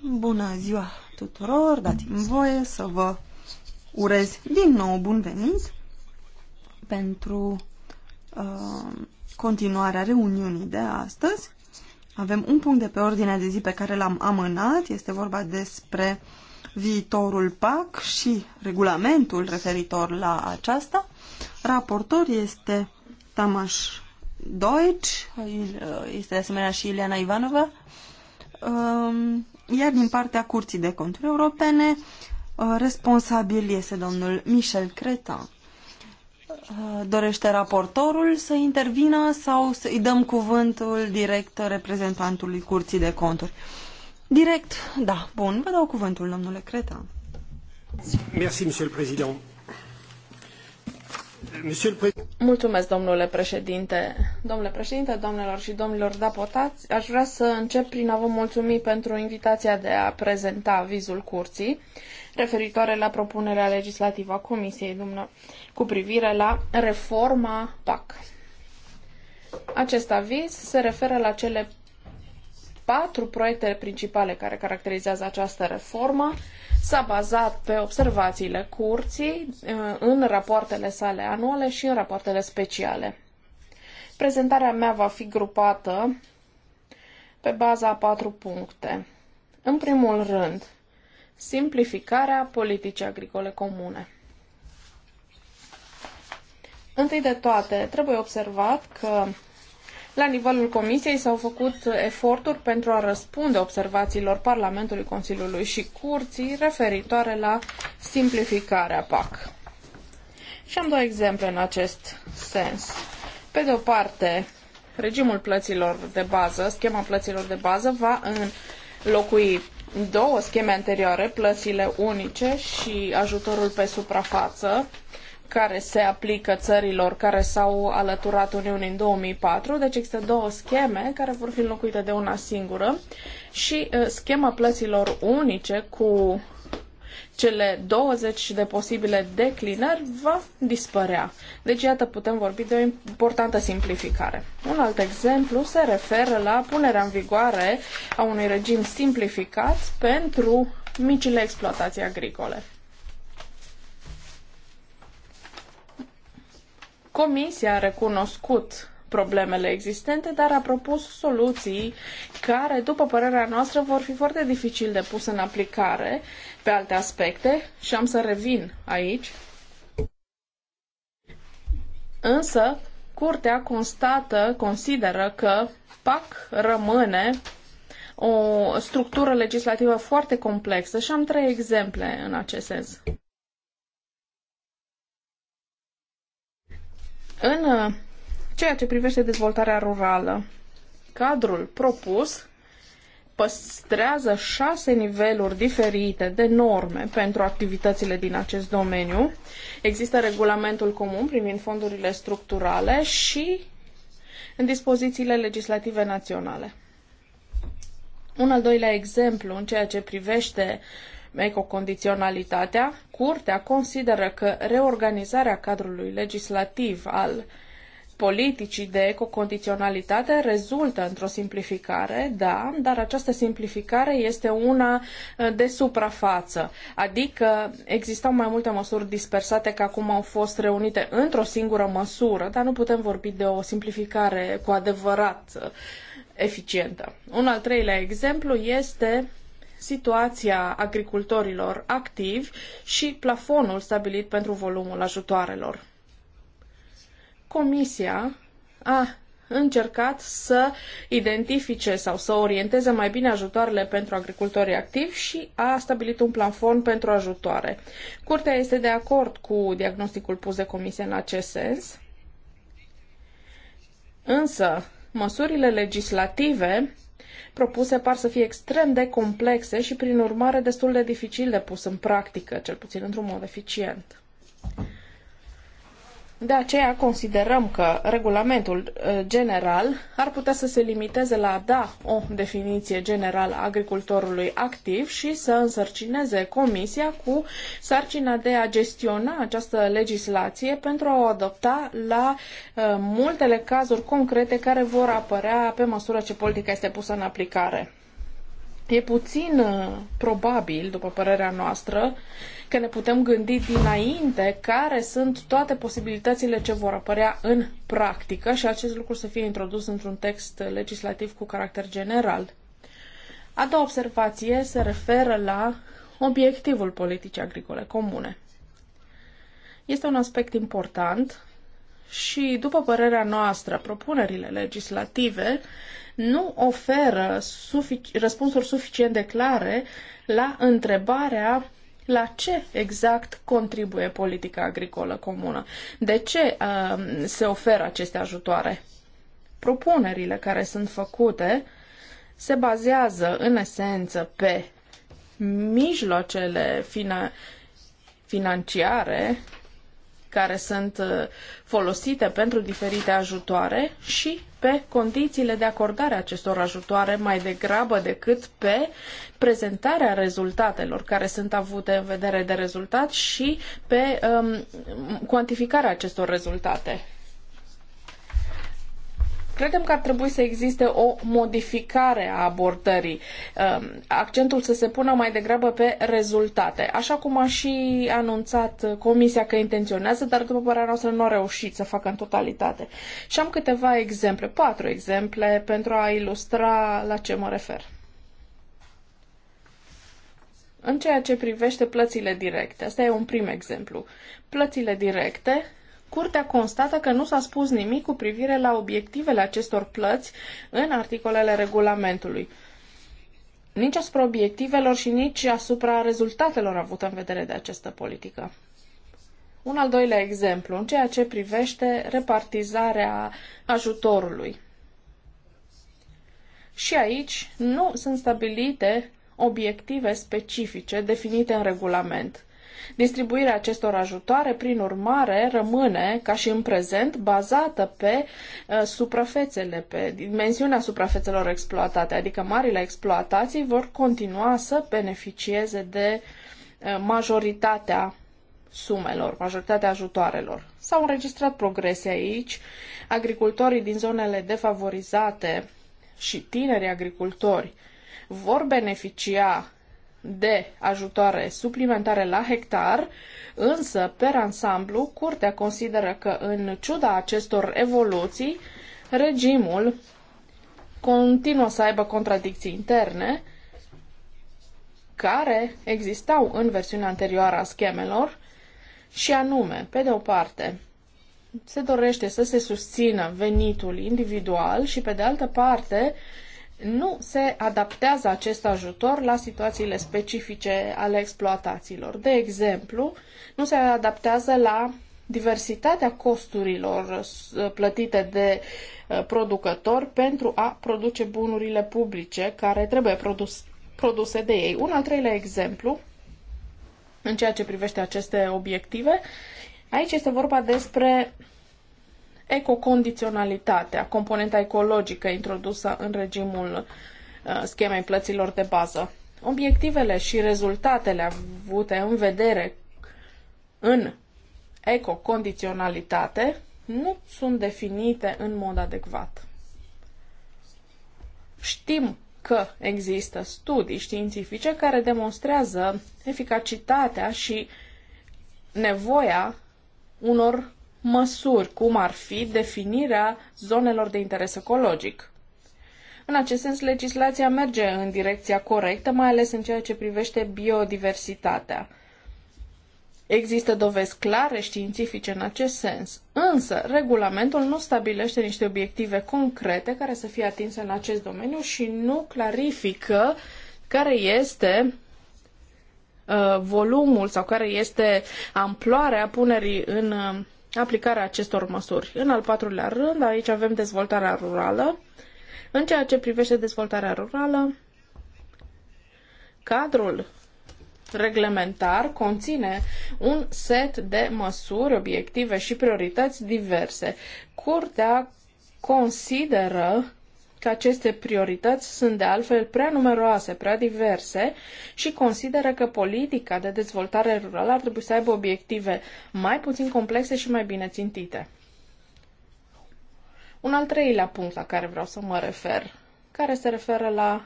Bună ziua tuturor, dați-mi voie să vă urez din nou bun venit pentru uh, continuarea reuniunii de astăzi. Avem un punct de pe ordinea de zi pe care l-am amânat, este vorba despre viitorul PAC și regulamentul referitor la aceasta. Raportor este Tamaș Deutsch, este de asemenea și Ileana Ivanova, um, iar din partea Curții de Conturi Europene, uh, responsabil este domnul Michel Creta. Uh, dorește raportorul să intervină sau să-i dăm cuvântul direct reprezentantului Curții de Conturi? Direct, da. Bun, vă dau cuvântul, domnule Creta. Merci, monsieur le président. Mulțumesc, domnule președinte. Domnule președinte, domnilor și domnilor deputați, aș vrea să încep prin a vă mulțumi pentru invitația de a prezenta avizul curții referitoare la propunerea legislativă a Comisiei dumne, cu privire la reforma PAC. Acest aviz se referă la cele patru proiecte principale care caracterizează această reformă s-a bazat pe observațiile curții uh, în rapoartele sale anuale și în rapoartele speciale. Prezentarea mea va fi grupată pe baza a patru puncte. În primul rând, simplificarea politicii agricole comune. Întâi de toate, trebuie observat că la nivelul Comisiei s-au făcut eforturi pentru a răspunde observațiilor Parlamentului, Consiliului și Curții referitoare la simplificarea PAC. Și am două exemple în acest sens. Pe de o parte, regimul plăților de bază, schema plăților de bază, va înlocui două scheme anterioare, plățile unice și ajutorul pe suprafață, care se aplică țărilor care s-au alăturat Uniunii în 2004. Deci există două scheme care vor fi înlocuite de una singură și uh, schema plăților unice cu cele 20 de posibile declinări va dispărea. Deci, iată, putem vorbi de o importantă simplificare. Un alt exemplu se referă la punerea în vigoare a unui regim simplificat pentru micile exploatații agricole. Comisia a recunoscut problemele existente, dar a propus soluții care, după părerea noastră, vor fi foarte dificil de pus în aplicare pe alte aspecte și am să revin aici. Însă, Curtea constată, consideră că PAC rămâne o structură legislativă foarte complexă și am trei exemple în acest sens. În uh, ceea ce privește dezvoltarea rurală, cadrul propus păstrează șase niveluri diferite de norme pentru activitățile din acest domeniu. Există regulamentul comun privind fondurile structurale și în dispozițiile legislative naționale. Un al doilea exemplu în ceea ce privește ecocondiționalitatea, Curtea consideră că reorganizarea cadrului legislativ al politicii de ecocondiționalitate rezultă într-o simplificare, da, dar această simplificare este una uh, de suprafață, adică existau mai multe măsuri dispersate care acum au fost reunite într-o singură măsură, dar nu putem vorbi de o simplificare cu adevărat uh, eficientă. Un al treilea exemplu este situația agricultorilor activi și plafonul stabilit pentru volumul ajutoarelor. Comisia a încercat să identifice sau să orienteze mai bine ajutoarele pentru agricultorii activi și a stabilit un plafon pentru ajutoare. Curtea este de acord cu diagnosticul pus de comisie în acest sens, însă măsurile legislative propuse par să fie extrem de complexe și, prin urmare, destul de dificil de pus în practică, cel puțin într-un mod eficient. De aceea considerăm că regulamentul uh, general ar putea să se limiteze la a da o definiție generală a agricultorului activ și să însărcineze Comisia cu sarcina de a gestiona această legislație pentru a o adopta la uh, multele cazuri concrete care vor apărea pe măsură ce politica este pusă în aplicare. E puțin uh, probabil, după părerea noastră, că ne putem gândi dinainte care sunt toate posibilitățile ce vor apărea în practică și acest lucru să fie introdus într-un text legislativ cu caracter general. A doua observație se referă la obiectivul politicii agricole comune. Este un aspect important și, după părerea noastră, propunerile legislative nu oferă sufic- răspunsuri suficient de clare la întrebarea la ce exact contribuie politica agricolă comună? De ce uh, se oferă aceste ajutoare? Propunerile care sunt făcute se bazează în esență pe mijloacele fina- financiare care sunt uh, folosite pentru diferite ajutoare și pe condițiile de acordare a acestor ajutoare mai degrabă decât pe prezentarea rezultatelor care sunt avute în vedere de rezultat și pe um, cuantificarea acestor rezultate. Credem că ar trebui să existe o modificare a abordării, um, accentul să se pună mai degrabă pe rezultate, așa cum a și anunțat Comisia că intenționează, dar după părerea noastră nu a reușit să facă în totalitate. Și am câteva exemple, patru exemple, pentru a ilustra la ce mă refer. În ceea ce privește plățile directe, asta e un prim exemplu. Plățile directe Curtea constată că nu s-a spus nimic cu privire la obiectivele acestor plăți în articolele regulamentului nici asupra obiectivelor și nici asupra rezultatelor avute în vedere de această politică. Un al doilea exemplu, în ceea ce privește repartizarea ajutorului. Și aici nu sunt stabilite obiective specifice definite în regulament. Distribuirea acestor ajutoare, prin urmare, rămâne, ca și în prezent, bazată pe uh, suprafețele, pe dimensiunea suprafețelor exploatate, adică marile exploatații vor continua să beneficieze de uh, majoritatea sumelor, majoritatea ajutoarelor. S-au înregistrat progrese aici. Agricultorii din zonele defavorizate și tinerii agricultori vor beneficia de ajutoare suplimentare la hectar, însă, per ansamblu, Curtea consideră că, în ciuda acestor evoluții, regimul continuă să aibă contradicții interne, care existau în versiunea anterioară a schemelor, și anume, pe de o parte, se dorește să se susțină venitul individual și, pe de altă parte, nu se adaptează acest ajutor la situațiile specifice ale exploatațiilor. De exemplu, nu se adaptează la diversitatea costurilor uh, plătite de uh, producători pentru a produce bunurile publice care trebuie produs, produse de ei. Un al treilea exemplu în ceea ce privește aceste obiective, aici este vorba despre ecocondiționalitatea, componenta ecologică introdusă în regimul uh, schemei plăților de bază. Obiectivele și rezultatele avute în vedere în ecocondiționalitate nu sunt definite în mod adecvat. Știm că există studii științifice care demonstrează eficacitatea și nevoia unor măsuri, cum ar fi definirea zonelor de interes ecologic. În acest sens, legislația merge în direcția corectă, mai ales în ceea ce privește biodiversitatea. Există dovezi clare științifice în acest sens, însă regulamentul nu stabilește niște obiective concrete care să fie atinse în acest domeniu și nu clarifică care este uh, volumul sau care este amploarea punerii în uh, aplicarea acestor măsuri. În al patrulea rând, aici avem dezvoltarea rurală. În ceea ce privește dezvoltarea rurală, cadrul reglementar conține un set de măsuri, obiective și priorități diverse. Curtea consideră că aceste priorități sunt de altfel prea numeroase, prea diverse și consideră că politica de dezvoltare rurală ar trebui să aibă obiective mai puțin complexe și mai bine țintite. Un al treilea punct la care vreau să mă refer, care se referă la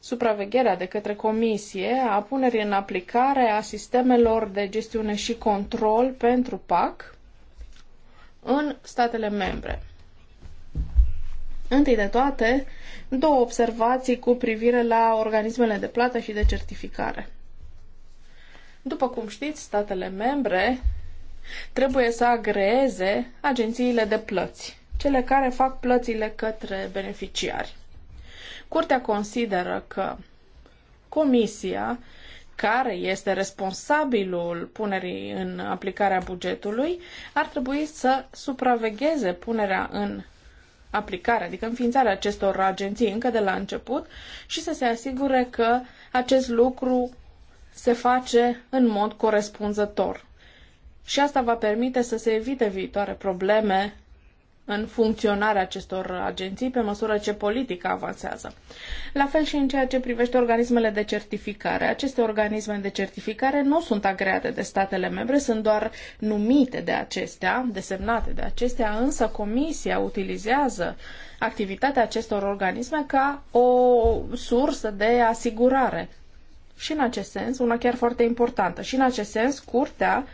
supravegherea de către comisie a punerii în aplicare a sistemelor de gestiune și control pentru PAC în statele membre. Întâi de toate, două observații cu privire la organismele de plată și de certificare. După cum știți, statele membre trebuie să agreeze agențiile de plăți, cele care fac plățile către beneficiari. Curtea consideră că comisia care este responsabilul punerii în aplicarea bugetului, ar trebui să supravegheze punerea în aplicarea, adică înființarea acestor agenții încă de la început și să se asigure că acest lucru se face în mod corespunzător. Și asta va permite să se evite viitoare probleme în funcționarea acestor agenții pe măsură ce politica avansează. La fel și în ceea ce privește organismele de certificare. Aceste organisme de certificare nu sunt agreate de statele membre, sunt doar numite de acestea, desemnate de acestea, însă Comisia utilizează activitatea acestor organisme ca o sursă de asigurare. Și în acest sens, una chiar foarte importantă, și în acest sens, Curtea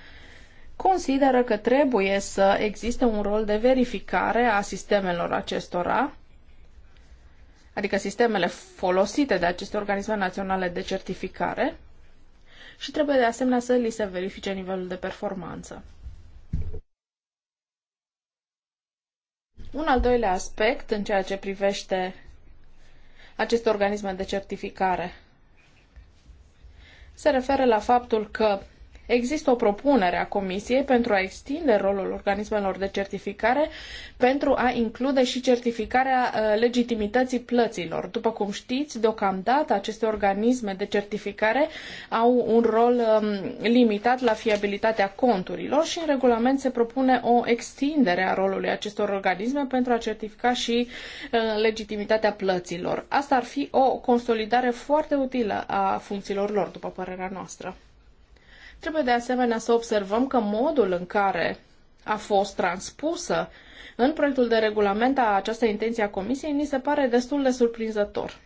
consideră că trebuie să existe un rol de verificare a sistemelor acestora, adică sistemele folosite de aceste organisme naționale de certificare, și trebuie de asemenea să li se verifice nivelul de performanță. Un al doilea aspect în ceea ce privește aceste organisme de certificare se referă la faptul că Există o propunere a Comisiei pentru a extinde rolul organismelor de certificare pentru a include și certificarea uh, legitimității plăților. După cum știți, deocamdată aceste organisme de certificare au un rol um, limitat la fiabilitatea conturilor și în regulament se propune o extindere a rolului acestor organisme pentru a certifica și uh, legitimitatea plăților. Asta ar fi o consolidare foarte utilă a funcțiilor lor, după părerea noastră. Trebuie de asemenea să observăm că modul în care a fost transpusă în proiectul de regulament a această intenție a Comisiei ni se pare destul de surprinzător.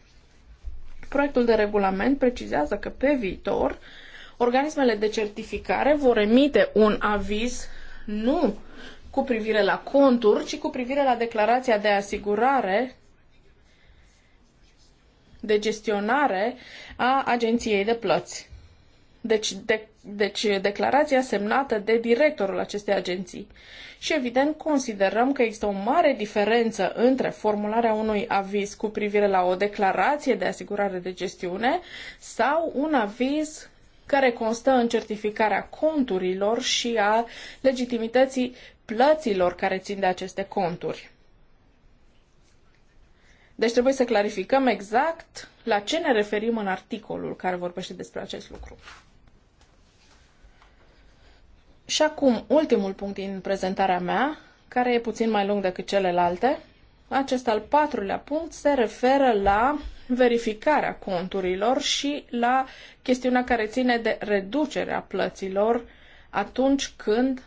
Proiectul de regulament precizează că pe viitor organismele de certificare vor emite un aviz nu cu privire la conturi, ci cu privire la declarația de asigurare de gestionare a agenției de plăți. Deci de deci declarația semnată de directorul acestei agenții. Și evident considerăm că există o mare diferență între formularea unui aviz cu privire la o declarație de asigurare de gestiune sau un aviz care constă în certificarea conturilor și a legitimității plăților care țin de aceste conturi. Deci trebuie să clarificăm exact la ce ne referim în articolul care vorbește despre acest lucru. Și acum, ultimul punct din prezentarea mea, care e puțin mai lung decât celelalte, acest al patrulea punct se referă la verificarea conturilor și la chestiunea care ține de reducerea plăților atunci când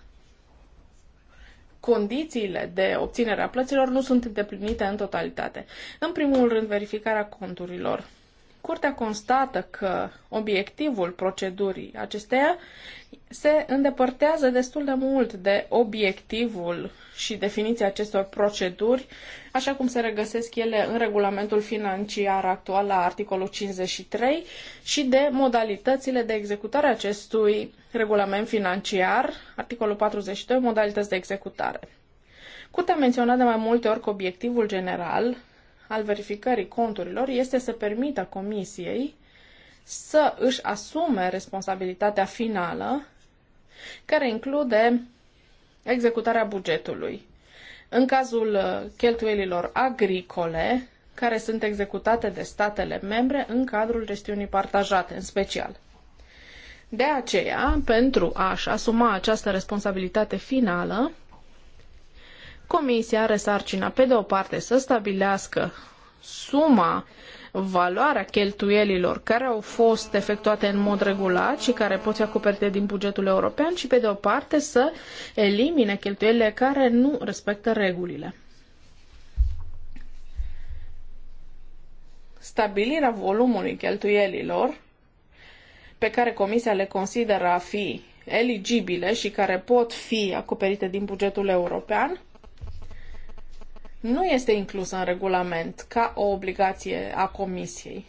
condițiile de obținere a plăților nu sunt îndeplinite în totalitate. În primul rând, verificarea conturilor. Curtea constată că obiectivul procedurii acesteia se îndepărtează destul de mult de obiectivul și definiția acestor proceduri, așa cum se regăsesc ele în regulamentul financiar actual la articolul 53 și de modalitățile de executare a acestui regulament financiar, articolul 42, modalități de executare. Curtea a menționat de mai multe ori că obiectivul general al verificării conturilor este să permită Comisiei să își asume responsabilitatea finală, care include executarea bugetului. În cazul uh, cheltuielilor agricole, care sunt executate de statele membre în cadrul gestiunii partajate, în special. De aceea, pentru a-și asuma această responsabilitate finală, Comisia are sarcina, pe de o parte, să stabilească suma, valoarea cheltuielilor care au fost efectuate în mod regulat și care pot fi acoperite din bugetul european și, pe de o parte, să elimine cheltuielile care nu respectă regulile. Stabilirea volumului cheltuielilor pe care Comisia le consideră a fi eligibile și care pot fi acoperite din bugetul european nu este inclusă în regulament ca o obligație a Comisiei.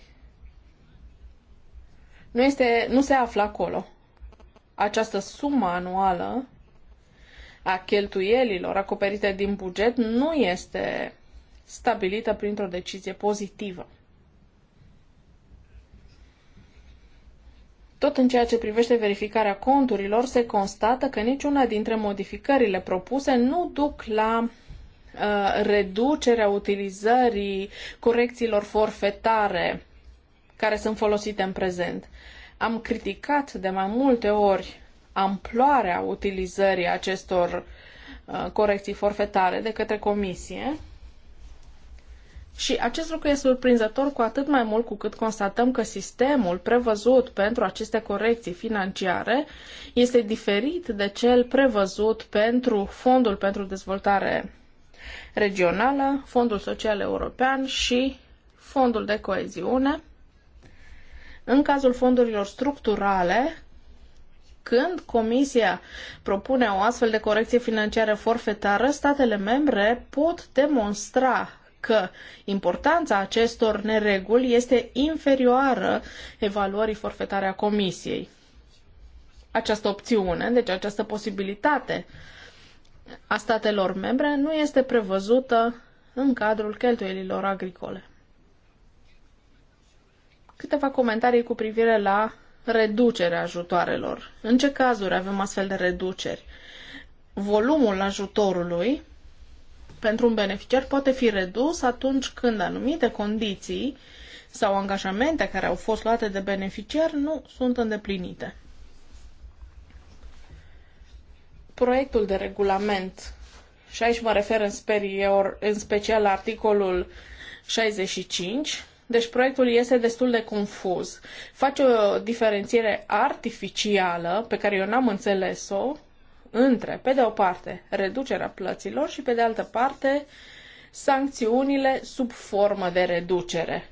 Nu, este, nu se află acolo. Această sumă anuală a cheltuielilor acoperite din buget nu este stabilită printr-o decizie pozitivă. Tot în ceea ce privește verificarea conturilor, se constată că niciuna dintre modificările propuse nu duc la Uh, reducerea utilizării corecțiilor forfetare care sunt folosite în prezent. Am criticat de mai multe ori amploarea utilizării acestor uh, corecții forfetare de către comisie și acest lucru e surprinzător cu atât mai mult cu cât constatăm că sistemul prevăzut pentru aceste corecții financiare este diferit de cel prevăzut pentru Fondul pentru Dezvoltare regională, Fondul Social European și Fondul de Coeziune. În cazul fondurilor structurale, când Comisia propune o astfel de corecție financiară forfetară, statele membre pot demonstra că importanța acestor nereguli este inferioară evaluării forfetare a Comisiei. Această opțiune, deci această posibilitate a statelor membre nu este prevăzută în cadrul cheltuielilor agricole. Câteva comentarii cu privire la reducerea ajutoarelor. În ce cazuri avem astfel de reduceri? Volumul ajutorului pentru un beneficiar poate fi redus atunci când anumite condiții sau angajamente care au fost luate de beneficiar nu sunt îndeplinite. proiectul de regulament, și aici mă refer în, sperior, în special la articolul 65, deci proiectul este destul de confuz. Face o diferențiere artificială, pe care eu n-am înțeles-o, între, pe de o parte, reducerea plăților și, pe de altă parte, sancțiunile sub formă de reducere.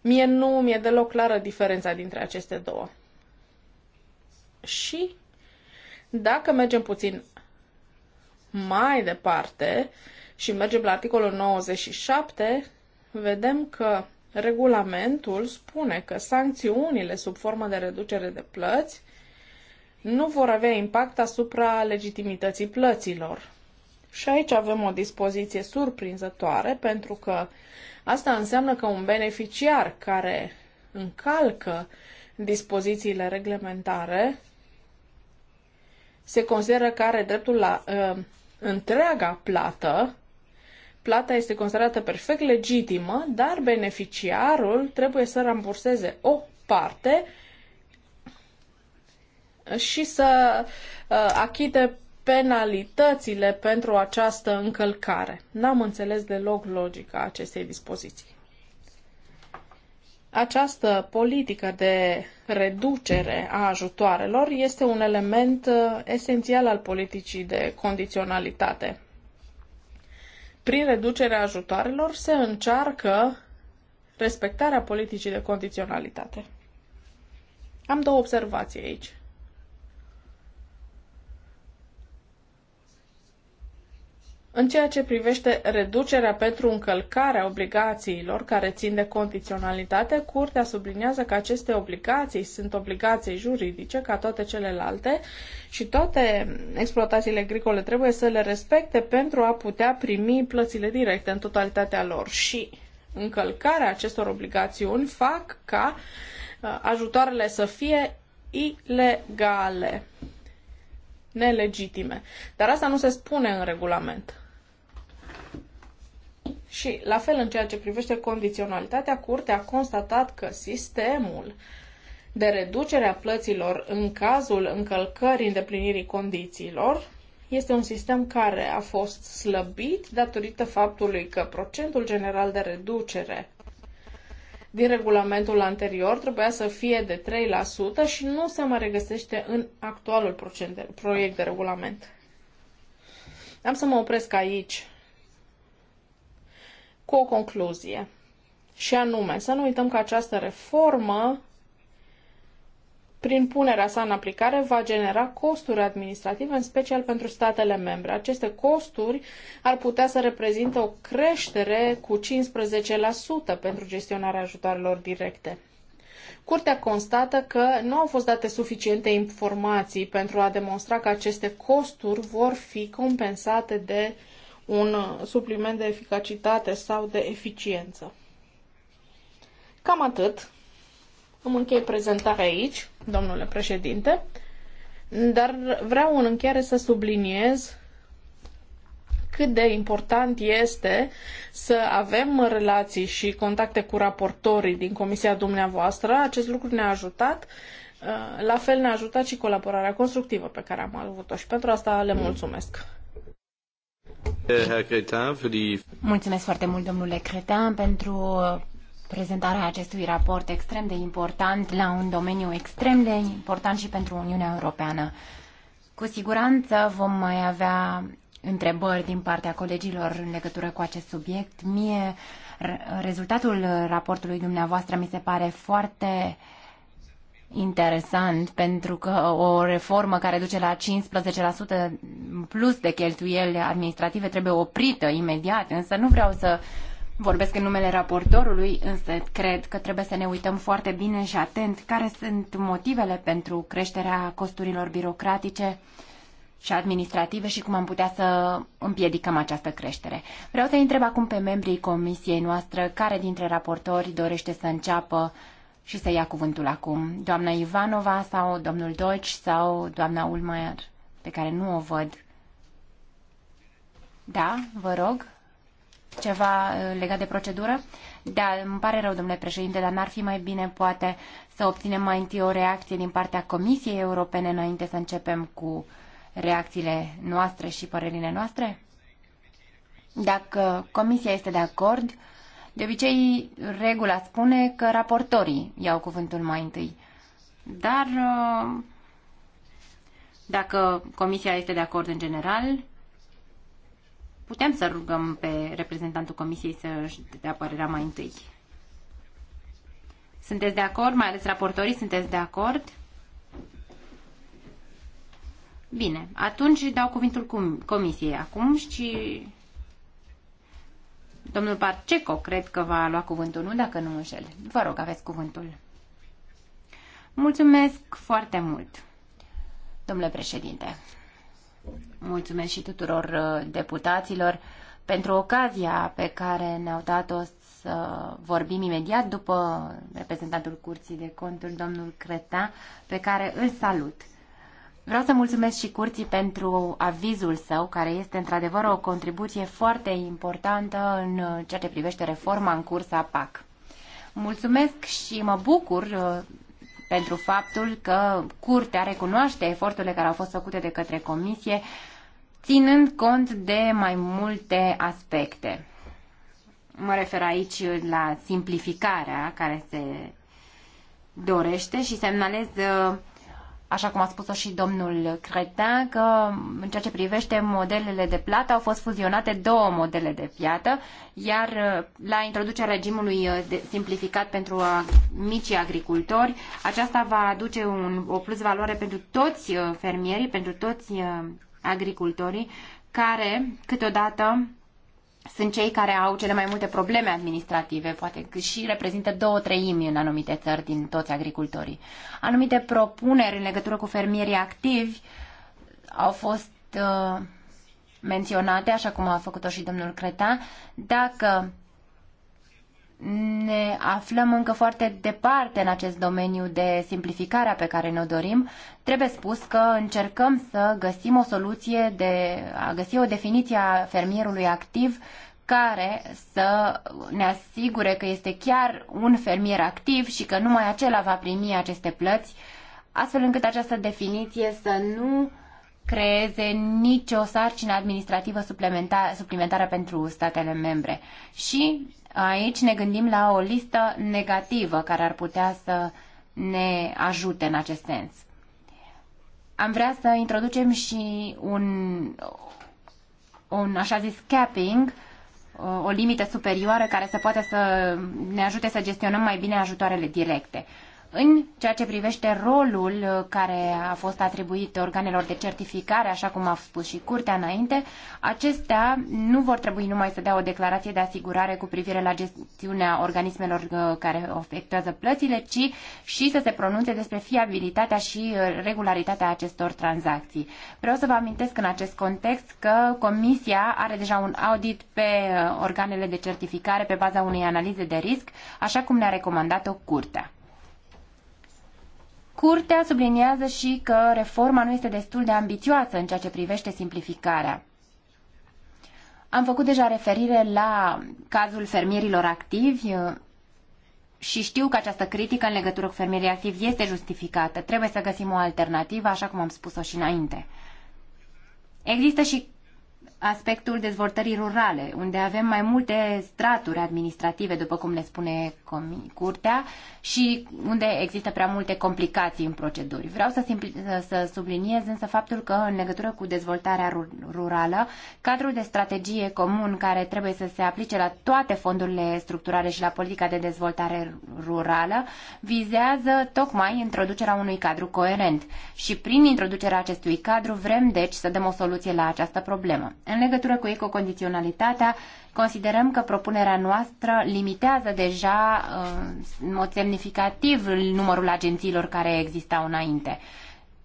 Mie nu mi-e deloc clară diferența dintre aceste două. Și dacă mergem puțin mai departe și mergem la articolul 97, vedem că regulamentul spune că sancțiunile sub formă de reducere de plăți nu vor avea impact asupra legitimității plăților. Și aici avem o dispoziție surprinzătoare pentru că asta înseamnă că un beneficiar care încalcă dispozițiile reglementare se consideră că are dreptul la uh, întreaga plată. Plata este considerată perfect legitimă, dar beneficiarul trebuie să ramburseze o parte și să uh, achite penalitățile pentru această încălcare. N-am înțeles deloc logica acestei dispoziții. Această politică de reducere a ajutoarelor este un element uh, esențial al politicii de condiționalitate. Prin reducerea ajutoarelor se încearcă respectarea politicii de condiționalitate. Am două observații aici. în ceea ce privește reducerea pentru încălcarea obligațiilor care țin de condiționalitate, Curtea subliniază că aceste obligații sunt obligații juridice ca toate celelalte și toate exploatațiile agricole trebuie să le respecte pentru a putea primi plățile directe în totalitatea lor și încălcarea acestor obligațiuni fac ca uh, ajutoarele să fie ilegale, nelegitime. Dar asta nu se spune în regulament. Și, la fel, în ceea ce privește condiționalitatea, Curtea a constatat că sistemul de reducere a plăților în cazul încălcării îndeplinirii condițiilor este un sistem care a fost slăbit datorită faptului că procentul general de reducere din regulamentul anterior trebuia să fie de 3% și nu se mai regăsește în actualul proiect de regulament. Am să mă opresc aici cu o concluzie. Și anume, să nu uităm că această reformă, prin punerea sa în aplicare, va genera costuri administrative, în special pentru statele membre. Aceste costuri ar putea să reprezinte o creștere cu 15% pentru gestionarea ajutoarelor directe. Curtea constată că nu au fost date suficiente informații pentru a demonstra că aceste costuri vor fi compensate de uh, un uh, supliment de eficacitate sau de eficiență. Cam atât. Îmi închei prezentarea aici, domnule președinte, dar vreau în încheiere să subliniez cât de important este să avem relații și contacte cu raportorii din comisia dumneavoastră. Acest lucru ne-a ajutat. Uh, la fel ne-a ajutat și colaborarea constructivă pe care am avut-o și pentru asta le mulțumesc. Eh, Mulțumesc foarte mult, domnule Cretan, pentru prezentarea acestui raport extrem de important la un domeniu extrem de important și pentru Uniunea Europeană. Cu siguranță vom mai avea întrebări din partea colegilor în legătură cu acest subiect. Mie rezultatul raportului dumneavoastră mi se pare foarte uh, interesant pentru că o reformă care duce la 15% plus de cheltuieli administrative trebuie oprită imediat, însă nu vreau să vorbesc în numele raportorului, însă cred că trebuie să ne uităm foarte bine și atent care sunt motivele pentru creșterea costurilor birocratice și administrative și cum am putea să împiedicăm această creștere. Vreau să întreb acum pe membrii comisiei noastre care dintre raportori dorește să înceapă și să ia cuvântul acum. Doamna Ivanova sau domnul Doci sau doamna Ulmer, pe care nu o văd. Da, vă rog. Ceva uh, legat de procedură? Da, îmi pare rău, domnule președinte, dar n-ar fi mai bine, poate, să obținem mai întâi o reacție din partea Comisiei Europene înainte să începem cu reacțiile noastre și părerile noastre? Dacă Comisia este de acord, de obicei, regula spune că raportorii iau cuvântul mai întâi. Dar uh, dacă comisia este de acord în general, putem să rugăm pe reprezentantul comisiei să-și dea părerea mai întâi. Sunteți de acord? Mai ales raportorii, sunteți de acord? Bine, atunci dau cuvintul comisiei acum și Domnul Parceco cred că va lua cuvântul, nu dacă nu mă înșel. Vă rog, aveți cuvântul. Mulțumesc foarte mult, domnule președinte. Mulțumesc și tuturor uh, deputaților pentru ocazia pe care ne-au dat-o să vorbim imediat după reprezentantul Curții de Conturi, domnul Creta, pe care îl salut. Vreau să mulțumesc și curții pentru avizul său, care este într-adevăr o contribuție foarte importantă în ceea ce privește reforma în curs a PAC. Mulțumesc și mă bucur uh, pentru faptul că curtea recunoaște eforturile care au fost făcute de către comisie, ținând cont de mai multe aspecte. Mă refer aici la simplificarea care se dorește și semnalez uh, așa cum a spus-o și domnul Cretin, că în ceea ce privește modelele de plată au fost fuzionate două modele de piată, iar uh, la introducerea regimului uh, simplificat pentru uh, micii agricultori, aceasta va aduce un, o plus valoare pentru toți fermierii, pentru toți agricultorii, care câteodată sunt cei care au cele mai multe probleme administrative, poate și reprezintă două treimi în anumite țări din toți agricultorii. Anumite propuneri în legătură cu fermierii activi au fost uh, menționate, așa cum a făcut-o și domnul Creta. Dacă ne aflăm încă foarte departe în acest domeniu de simplificare pe care ne-o dorim, trebuie spus că încercăm să găsim o soluție de a găsi o definiție a fermierului activ care să ne asigure că este chiar un fermier activ și că numai acela va primi aceste plăți, astfel încât această definiție să nu creeze nicio sarcină administrativă suplimentară pentru statele membre. Și Aici ne gândim la o listă negativă care ar putea să ne ajute în acest sens. Am vrea să introducem și un, un așa zis capping, o limită superioară care să poate să ne ajute să gestionăm mai bine ajutoarele directe. În ceea ce privește rolul uh, care a fost atribuit organelor de certificare, așa cum a spus și curtea înainte, acestea nu vor trebui numai să dea o declarație de asigurare cu privire la gestiunea organismelor uh, care efectuează plățile, ci și să se pronunțe despre fiabilitatea și uh, regularitatea acestor tranzacții. Vreau să vă amintesc în acest context că Comisia are deja un audit pe organele de certificare pe baza unei analize de risc, așa cum ne-a recomandat-o curtea. Curtea subliniază și că reforma nu este destul de ambițioasă în ceea ce privește simplificarea. Am făcut deja referire la cazul fermierilor activi uh, și știu că această critică în legătură cu fermierii activi este justificată. Trebuie să găsim o alternativă, așa cum am spus-o și înainte. Există și aspectul dezvoltării rurale, unde avem mai multe straturi administrative, după cum ne spune curtea, și unde există prea multe complicații în proceduri. Vreau să, să subliniez însă faptul că, în legătură cu dezvoltarea rurală, cadrul de strategie comun care trebuie să se aplice la toate fondurile structurale și la politica de dezvoltare rurală vizează tocmai introducerea unui cadru coerent. Și prin introducerea acestui cadru vrem, deci, să dăm o soluție la această problemă. În legătură cu ecocondiționalitatea, considerăm că propunerea noastră limitează deja uh, în mod semnificativ numărul agențiilor care existau înainte.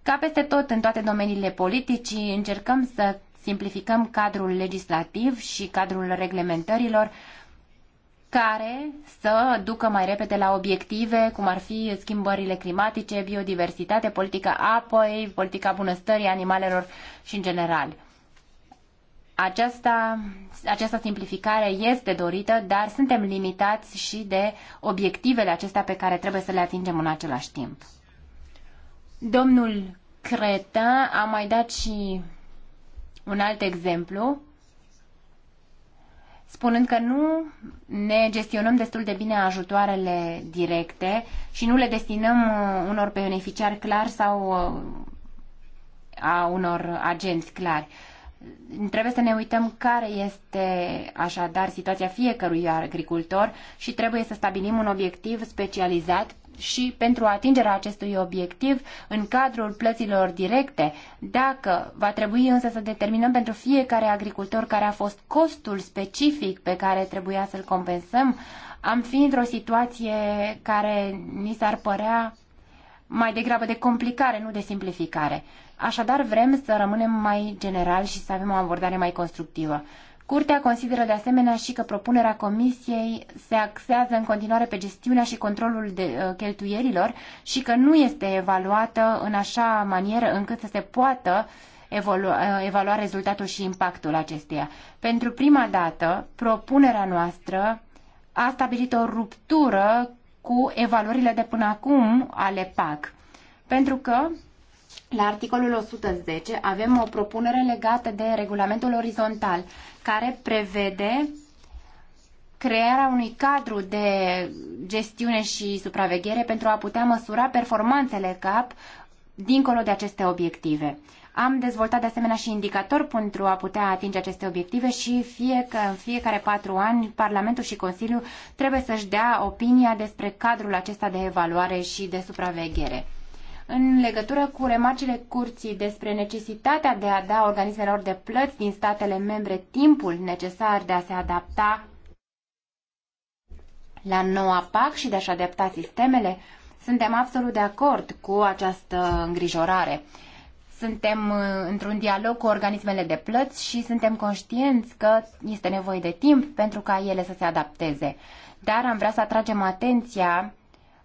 Ca peste tot, în toate domeniile politicii, încercăm să simplificăm cadrul legislativ și cadrul reglementărilor care să ducă mai repede la obiective, cum ar fi schimbările climatice, biodiversitate, politica apei, politica bunăstării animalelor și în general. Aceasta, această simplificare este dorită, dar suntem limitați și de obiectivele acestea pe care trebuie să le atingem în același timp. Domnul Creta a mai dat și un alt exemplu, spunând că nu ne gestionăm destul de bine ajutoarele directe și nu le destinăm uh, unor beneficiari clar sau uh, a unor agenți clari. Trebuie să ne uităm care este așadar situația fiecărui agricultor și trebuie să stabilim un obiectiv specializat și pentru atingerea acestui obiectiv în cadrul plăților directe. Dacă va trebui însă să determinăm pentru fiecare agricultor care a fost costul specific pe care trebuia să-l compensăm, am fi într-o situație care ni s-ar părea mai degrabă de complicare, nu de simplificare. Așadar, vrem să rămânem mai general și să avem o abordare mai constructivă. Curtea consideră de asemenea și că propunerea Comisiei se axează în continuare pe gestiunea și controlul de, uh, și că nu este evaluată în așa manieră încât să se poată evalua, uh, evalua rezultatul și impactul acesteia. Pentru prima dată, propunerea noastră a stabilit o ruptură cu evaluările de până acum ale PAC, pentru că la articolul 110 avem o propunere legată de regulamentul orizontal care prevede crearea unui cadru de gestiune și supraveghere pentru a putea măsura performanțele CAP dincolo de aceste obiective. Am dezvoltat de asemenea și indicatori pentru a putea atinge aceste obiective și fie că în fiecare patru ani Parlamentul și Consiliul trebuie să-și dea opinia despre cadrul acesta de evaluare și de supraveghere în legătură cu remarcile curții despre necesitatea de a da organismelor de plăți din statele membre timpul necesar de a se adapta la noua PAC și de a-și adapta sistemele, suntem absolut de acord cu această îngrijorare. Suntem uh, într-un dialog cu organismele de plăți și suntem conștienți că este nevoie de timp pentru ca ele să se adapteze. Dar am vrea să atragem atenția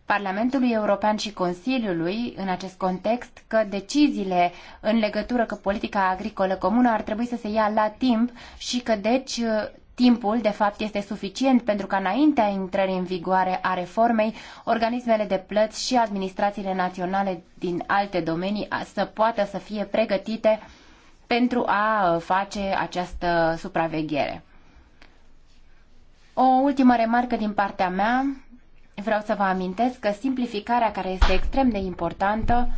Parlamentului European și Consiliului în acest context că deciziile în legătură cu politica agricolă comună ar trebui să se ia la timp și că deci Timpul, de fapt, este suficient pentru ca înaintea intrării în vigoare a reformei, organismele de plăți și administrațiile naționale din alte domenii să poată să fie pregătite pentru a uh, face această supraveghere. O ultimă remarcă din partea mea vreau să vă amintesc că simplificarea care este extrem de importantă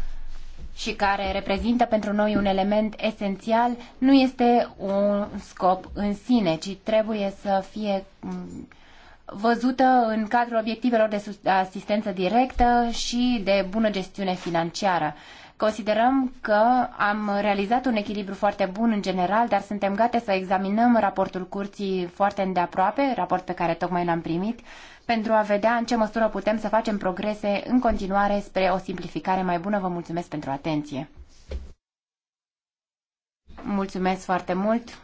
și care reprezintă pentru noi un element esențial, nu este un scop în sine, ci trebuie să fie mm, văzută în cadrul obiectivelor de asistență directă și de bună gestiune financiară. Considerăm că am realizat un echilibru foarte bun în general, dar suntem gata să examinăm raportul curții foarte îndeaproape, raport pe care tocmai l-am primit, pentru a vedea în ce măsură putem să facem progrese în continuare spre o simplificare mai bună. Vă mulțumesc pentru atenție. Mulțumesc foarte mult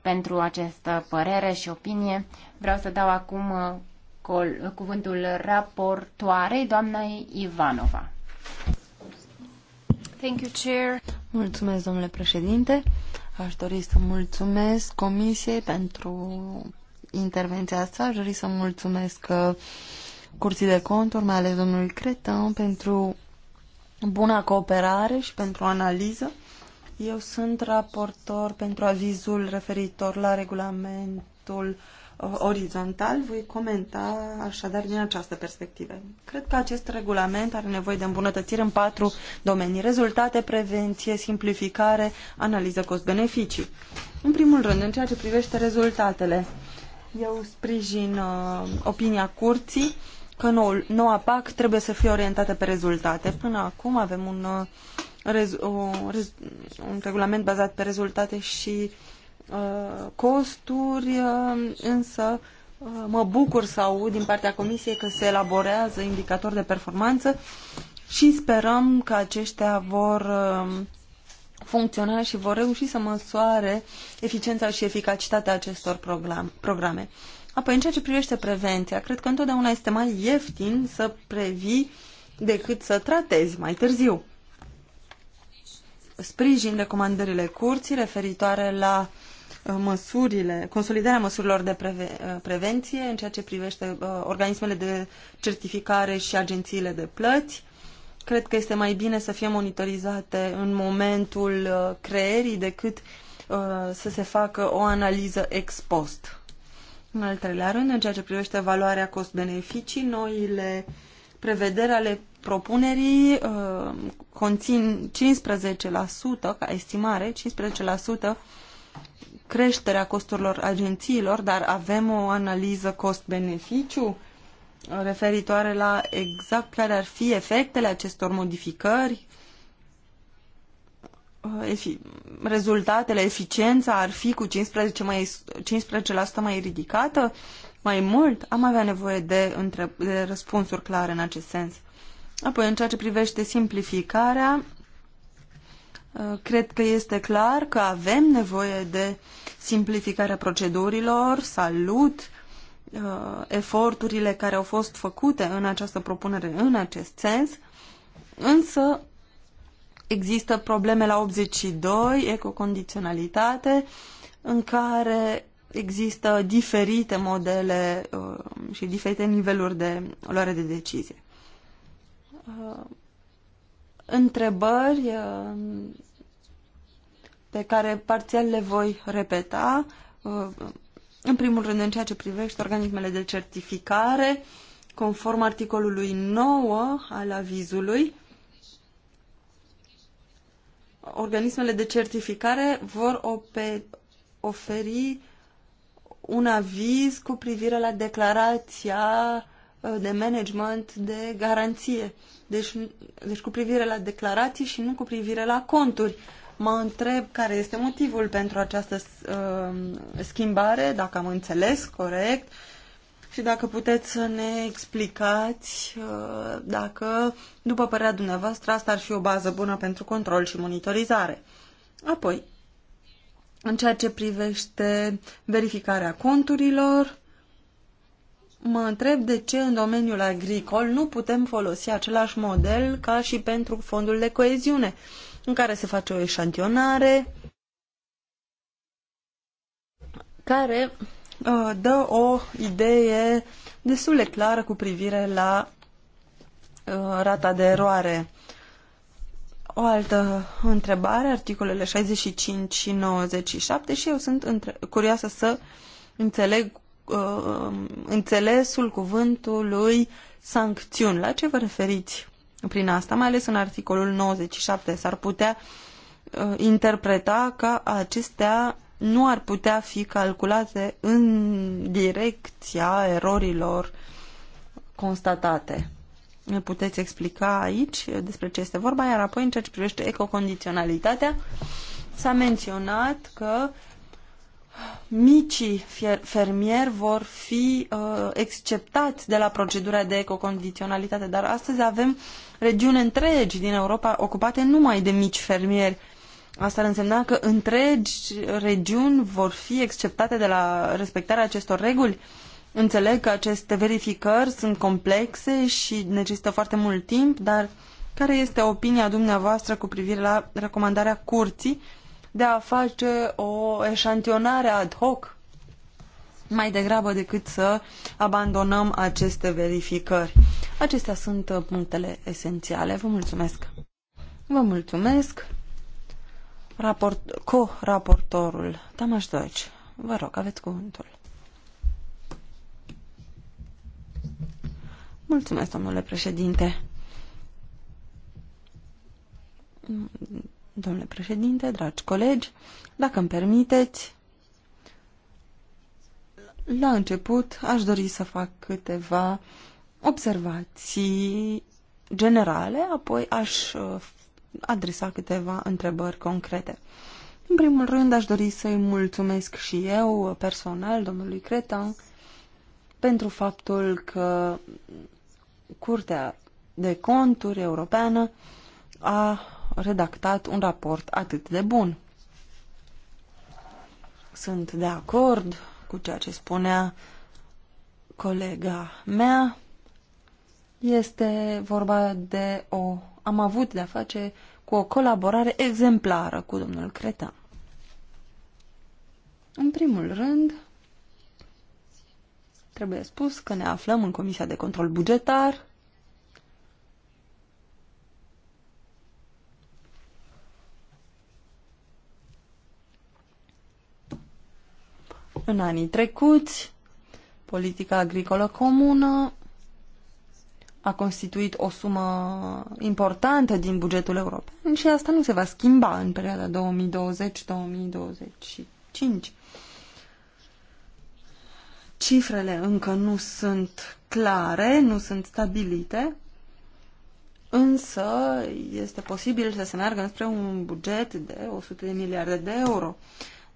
pentru această părere și opinie. Vreau să dau acum uh, uh, cuvântul raportoarei, doamnei Ivanova. Thank you, Chair. Mulțumesc, domnule președinte. Aș dori să mulțumesc Comisiei pentru intervenția asta, Aș dori să mulțumesc uh, Curții de Conturi, mai ales domnului Cretan, pentru buna cooperare și pentru analiză. Eu sunt raportor pentru avizul referitor la regulamentul uh, orizontal. Voi comenta așadar din această perspectivă. Cred că acest regulament are nevoie de îmbunătățire în patru domenii. Rezultate, prevenție, simplificare, analiză cost-beneficii. În primul rând, în ceea ce privește rezultatele, eu sprijin uh, opinia curții că noul, noua PAC trebuie să fie orientată pe rezultate. Până acum avem un, uh, rez, rez, un regulament bazat pe rezultate și uh, costuri, uh, însă uh, mă bucur să aud din partea Comisiei că se elaborează indicatori de performanță și sperăm că aceștia vor uh, funcționa și vor reuși să măsoare eficiența și eficacitatea acestor programe. Apoi, în ceea ce privește prevenția, cred că întotdeauna este mai ieftin să previi decât să tratezi mai târziu. Sprijin recomandările curții referitoare la uh, măsurile, consolidarea măsurilor de uh, prevenție în ceea ce privește uh, organismele de certificare și agențiile de plăți, Cred că este mai bine să fie monitorizate în momentul uh, creierii decât uh, să se facă o analiză ex post. În al treilea rând, în ceea ce privește valoarea cost-beneficii, noile prevederi ale propunerii uh, conțin 15% ca estimare, 15% creșterea costurilor agențiilor, dar avem o analiză cost-beneficiu referitoare la exact care ar fi efectele acestor modificări, uh, rezultatele, eficiența ar fi cu 15%, mai, 15 mai ridicată, mai mult, am avea nevoie de, între, de răspunsuri clare în acest sens. Apoi, în ceea ce privește simplificarea, uh, cred că este clar că avem nevoie de simplificarea procedurilor, salut uh, eforturile care au fost făcute în această propunere în acest sens, însă există probleme la 82, ecocondiționalitate, în care există diferite modele uh, și diferite niveluri de luare de decizie. Uh, întrebări uh, pe care parțial le voi repeta, uh, în primul rând, în ceea ce privește organismele de certificare, conform articolului 9 al avizului, organismele de certificare vor oferi un aviz cu privire la declarația uh, de management de garanție. Deci, deci cu privire la declarații și nu cu privire la conturi. Mă întreb care este motivul pentru această uh, schimbare, dacă am înțeles corect, și dacă puteți să ne explicați uh, dacă, după părerea dumneavoastră, asta ar fi o bază bună pentru control și monitorizare. Apoi, în ceea ce privește verificarea conturilor, mă întreb de ce în domeniul agricol nu putem folosi același model ca și pentru fondul de coeziune. Uh, în care se face o eșantionare care uh, dă o idee destul de clară cu privire la uh, rata de eroare. O altă întrebare, articolele 65 și 97 și eu sunt între... curioasă să înțeleg uh, înțelesul cuvântului sancțiuni. La ce vă referiți? prin asta, mai ales în articolul 97, s-ar putea uh, interpreta că acestea nu ar putea fi calculate în direcția erorilor constatate. Ne puteți explica aici despre ce este vorba, iar apoi în ceea ce privește ecocondiționalitatea, s-a menționat că micii fermieri vor fi uh, exceptați de la procedura de ecocondiționalitate, dar astăzi avem regiuni întregi din Europa ocupate numai de mici fermieri. Asta ar însemna că întregi regiuni vor fi exceptate de la respectarea acestor reguli. Înțeleg că aceste verificări sunt complexe și necesită foarte mult timp, dar care este opinia dumneavoastră cu privire la recomandarea curții de a face o eșantionare ad hoc mai degrabă decât să abandonăm aceste verificări. Acestea sunt punctele esențiale. Vă mulțumesc! Vă mulțumesc! Raport, co-raportorul Tamaș Deutsch, vă rog, aveți cuvântul. Mulțumesc, domnule președinte Domnule președinte, dragi colegi, dacă îmi permiteți, la început aș dori să fac câteva observații generale, apoi aș uh, adresa câteva întrebări concrete. În primul rând, aș dori să-i mulțumesc și eu, personal, domnului Creta, pentru faptul că Curtea de Conturi Europeană a redactat un raport atât de bun. Sunt de acord cu ceea ce spunea colega mea. Este vorba de o... Am avut de-a face cu o colaborare exemplară cu domnul Cretan. În primul rând, trebuie spus că ne aflăm în Comisia de Control Bugetar, în anii trecuți, politica agricolă comună a constituit o sumă importantă din bugetul european și asta nu se va schimba în perioada 2020-2025. Cifrele încă nu sunt clare, nu sunt stabilite, însă este posibil să se meargă înspre un buget de 100 de miliarde de euro. Uh,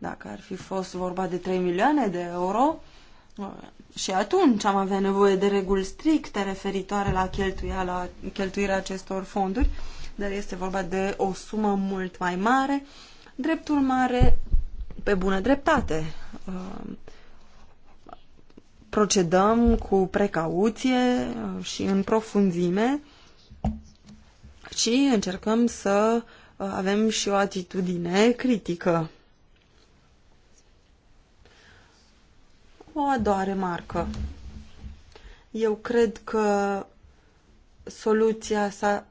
dacă ar fi fost vorba de 3 milioane de euro, uh, și atunci am avea nevoie de reguli stricte referitoare la cheltuiala, cheltuirea acestor fonduri, dar este vorba de o sumă mult mai mare, drept urmare, pe bună dreptate. Uh, procedăm cu precauție uh, și în profunzime și încercăm să avem și o atitudine critică. O a doua remarcă. Eu cred că soluția s-a,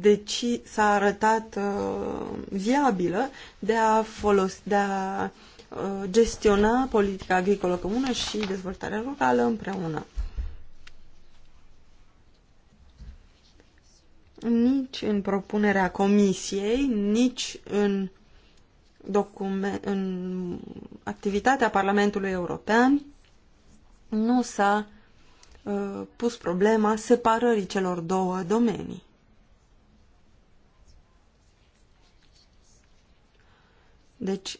deci, s-a arătat uh, viabilă de a, folos, de a uh, gestiona politica agricolă comună și dezvoltarea rurală împreună. Nici în propunerea comisiei, nici în, document, în activitatea Parlamentului European, nu s-a uh, pus problema separării celor două domenii. Deci,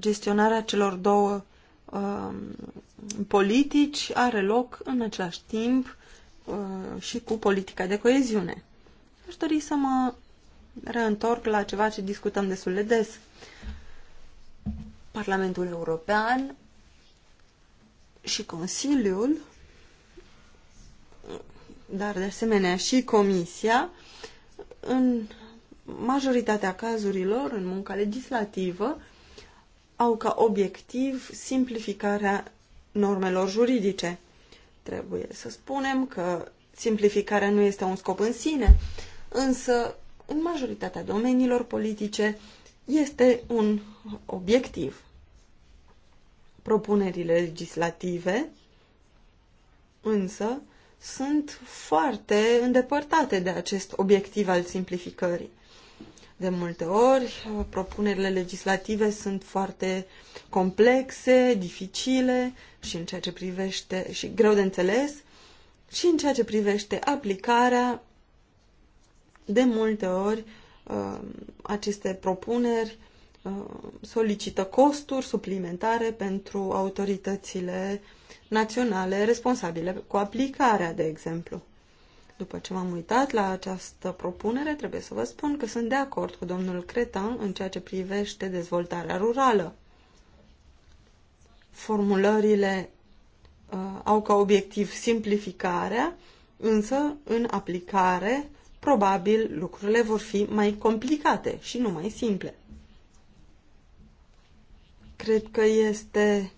gestionarea celor două uh, politici are loc în același timp uh, și cu politica de coeziune. Aș dori să mă reîntorc la ceva ce discutăm destul de des. Parlamentul European și Consiliul, dar de asemenea și Comisia, în majoritatea cazurilor, în munca legislativă, au ca obiectiv simplificarea normelor juridice. Trebuie să spunem că simplificarea nu este un scop în sine, însă în majoritatea domeniilor politice este un obiectiv propunerile legislative, însă sunt foarte îndepărtate de acest obiectiv al simplificării. De multe ori, propunerile legislative sunt foarte complexe, dificile și în ceea ce privește și greu de înțeles și în ceea ce privește aplicarea de multe ori uh, aceste propuneri Uh, solicită costuri suplimentare pentru autoritățile naționale responsabile cu aplicarea, de exemplu. După ce m-am uitat la această propunere, trebuie să vă spun că sunt de acord cu domnul Cretan în ceea ce privește dezvoltarea rurală. Formulările uh, au ca obiectiv simplificarea, însă în aplicare probabil lucrurile vor fi mai complicate și nu mai simple. Cred că este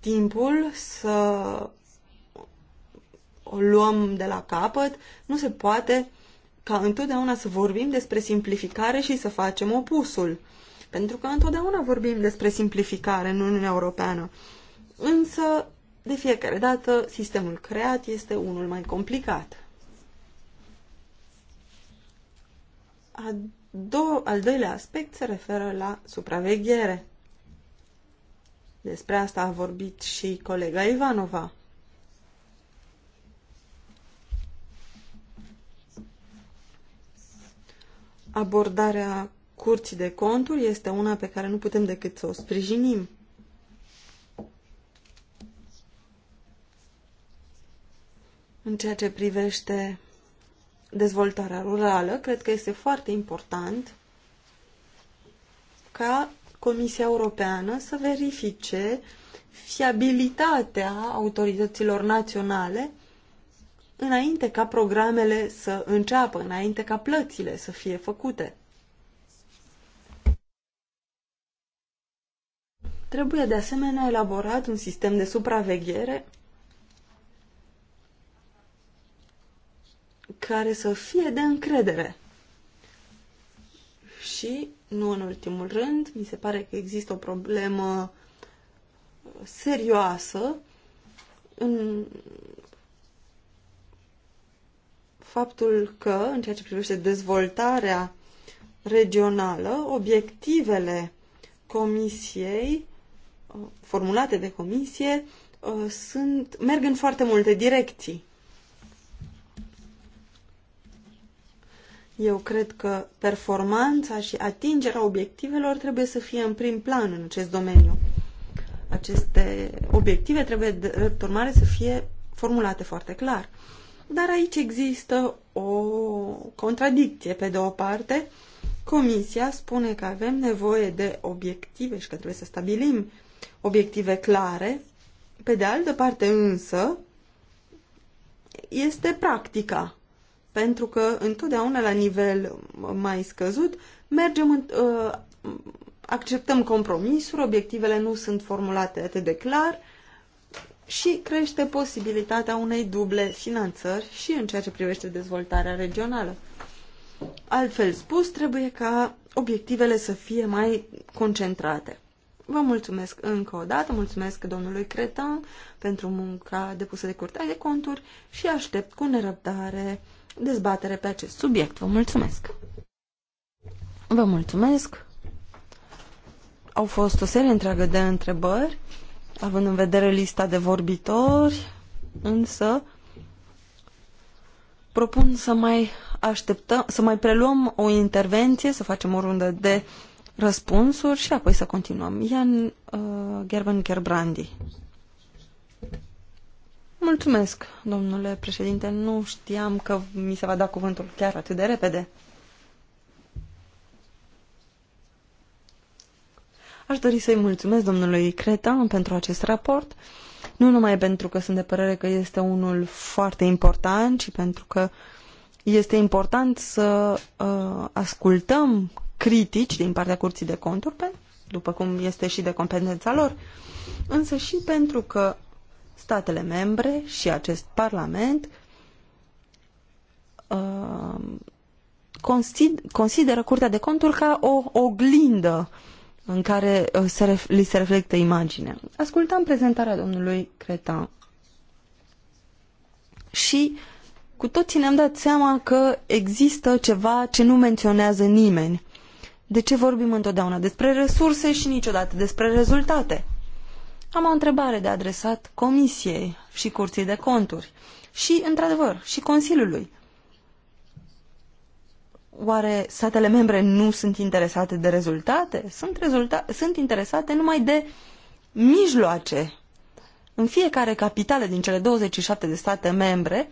timpul să o luăm de la capăt. Nu se poate ca întotdeauna să vorbim despre simplificare și să facem opusul. Pentru că întotdeauna vorbim despre simplificare în Uniunea Europeană. Însă, de fiecare dată, sistemul creat este unul mai complicat. A do- al doilea aspect se referă la supraveghere. Despre asta a vorbit și colega Ivanova. Abordarea curții de conturi este una pe care nu putem decât să o sprijinim. În ceea ce privește dezvoltarea rurală, cred că este foarte important ca Comisia Europeană să verifice fiabilitatea autorităților naționale înainte ca programele să înceapă, înainte ca plățile să fie făcute. Trebuie de asemenea elaborat un sistem de supraveghere care să fie de încredere și nu în ultimul rând, mi se pare că există o problemă serioasă în faptul că, în ceea ce privește dezvoltarea regională, obiectivele comisiei, formulate de comisie, uh, sunt, merg în foarte multe direcții. Eu cred că performanța și atingerea obiectivelor trebuie să fie în prim plan în acest domeniu. Aceste obiective trebuie, drept urmare, să fie formulate foarte clar. Dar aici există o contradicție. Pe de o parte, Comisia spune că avem nevoie de obiective și că trebuie să stabilim obiective clare. Pe de altă parte, însă, este practica pentru că întotdeauna la nivel mai scăzut mergem în, uh, acceptăm compromisuri, obiectivele nu sunt formulate atât de clar și crește posibilitatea unei duble finanțări și în ceea ce privește dezvoltarea regională. Altfel spus, trebuie ca obiectivele să fie mai concentrate. Vă mulțumesc încă o dată, mulțumesc domnului Cretan pentru munca depusă de Curtea de Conturi și aștept cu nerăbdare dezbatere pe acest subiect. Vă mulțumesc! Vă mulțumesc! Au fost o serie întreagă de întrebări, având în vedere lista de vorbitori, însă propun să mai așteptăm, să mai preluăm o intervenție, să facem o rundă de răspunsuri și apoi să continuăm. Ian uh, Gerben Gerbrandi. Mulțumesc, domnule președinte. Nu știam că mi se va da cuvântul chiar atât de repede. Aș dori să-i mulțumesc domnului Creta pentru acest raport, nu numai pentru că sunt de părere că este unul foarte important, ci pentru că este important să uh, ascultăm critici din partea Curții de Conturi, după cum este și de competența lor, însă și pentru că statele membre și acest Parlament uh, consideră Curtea de Conturi ca o oglindă în care uh, se li se reflectă imaginea. Ascultam prezentarea domnului Creta și cu toții ne-am dat seama că există ceva ce nu menționează nimeni. De ce vorbim întotdeauna despre resurse și niciodată despre rezultate? Am o întrebare de adresat Comisiei și Curții de Conturi și, într-adevăr, și Consiliului. Oare statele membre nu sunt interesate de rezultate? Sunt, rezulta- sunt interesate numai de mijloace. În fiecare capitală din cele 27 de state membre,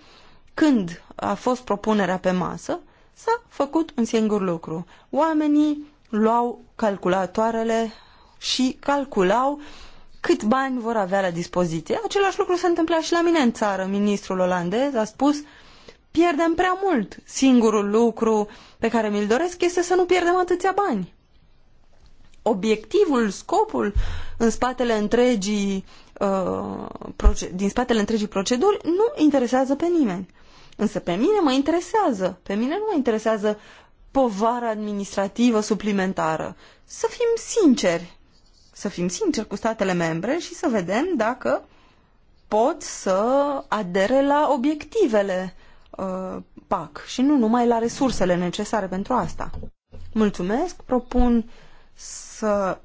când a fost propunerea pe masă, s-a făcut un singur lucru. Oamenii luau calculatoarele și calculau uh, cât bani vor avea la dispoziție. Același lucru se întâmpla și la mine în țară. Ministrul olandez a spus pierdem prea mult. Singurul lucru pe care mi-l doresc este să nu pierdem atâția bani. Obiectivul, scopul în spatele întregii, uh, din spatele întregii proceduri nu interesează pe nimeni. Însă pe mine mă interesează. Pe mine nu mă interesează povara administrativă suplimentară. Să fim sinceri să fim sinceri cu statele membre și să vedem dacă pot să adere la obiectivele uh, PAC și nu numai la resursele necesare pentru asta. Mulțumesc, propun să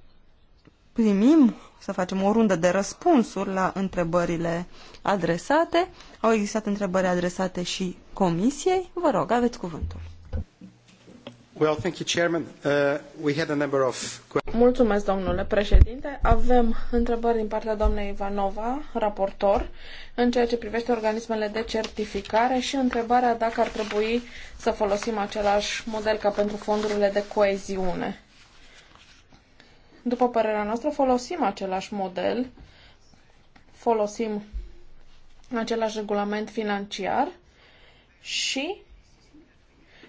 primim, să facem o rundă de răspunsuri la întrebările adresate. Au existat întrebări adresate și comisiei. Vă rog, aveți cuvântul. Well, thank you, Chairman. Uh, we had a number of... Mulțumesc, domnule președinte. Avem întrebări din partea doamnei Ivanova, raportor, în ceea ce privește organismele de certificare și întrebarea dacă ar trebui să folosim același model ca pentru fondurile de coeziune. După părerea noastră, folosim același model, folosim același regulament financiar și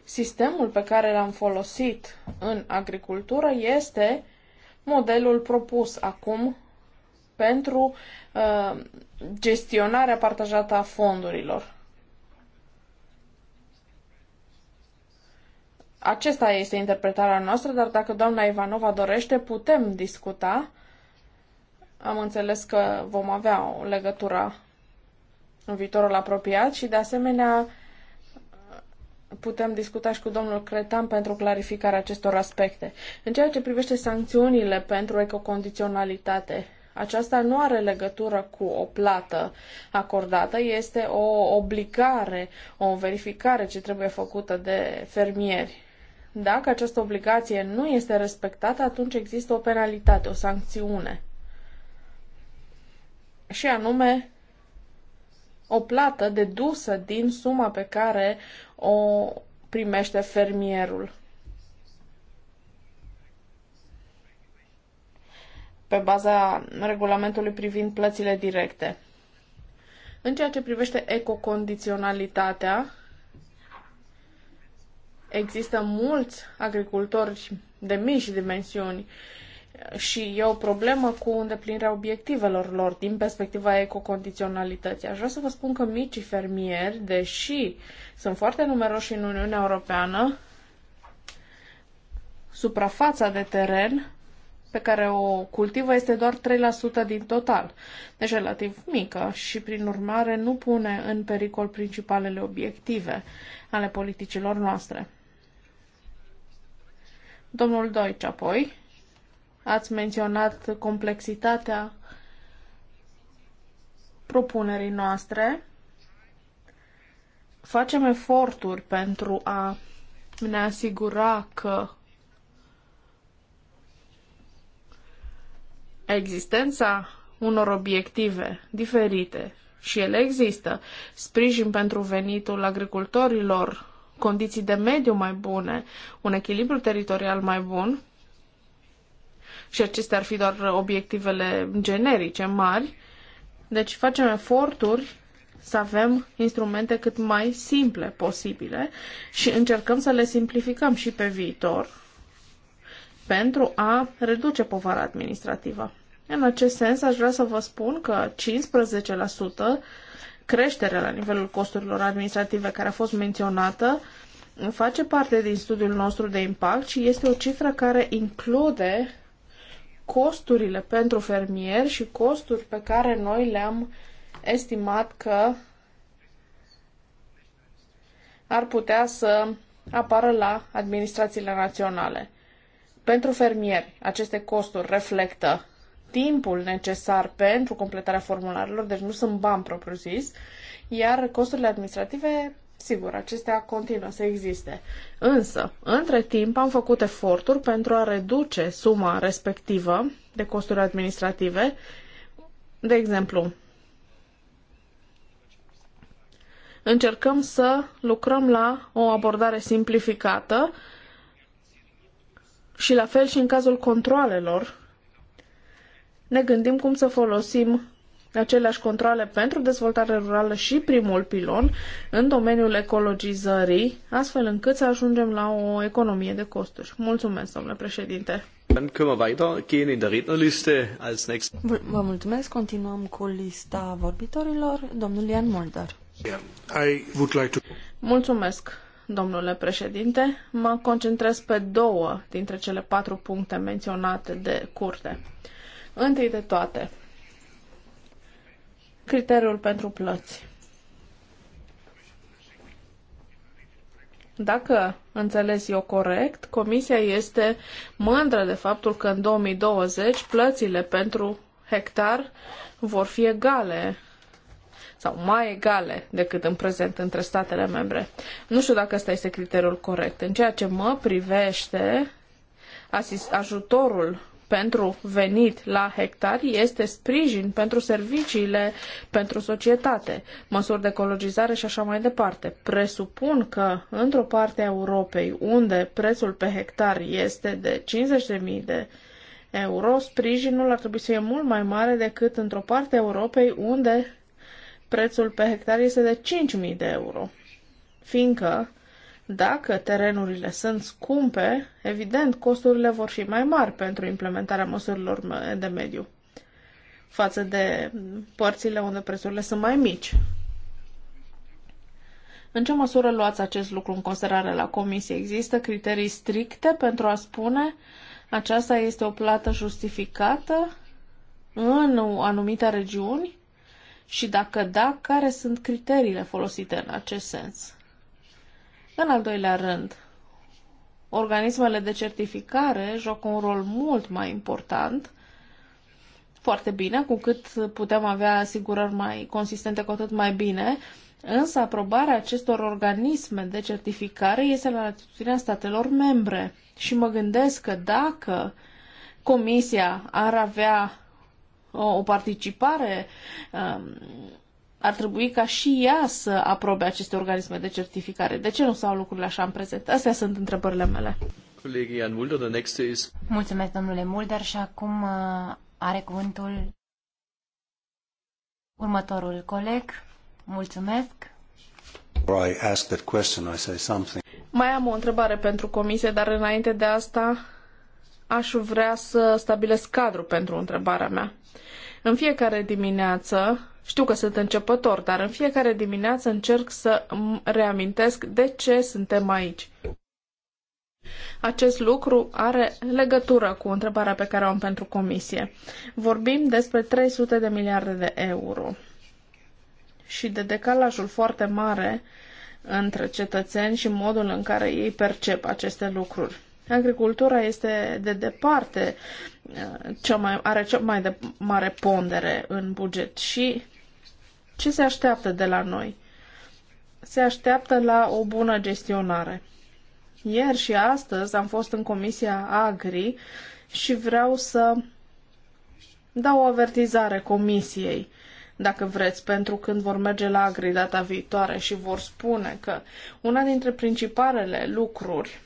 Sistemul pe care l-am folosit în agricultură este modelul propus acum pentru uh, gestionarea partajată a fondurilor. Acesta este interpretarea noastră, dar dacă doamna Ivanova dorește, putem discuta. Am înțeles că vom avea o legătură în viitorul apropiat și, de asemenea, putem discuta și cu domnul Cretan pentru clarificarea acestor aspecte. În ceea ce privește sancțiunile pentru ecocondiționalitate, aceasta nu are legătură cu o plată acordată, este o obligare, o verificare ce trebuie făcută de fermieri. Dacă această obligație nu este respectată, atunci există o penalitate, o sancțiune. Și anume o plată dedusă din suma pe care o primește fermierul. pe baza regulamentului privind plățile directe. În ceea ce privește ecocondiționalitatea, există mulți agricultori de mici dimensiuni și e o problemă cu îndeplinirea obiectivelor lor din perspectiva ecocondiționalității. Aș vrea să vă spun că micii fermieri, deși sunt foarte numeroși în Uniunea Europeană, suprafața de teren pe care o cultivă este doar 3% din total, deci relativ mică și, prin urmare, nu pune în pericol principalele obiective ale politicilor noastre. Domnul Deutsch apoi Ați menționat complexitatea propunerii noastre. Facem eforturi pentru a ne asigura că existența unor obiective diferite și ele există, sprijin pentru venitul agricultorilor, condiții de mediu mai bune, un echilibru teritorial mai bun, și acestea ar fi doar obiectivele generice mari. Deci facem eforturi să avem instrumente cât mai simple posibile și încercăm să le simplificăm și pe viitor pentru a reduce povara administrativă. În acest sens, aș vrea să vă spun că 15% creștere la nivelul costurilor administrative care a fost menționată face parte din studiul nostru de impact și este o cifră care include costurile pentru fermieri și costuri pe care noi le-am estimat că ar putea să apară la administrațiile naționale. Pentru fermieri, aceste costuri reflectă timpul necesar pentru completarea formularelor, deci nu sunt bani propriu-zis, iar costurile administrative Sigur, acestea continuă să existe. Însă, între timp, am făcut eforturi pentru a reduce suma respectivă de costuri administrative. De exemplu, încercăm să lucrăm la o abordare simplificată și la fel și în cazul controalelor. Ne gândim cum să folosim aceleași controle pentru dezvoltare rurală și primul pilon în domeniul ecologizării, astfel încât să ajungem la o economie de costuri. Mulțumesc, domnule președinte! Vă mulțumesc, continuăm cu lista vorbitorilor. Domnul Ian Mulder. Mulțumesc, domnule președinte. Mă concentrez pe două dintre cele patru puncte menționate de curte. Întâi de toate, criteriul pentru plăți. Dacă înțeles eu corect, Comisia este mândră de faptul că în 2020 plățile pentru hectar vor fi egale sau mai egale decât în prezent între statele membre. Nu știu dacă ăsta este criteriul corect. În ceea ce mă privește, ajutorul pentru venit la hectar este sprijin pentru serviciile pentru societate, măsuri de ecologizare și așa mai departe. Presupun că într-o parte a Europei unde prețul pe hectar este de 50.000 de euro, sprijinul ar trebui să fie mult mai mare decât într-o parte a Europei unde prețul pe hectar este de 5.000 de euro. Fiindcă dacă terenurile sunt scumpe, evident, costurile vor fi mai mari pentru implementarea măsurilor de mediu față de părțile unde prețurile sunt mai mici. În ce măsură luați acest lucru în considerare la comisie? Există criterii stricte pentru a spune aceasta este o plată justificată în anumite regiuni? Și dacă da, care sunt criteriile folosite în acest sens? În al doilea rând, organismele de certificare joacă un rol mult mai important foarte bine, cu cât putem avea asigurări mai consistente, cu atât mai bine, însă aprobarea acestor organisme de certificare este la latitudinea statelor membre. Și mă gândesc că dacă Comisia ar avea o, participare um, ar trebui ca și ea să aprobe aceste organisme de certificare. De ce nu s-au lucrurile așa în prezent? Astea sunt întrebările mele. Mulțumesc, domnule Mulder, și acum uh, are cuvântul următorul coleg. Mulțumesc. I ask that question, I say something. Mai am o întrebare pentru comisie, dar înainte de asta aș vrea să stabilesc cadrul pentru întrebarea mea. În fiecare dimineață știu că sunt începător, dar în fiecare dimineață încerc să îmi reamintesc de ce suntem aici. Acest lucru are legătură cu întrebarea pe care o am pentru comisie. Vorbim despre 300 de miliarde de euro și de decalajul foarte mare între cetățeni și modul în care ei percep aceste lucruri. Agricultura este de departe uh, cea mai, are cea mai de, mare pondere în buget și ce se așteaptă de la noi? Se așteaptă la o bună gestionare. Ieri și astăzi am fost în Comisia Agri și vreau să dau o avertizare Comisiei dacă vreți, pentru când vor merge la Agri data viitoare și vor spune că una dintre principalele lucruri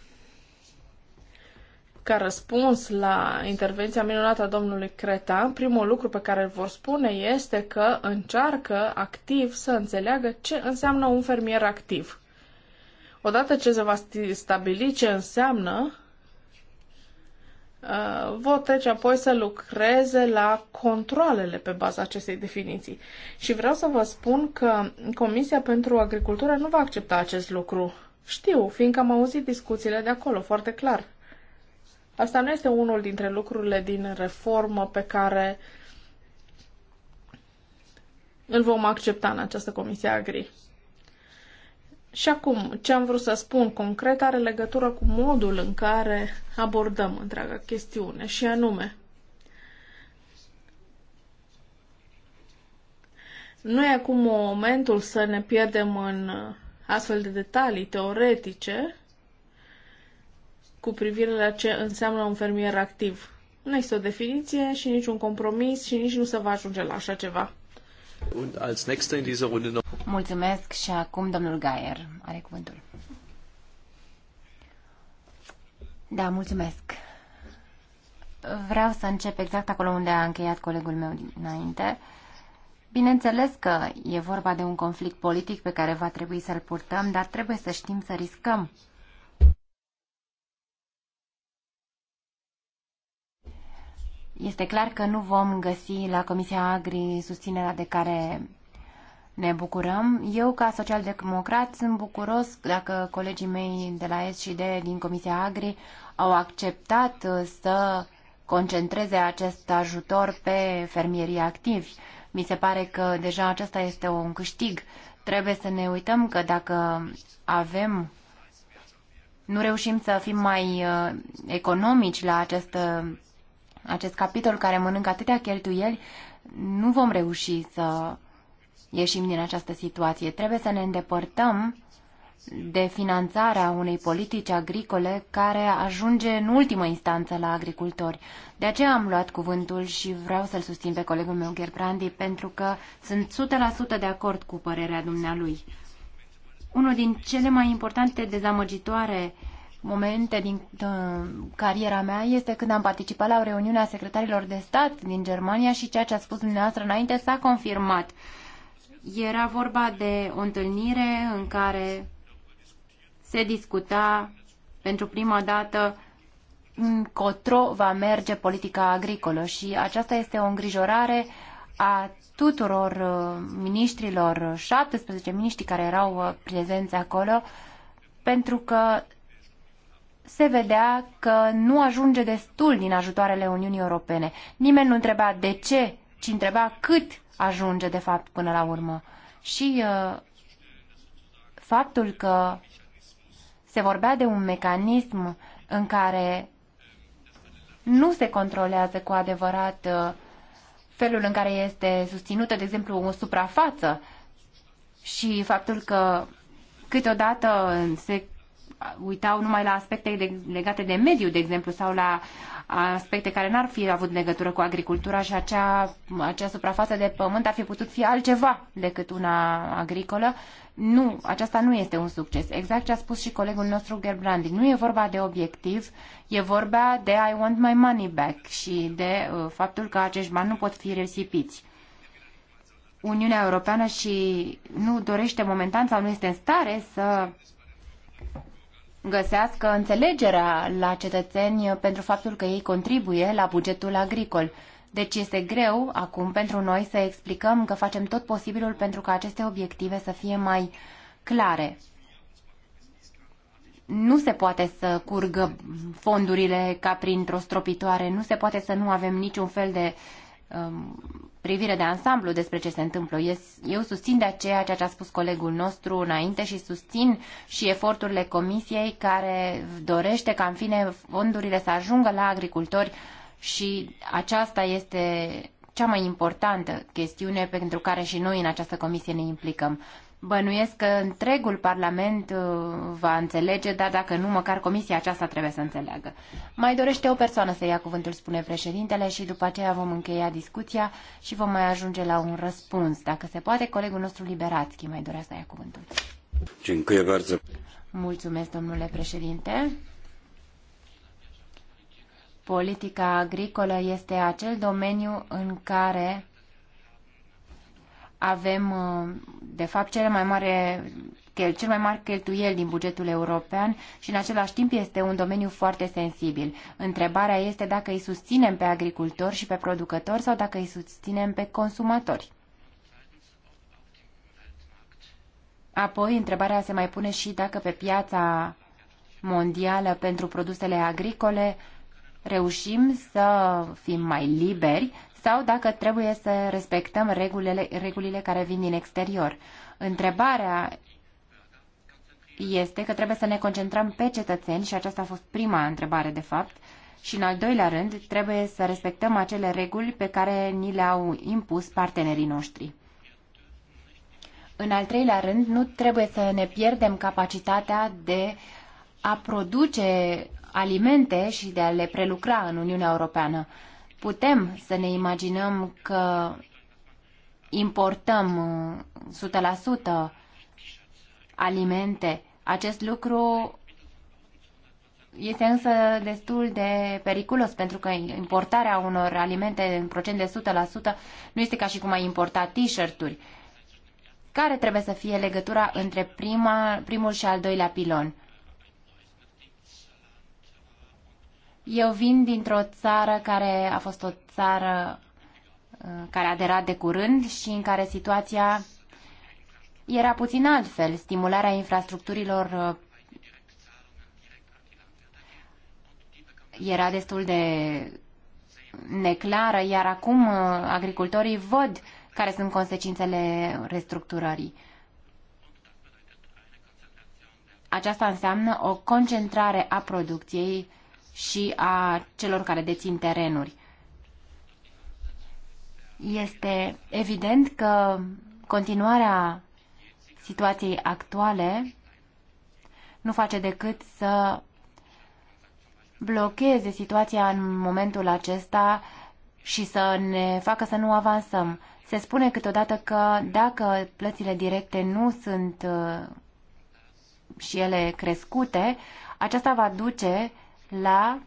ca răspuns la intervenția minunată a domnului Creta, primul lucru pe care îl vor spune este că încearcă activ să înțeleagă ce înseamnă un fermier activ. Odată ce se va stabili ce înseamnă, uh, vor trece apoi să lucreze la controlele pe baza acestei definiții. Și vreau să vă spun că Comisia pentru Agricultură nu va accepta acest lucru. Știu, fiindcă am auzit discuțiile de acolo foarte clar. Asta nu este unul dintre lucrurile din reformă pe care îl vom accepta în această comisie agri. Și acum, ce am vrut să spun concret are legătură cu modul în care abordăm întreaga chestiune și anume. Nu e acum momentul să ne pierdem în uh, astfel de detalii teoretice, cu privire la ce înseamnă un fermier activ. Nu există o definiție și niciun compromis și nici nu se va ajunge la așa ceva. Mulțumesc și acum domnul Gaier are cuvântul. Da, mulțumesc. Vreau să încep exact acolo unde a încheiat colegul meu dinainte. Bineînțeles că e vorba de un conflict politic pe care va trebui să-l purtăm, dar trebuie să știm să riscăm. Este clar că nu vom găsi la Comisia Agri susținerea de care ne bucurăm. Eu, ca social-democrat, sunt bucuros dacă colegii mei de la SD din Comisia Agri au acceptat uh, să concentreze acest ajutor pe fermierii activi. Mi se pare că deja acesta este un câștig. Trebuie să ne uităm că dacă avem nu reușim să fim mai uh, economici la această uh, acest capitol care mănâncă atâtea cheltuieli, nu vom reuși să ieșim din această situație. Trebuie să ne îndepărtăm de finanțarea unei politici agricole care ajunge în ultimă instanță la agricultori. De aceea am luat cuvântul și vreau să-l susțin pe colegul meu Gerbrandi pentru că sunt 100% de acord cu părerea dumnealui. Unul din cele mai importante dezamăgitoare uh, momente din uh, cariera mea este când am participat la o reuniune a secretarilor de stat din Germania și ceea ce a spus dumneavoastră înainte s-a confirmat. Era vorba de o întâlnire în care se discuta pentru prima dată încotro va merge politica agricolă și aceasta este o îngrijorare a tuturor uh, miniștrilor, 17 miniștri care erau uh, prezenți acolo, pentru că se vedea că nu ajunge destul din ajutoarele Uniunii Europene. Nimeni nu întreba de ce, ci întreba cât ajunge de fapt până la urmă. Și uh, faptul că se vorbea de un mecanism în care nu se controlează cu adevărat uh, felul în care este susținută, de exemplu, o suprafață și faptul că câteodată se uitau numai la aspecte de, legate de mediu, de exemplu, sau la aspecte care n-ar fi avut legătură cu agricultura și acea, acea suprafață de pământ ar fi putut fi altceva decât una agricolă. Nu, aceasta nu este un succes. Exact ce a spus și colegul nostru Gerbrandi. Nu e vorba de obiectiv, e vorba de I want my money back și de uh, faptul că acești bani nu pot fi resipiți. Uniunea Europeană și nu dorește momentan sau nu este în stare să găsească înțelegerea la cetățeni pentru faptul că ei contribuie la bugetul agricol. Deci este greu acum pentru noi să explicăm că facem tot posibilul pentru ca aceste obiective să fie mai clare. Nu se poate să curgă fondurile ca printr-o stropitoare, nu se poate să nu avem niciun fel de um, privire de ansamblu despre ce se întâmplă. Eu susțin de aceea ceea ce a spus colegul nostru înainte și susțin și eforturile comisiei care dorește ca în fine fondurile să ajungă la agricultori și aceasta este cea mai importantă chestiune pentru care și noi în această comisie ne implicăm. Bănuiesc că întregul Parlament uh, va înțelege, dar dacă nu, măcar comisia aceasta trebuie să înțeleagă. Mai dorește o persoană să ia cuvântul, spune președintele, și după aceea vom încheia discuția și vom mai ajunge la un răspuns. Dacă se poate, colegul nostru Liberațchi mai dorea să ia cuvântul. Mulțumesc, domnule președinte. Politica agricolă este acel domeniu în care avem, uh, de fapt, cele mai mare cel mai mare cheltuiel din bugetul european și în același timp este un domeniu foarte sensibil. Întrebarea este dacă îi susținem pe agricultori și pe producători sau dacă îi susținem pe consumatori. Apoi, întrebarea se mai pune și dacă pe piața mondială pentru produsele agricole reușim să fim mai liberi sau dacă trebuie să respectăm regulile, regulile care vin din exterior. Întrebarea este că trebuie să ne concentrăm pe cetățeni și aceasta a fost prima întrebare, de fapt, și în al doilea rând trebuie să respectăm acele reguli pe care ni le-au impus partenerii noștri. În al treilea rând, nu trebuie să ne pierdem capacitatea de a produce alimente și de a le prelucra în Uniunea Europeană putem să ne imaginăm că importăm uh, 100% alimente. Acest lucru este însă destul de periculos pentru că importarea unor alimente în procent de 100% nu este ca și cum ai importa t-shirt-uri. Care trebuie să fie legătura între prima, primul și al doilea pilon? Eu vin dintr-o țară care a fost o țară uh, care a aderat de curând și în care situația era puțin altfel. Stimularea infrastructurilor uh, era destul de neclară, iar acum uh, agricultorii văd care sunt consecințele restructurării. Aceasta înseamnă o concentrare a producției și a celor care dețin terenuri. Este evident că continuarea situației actuale nu face decât să blocheze situația în momentul acesta și să ne facă să nu avansăm. Se spune câteodată că dacă plățile directe nu sunt uh, și ele crescute, aceasta va duce la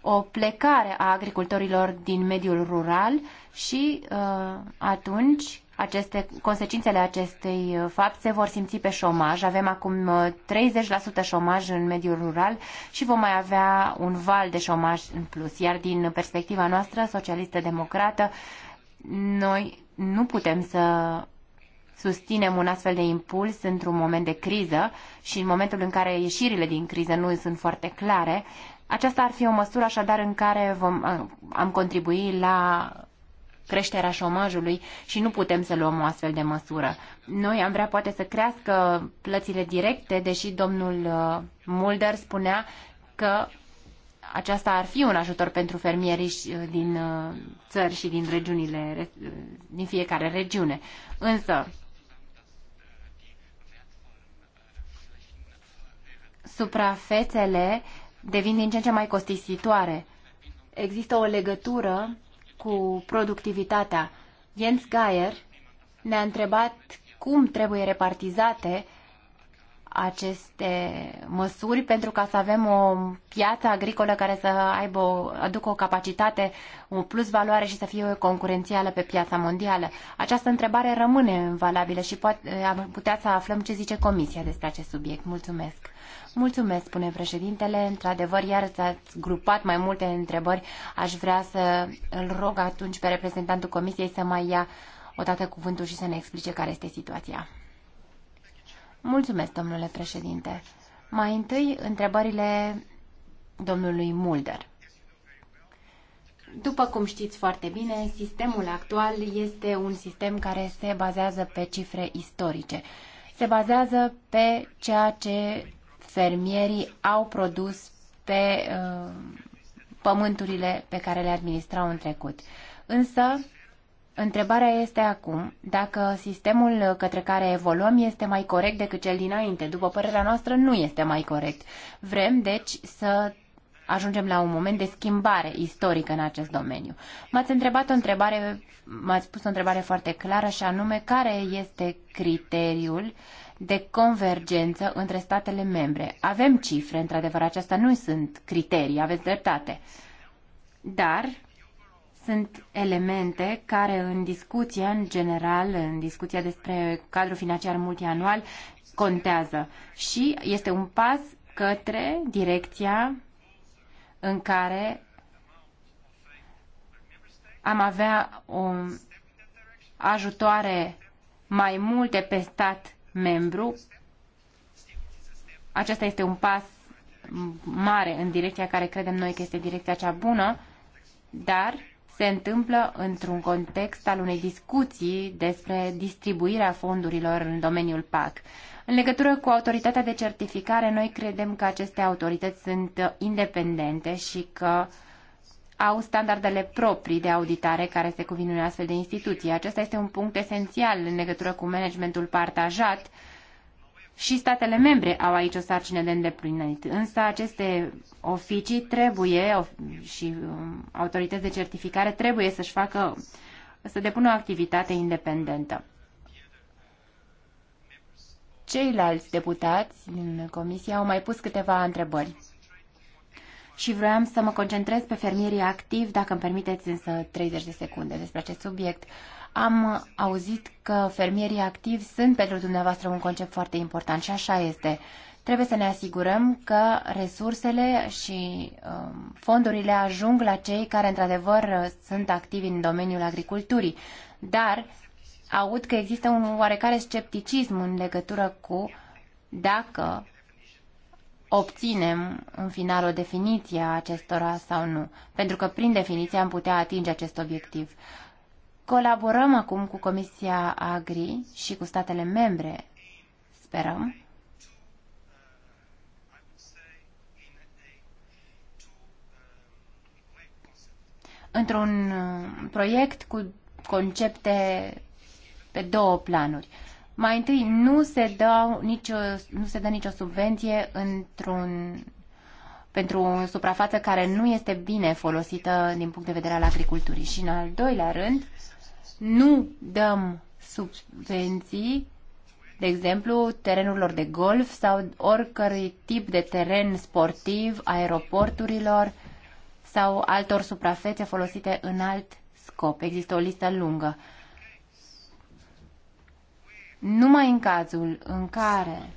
o plecare a agricultorilor din mediul rural și uh, atunci aceste, consecințele acestei uh, fapt se vor simți pe șomaj. Avem acum 30% uh, șomaj în mediul rural și vom mai avea un val de șomaj în plus. Iar din perspectiva noastră, socialistă-democrată, noi nu putem să susținem un astfel de impuls într-un moment de criză și în momentul în care ieșirile din criză nu sunt foarte clare. Aceasta ar fi o măsură așadar în care vom, am contribui la creșterea șomajului și nu putem să luăm o astfel de măsură. Noi am vrea poate să crească plățile directe, deși domnul Mulder spunea că aceasta ar fi un ajutor pentru fermierii din țări și din regiunile, din fiecare regiune. Însă, suprafețele devin din ce în ce mai costisitoare. Există o legătură cu productivitatea. Jens Geier ne-a întrebat cum trebuie repartizate aceste măsuri pentru ca să avem o piață agricolă care să aibă aducă o capacitate, un plus valoare și să fie concurențială pe piața mondială. Această întrebare rămâne valabilă și poate, putea să aflăm ce zice Comisia despre acest subiect. Mulțumesc! Mulțumesc, spune președintele. Într-adevăr, iar ați grupat mai multe întrebări. Aș vrea să îl rog atunci pe reprezentantul comisiei să mai ia odată cuvântul și să ne explice care este situația. Mulțumesc, domnule președinte. Mai întâi, întrebările domnului Mulder. După cum știți foarte bine, sistemul actual este un sistem care se bazează pe cifre istorice. Se bazează pe ceea ce fermierii au produs pe uh, pământurile pe care le administrau în trecut. Însă, întrebarea este acum dacă sistemul către care evoluăm este mai corect decât cel dinainte. După părerea noastră, nu este mai corect. Vrem, deci, să ajungem la un moment de schimbare istorică în acest domeniu. M-ați întrebat o întrebare, m-ați pus o întrebare foarte clară și anume care este criteriul uh, de convergență între statele membre. Avem cifre, într-adevăr, acestea nu sunt criterii, aveți dreptate. Dar sunt elemente care în discuția în general, în discuția despre cadrul financiar multianual, contează. Și este un pas către direcția în care am avea o ajutoare mai multe pe stat membru. Acesta este un pas mare în direcția care credem noi că este direcția cea bună, dar se întâmplă într-un context al unei discuții despre distribuirea fondurilor în domeniul PAC. În legătură cu autoritatea de certificare, noi credem că aceste autorități sunt independente și că uh, au standardele proprii de auditare care se cuvin unei astfel de instituții. Acesta este un punct esențial în legătură cu managementul partajat și statele membre au aici o sarcină de îndeplinit. Însă aceste oficii trebuie și um, autorități de certificare trebuie să-și facă să depună o activitate independentă. Ceilalți deputați din comisie au mai pus câteva întrebări și vreau să mă concentrez pe fermierii activi, dacă îmi permiteți însă 30 de secunde despre acest subiect. Am auzit că fermierii activi sunt pentru dumneavoastră un concept foarte important și așa este. Trebuie să ne asigurăm că resursele și um, fondurile ajung la cei care într-adevăr sunt activi în domeniul agriculturii. Dar aud că există un oarecare scepticism în legătură cu dacă obținem în final o definiție a acestora sau nu, pentru că prin definiție am putea atinge acest obiectiv. Colaborăm acum cu Comisia Agri și cu statele membre, sperăm, într-un proiect cu concepte pe două planuri. Mai întâi, nu se, dau nicio, nu se dă nicio subvenție într-un, pentru o suprafață care nu este bine folosită din punct de vedere al agriculturii. Și în al doilea rând, nu dăm subvenții, de exemplu, terenurilor de golf sau oricărui tip de teren sportiv, aeroporturilor sau altor suprafețe folosite în alt scop. Există o listă lungă. Numai în cazul în care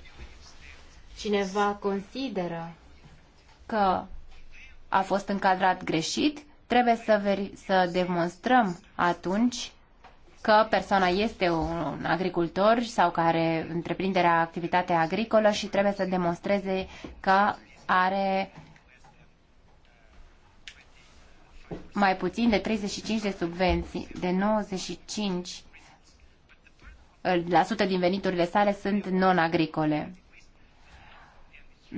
cineva consideră că a fost încadrat greșit, trebuie să, veri- să demonstrăm atunci că persoana este un agricultor sau că are întreprinderea activitatea agricolă și trebuie să demonstreze că are mai puțin de 35 de subvenții, de 95 90% din veniturile sale sunt non-agricole.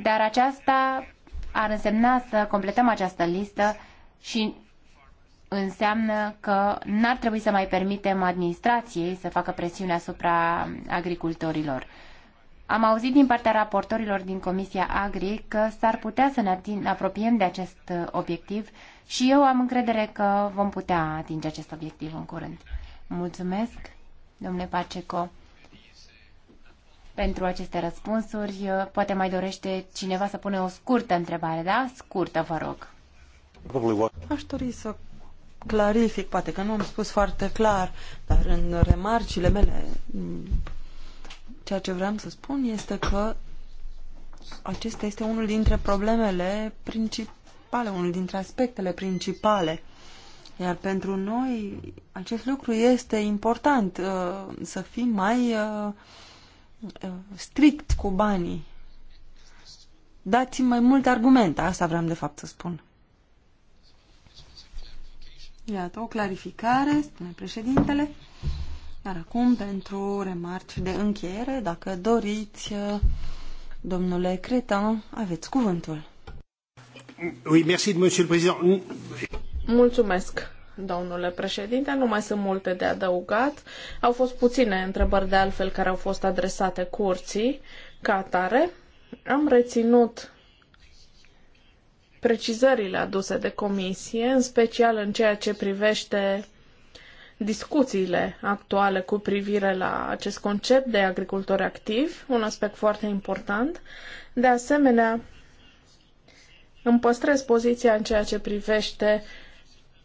Dar aceasta ar însemna să completăm această listă și înseamnă că n-ar trebui să mai permitem administrației să facă presiune asupra agricultorilor. Am auzit din partea raportorilor din Comisia Agri că s-ar putea să ne apropiem de acest obiectiv și eu am încredere că vom putea atinge acest obiectiv în curând. Mulțumesc! domnule Paceco, pentru aceste răspunsuri. Poate mai dorește cineva să pune o scurtă întrebare, da? Scurtă, vă rog. Aș dori să clarific, poate că nu am spus foarte clar, dar în remarcile mele ceea ce vreau să spun este că acesta este unul dintre problemele principale, unul dintre aspectele principale iar pentru noi acest lucru este important, uh, să fim mai uh, uh, strict cu banii. Dați-mi mai multe argumente, asta vreau de fapt să spun. Iată, o clarificare, spune președintele. Iar acum, pentru remarci de încheiere, dacă doriți, domnule Cretan, aveți cuvântul. Oui, merci, monsieur le président. Mulțumesc, domnule președinte. Nu mai sunt multe de adăugat. Au fost puține întrebări de altfel care au fost adresate curții ca atare. Am reținut precizările aduse de comisie, în special în ceea ce privește discuțiile actuale cu privire la acest concept de agricultor activ, un aspect foarte important. De asemenea, îmi păstrez poziția în ceea ce privește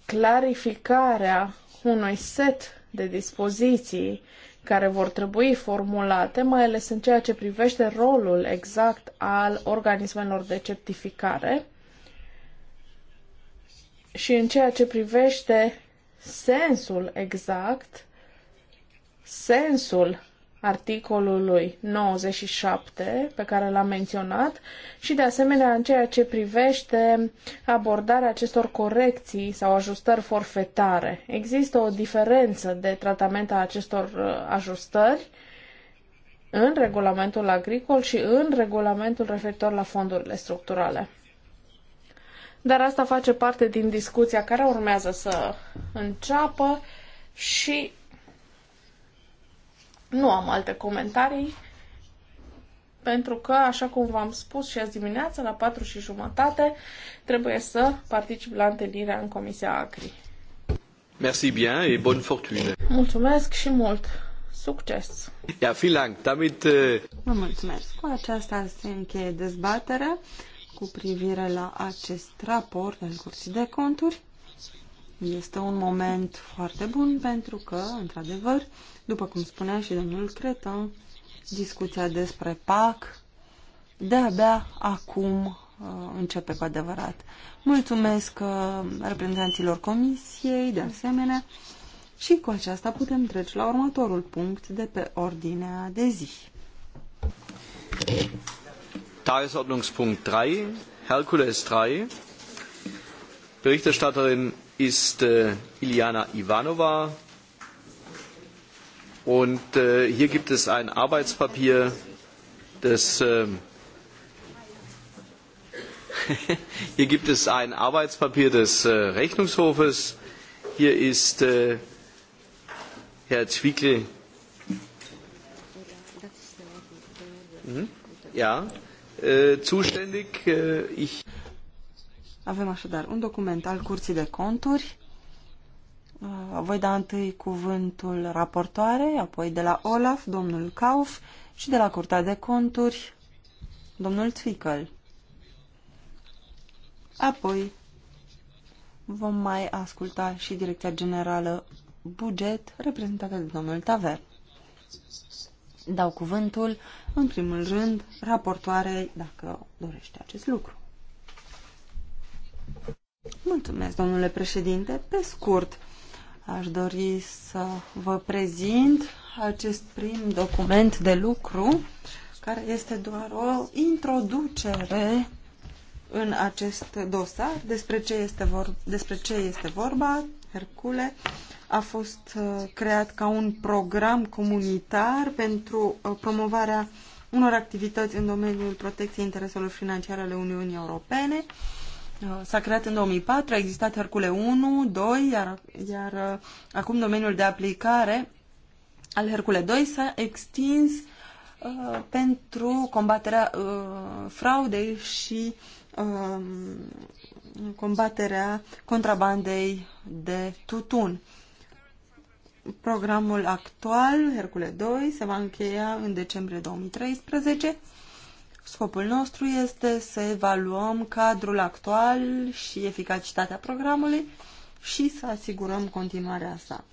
clarificarea unui set de dispoziții care vor trebui formulate, mai ales în ceea ce privește rolul exact al organismelor de certificare și în ceea ce privește sensul exact, sensul articolului 97 pe care l-am menționat și de asemenea în ceea ce privește abordarea acestor corecții sau ajustări forfetare. Există o diferență de tratament a acestor uh, ajustări în regulamentul agricol și în regulamentul referitor la fondurile structurale. Dar asta face parte din discuția care urmează să înceapă și nu am alte comentarii, pentru că, așa cum v-am spus și azi dimineața, la 4 și jumătate, trebuie să particip la întâlnirea în Comisia ACRI. Merci bien et bonne fortune. Mulțumesc și mult! Succes! Ja, vielen Dank. Damit, uh... Vă mulțumesc! Cu aceasta se încheie dezbaterea cu privire la acest raport al Curții de Conturi. Este un moment foarte bun pentru că, într-adevăr, după cum spunea și domnul Cretan, discuția despre PAC de-abia acum uh, începe cu adevărat. Mulțumesc uh, reprezentanților comisiei, de asemenea, și cu aceasta putem trece la următorul punct de pe ordinea de zi. Tagesordnungspunkt 3, Hercules 3. Berichterstatterin ist äh, Iliana Ivanova. Und äh, hier gibt es ein Arbeitspapier das, äh, hier gibt es ein Arbeitspapier des äh, Rechnungshofes. Hier ist äh, Herr Zwickel. Mhm. Ja, äh, zuständig. Äh, ich Avem așadar un document al Curții de Conturi Uh, voi da întâi cuvântul raportoare, apoi de la Olaf, domnul Kauf și de la Curtea de Conturi, domnul Twickel. Apoi vom mai asculta și Direcția Generală Buget, reprezentată de domnul Taver. Dau cuvântul, în primul rând, raportoarei, dacă dorește acest lucru. Mulțumesc, domnule președinte. Pe scurt, Aș dori să vă prezint acest prim document de lucru, care este doar o introducere în acest dosar despre ce este, vor, despre ce este vorba. Hercule a fost uh, creat ca un program comunitar pentru uh, promovarea unor activități în domeniul protecției intereselor financiare ale Uniunii Europene. Uh, s-a creat în 2004, a existat Hercule 1, 2, iar, iar uh, acum domeniul de aplicare al Hercule 2 s-a extins uh, pentru combaterea uh, fraudei și uh, combaterea contrabandei de tutun. Programul actual, Hercule 2, se va încheia în decembrie 2013 Scopul nostru este să evaluăm cadrul actual și eficacitatea programului și să asigurăm continuarea sa.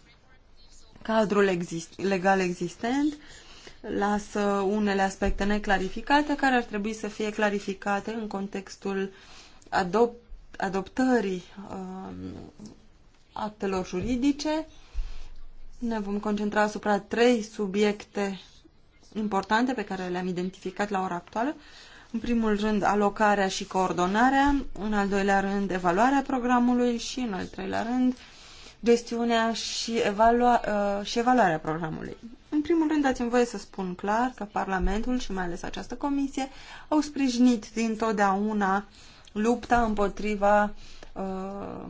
Cadrul exist legal existent lasă unele aspecte neclarificate care ar trebui să fie clarificate în contextul adop adoptării uh, actelor juridice. Ne vom concentra asupra trei subiecte importante pe care le-am identificat la ora actuală. În primul rând, alocarea și coordonarea, în al doilea rând, evaluarea programului și, în al treilea rând, gestiunea și, evalua, uh, și evaluarea programului. În primul rând, dați-mi voie să spun clar că Parlamentul și mai ales această comisie au sprijinit dintotdeauna lupta împotriva Uh,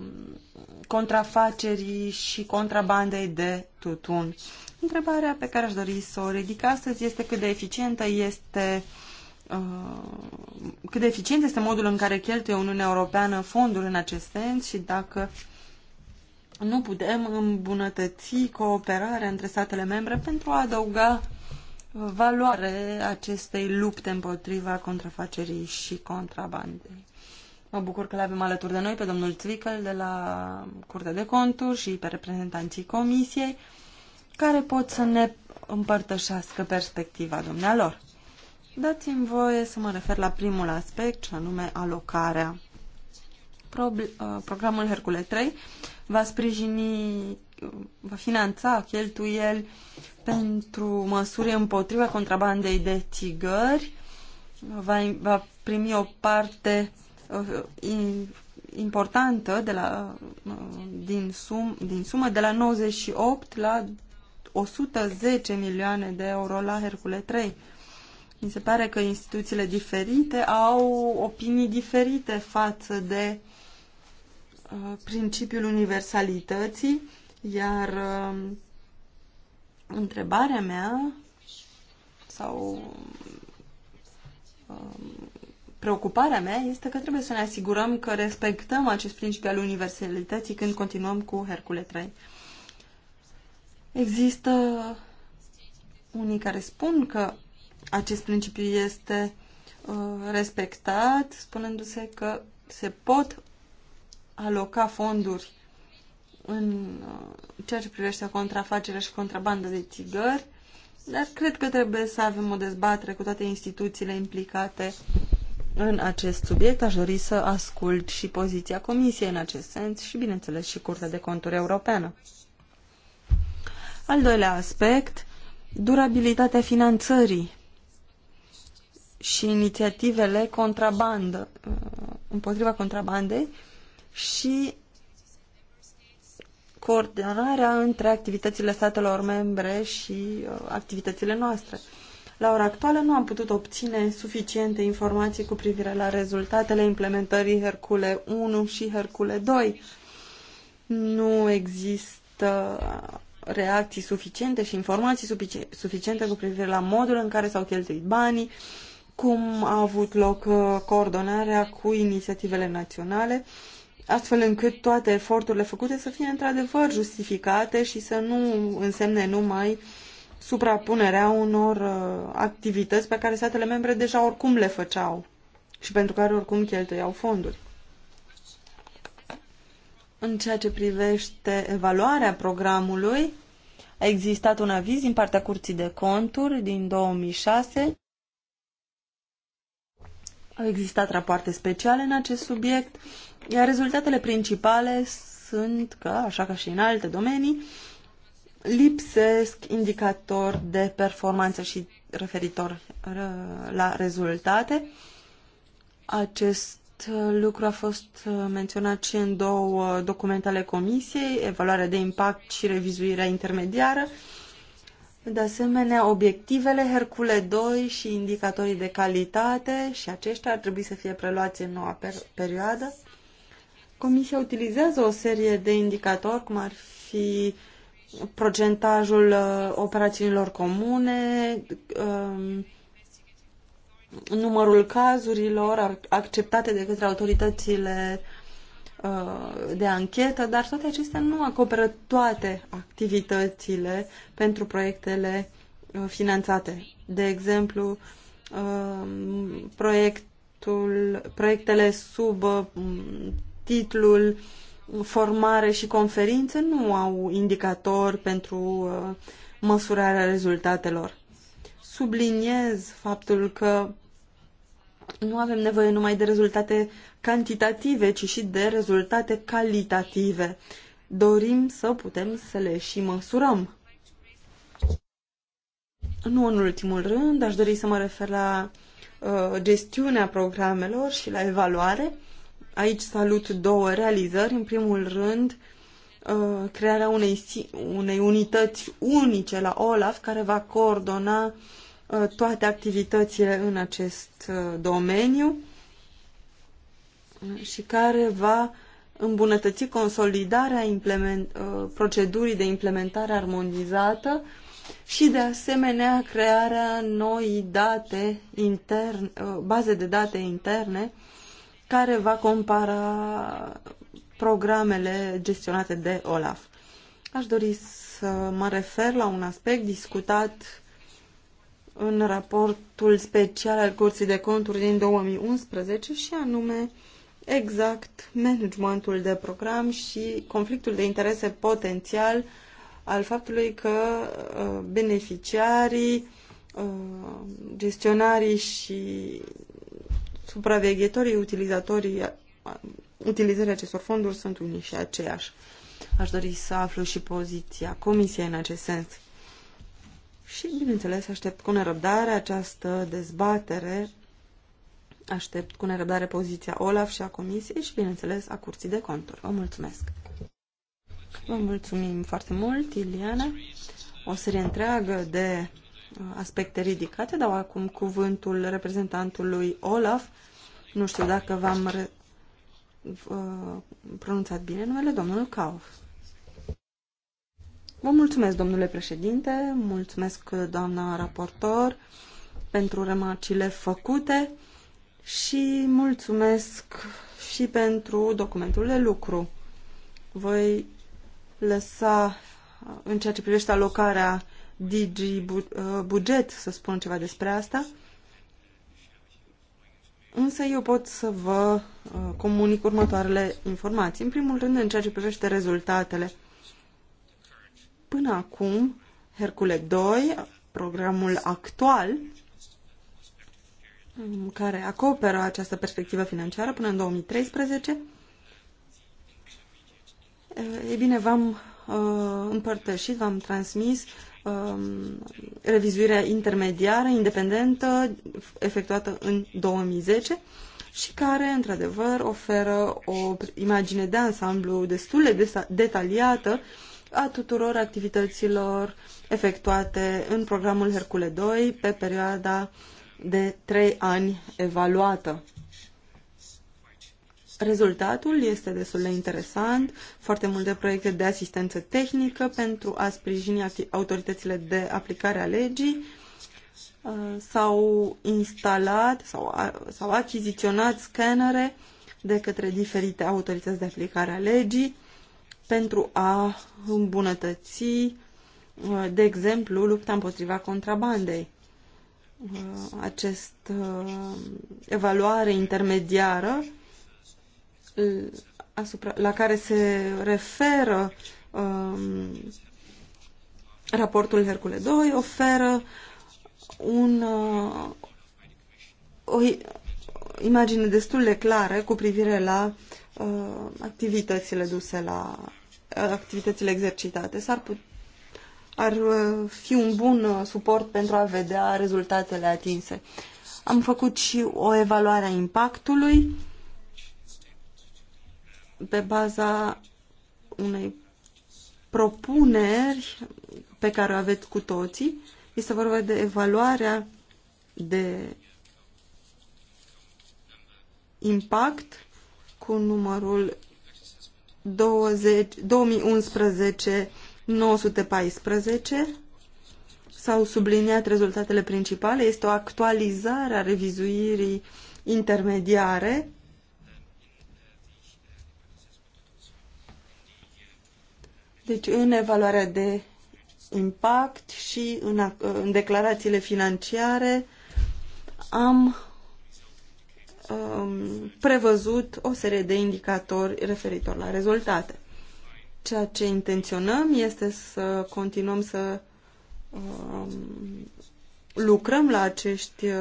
contrafacerii și contrabandei de tutun. Întrebarea pe care aș dori să o ridic astăzi este cât de eficientă este uh, cât de eficient este modul în care cheltuie Uniunea Europeană fonduri în acest sens și dacă nu putem îmbunătăți cooperarea între statele membre pentru a adăuga valoare acestei lupte împotriva contrafacerii și contrabandei. Mă bucur că le avem alături de noi pe domnul Zwickel de la Curtea de Conturi și pe reprezentanții Comisiei, care pot să ne împărtășească perspectiva dumnealor. Dați-mi voie să mă refer la primul aspect, și anume alocarea. Uh, programul Hercule 3 va sprijini, uh, va finanța cheltuieli pentru măsuri împotriva contrabandei de țigări, va, va primi o parte Uh, importantă de la, uh, din, sum, din sumă de la 98 la 110 milioane de euro la Hercule 3. Mi se pare că instituțiile diferite au opinii diferite față de uh, principiul universalității, iar uh, întrebarea mea sau uh, Preocuparea mea este că trebuie să ne asigurăm că respectăm acest principiu al universalității când continuăm cu Hercule 3. Există unii care spun că acest principiu este uh, respectat, spunându-se că se pot aloca fonduri în uh, ceea ce privește contrafacerea și contrabanda de țigări, dar cred că trebuie să avem o dezbatere cu toate instituțiile implicate în acest subiect. Aș dori să ascult și poziția Comisiei în acest sens și, bineînțeles, și Curtea de Conturi Europeană. Al doilea aspect, durabilitatea finanțării și inițiativele contrabandă, uh, împotriva contrabandei și coordonarea între activitățile statelor membre și uh, activitățile noastre. La ora actuală nu am putut obține suficiente informații cu privire la rezultatele implementării Hercule 1 și Hercule 2. Nu există reacții suficiente și informații suficiente cu privire la modul în care s-au cheltuit banii, cum a avut loc uh, coordonarea cu inițiativele naționale, astfel încât toate eforturile făcute să fie într-adevăr justificate și să nu însemne numai suprapunerea unor uh, activități pe care statele membre deja oricum le făceau și pentru care oricum cheltuiau fonduri. În ceea ce privește evaluarea programului, a existat un aviz din partea Curții de Conturi din 2006. Au existat rapoarte speciale în acest subiect, iar rezultatele principale sunt că, așa ca și în alte domenii, lipsesc indicatori de performanță și referitor uh, la rezultate. Acest uh, lucru a fost uh, menționat și în două documente ale Comisiei, evaluarea de impact și revizuirea intermediară. De asemenea, obiectivele Hercule 2 și indicatorii de calitate și aceștia ar trebui să fie preluați în noua per- perioadă. Comisia utilizează o serie de indicatori, cum ar fi uh, procentajul uh, operațiunilor comune, um, numărul cazurilor acceptate de către autoritățile uh, de anchetă, dar toate acestea nu acoperă toate activitățile pentru proiectele uh, finanțate. De exemplu, um, proiectul, proiectele sub titlul formare și conferințe nu au indicatori pentru uh, măsurarea rezultatelor. Subliniez faptul că nu avem nevoie numai de rezultate cantitative, ci și de rezultate calitative. Dorim să putem să le și măsurăm. Nu în ultimul rând, aș dori să mă refer la uh, gestiunea programelor și la evaluare. Aici salut două realizări. În primul rând, uh, crearea unei, unei unități unice la OLAF care va coordona uh, toate activitățile în acest uh, domeniu și care va îmbunătăți consolidarea implement, procedurii de implementare armonizată și de asemenea crearea noi date interne, baze de date interne care va compara programele gestionate de OLAF. Aș dori să mă refer la un aspect discutat în raportul special al Curții de Conturi din 2011 și anume exact managementul de program și conflictul de interese potențial al faptului că uh, beneficiarii, uh, gestionarii și supraveghetorii utilizatorii utilizării acestor fonduri sunt unii și aceiași. Aș dori să aflu și poziția Comisiei în acest sens. Și, bineînțeles, aștept cu nerăbdare această dezbatere, aștept cu nerăbdare poziția OLAF și a Comisiei și, bineînțeles, a Curții de Conturi. Vă mulțumesc! Vă mulțumim foarte mult, Iliana. O serie întreagă de aspecte ridicate. Dau acum cuvântul reprezentantului Olaf. Nu știu dacă v-am re... Uh, pronunțat bine numele domnul Kauf. Vă mulțumesc, domnule președinte, mulțumesc, doamna raportor, pentru remarcile făcute și mulțumesc și pentru documentul de lucru. Voi lăsa, în ceea ce privește alocarea DG uh, Buget să spun ceva despre asta. Însă eu pot să vă uh, comunic următoarele informații. În primul rând, în ceea ce privește rezultatele. Până acum, Hercule 2, programul actual, um, care acoperă această perspectivă financiară până în 2013, uh, e bine, v-am împărtășit, v-am transmis Um, revizuirea intermediară independentă efectuată în 2010 și care, într-adevăr, oferă o imagine de ansamblu destul de detaliată a tuturor activităților efectuate în programul Hercule 2 pe perioada de 3 ani evaluată. Rezultatul este destul de interesant, foarte multe proiecte de asistență tehnică pentru a sprijini autoritățile de aplicare a legii uh, s-au instalat sau, sau achiziționat scanere de către diferite autorități de aplicare a legii pentru a îmbunătăți, uh, de exemplu, lupta împotriva contrabandei uh, acest evaluare intermediară Uh, asupra, la care se referă um, raportul Hercule II oferă un, uh, o imagine destul de clară cu privire la uh, activitățile duse la uh, activitățile exercitate. S-ar ar uh, fi un bun uh, suport pentru a vedea rezultatele atinse. Am făcut și o evaluare a impactului pe baza unei propuneri pe care o aveți cu toții. Este vorba de evaluarea de impact cu numărul 20, 2011 914 s-au subliniat rezultatele principale. Este o actualizare a revizuirii intermediare Deci în evaluarea de impact și în, în declarațiile financiare am um, prevăzut o serie de indicatori referitor la rezultate. Ceea ce intenționăm este să continuăm să um, lucrăm la acești uh,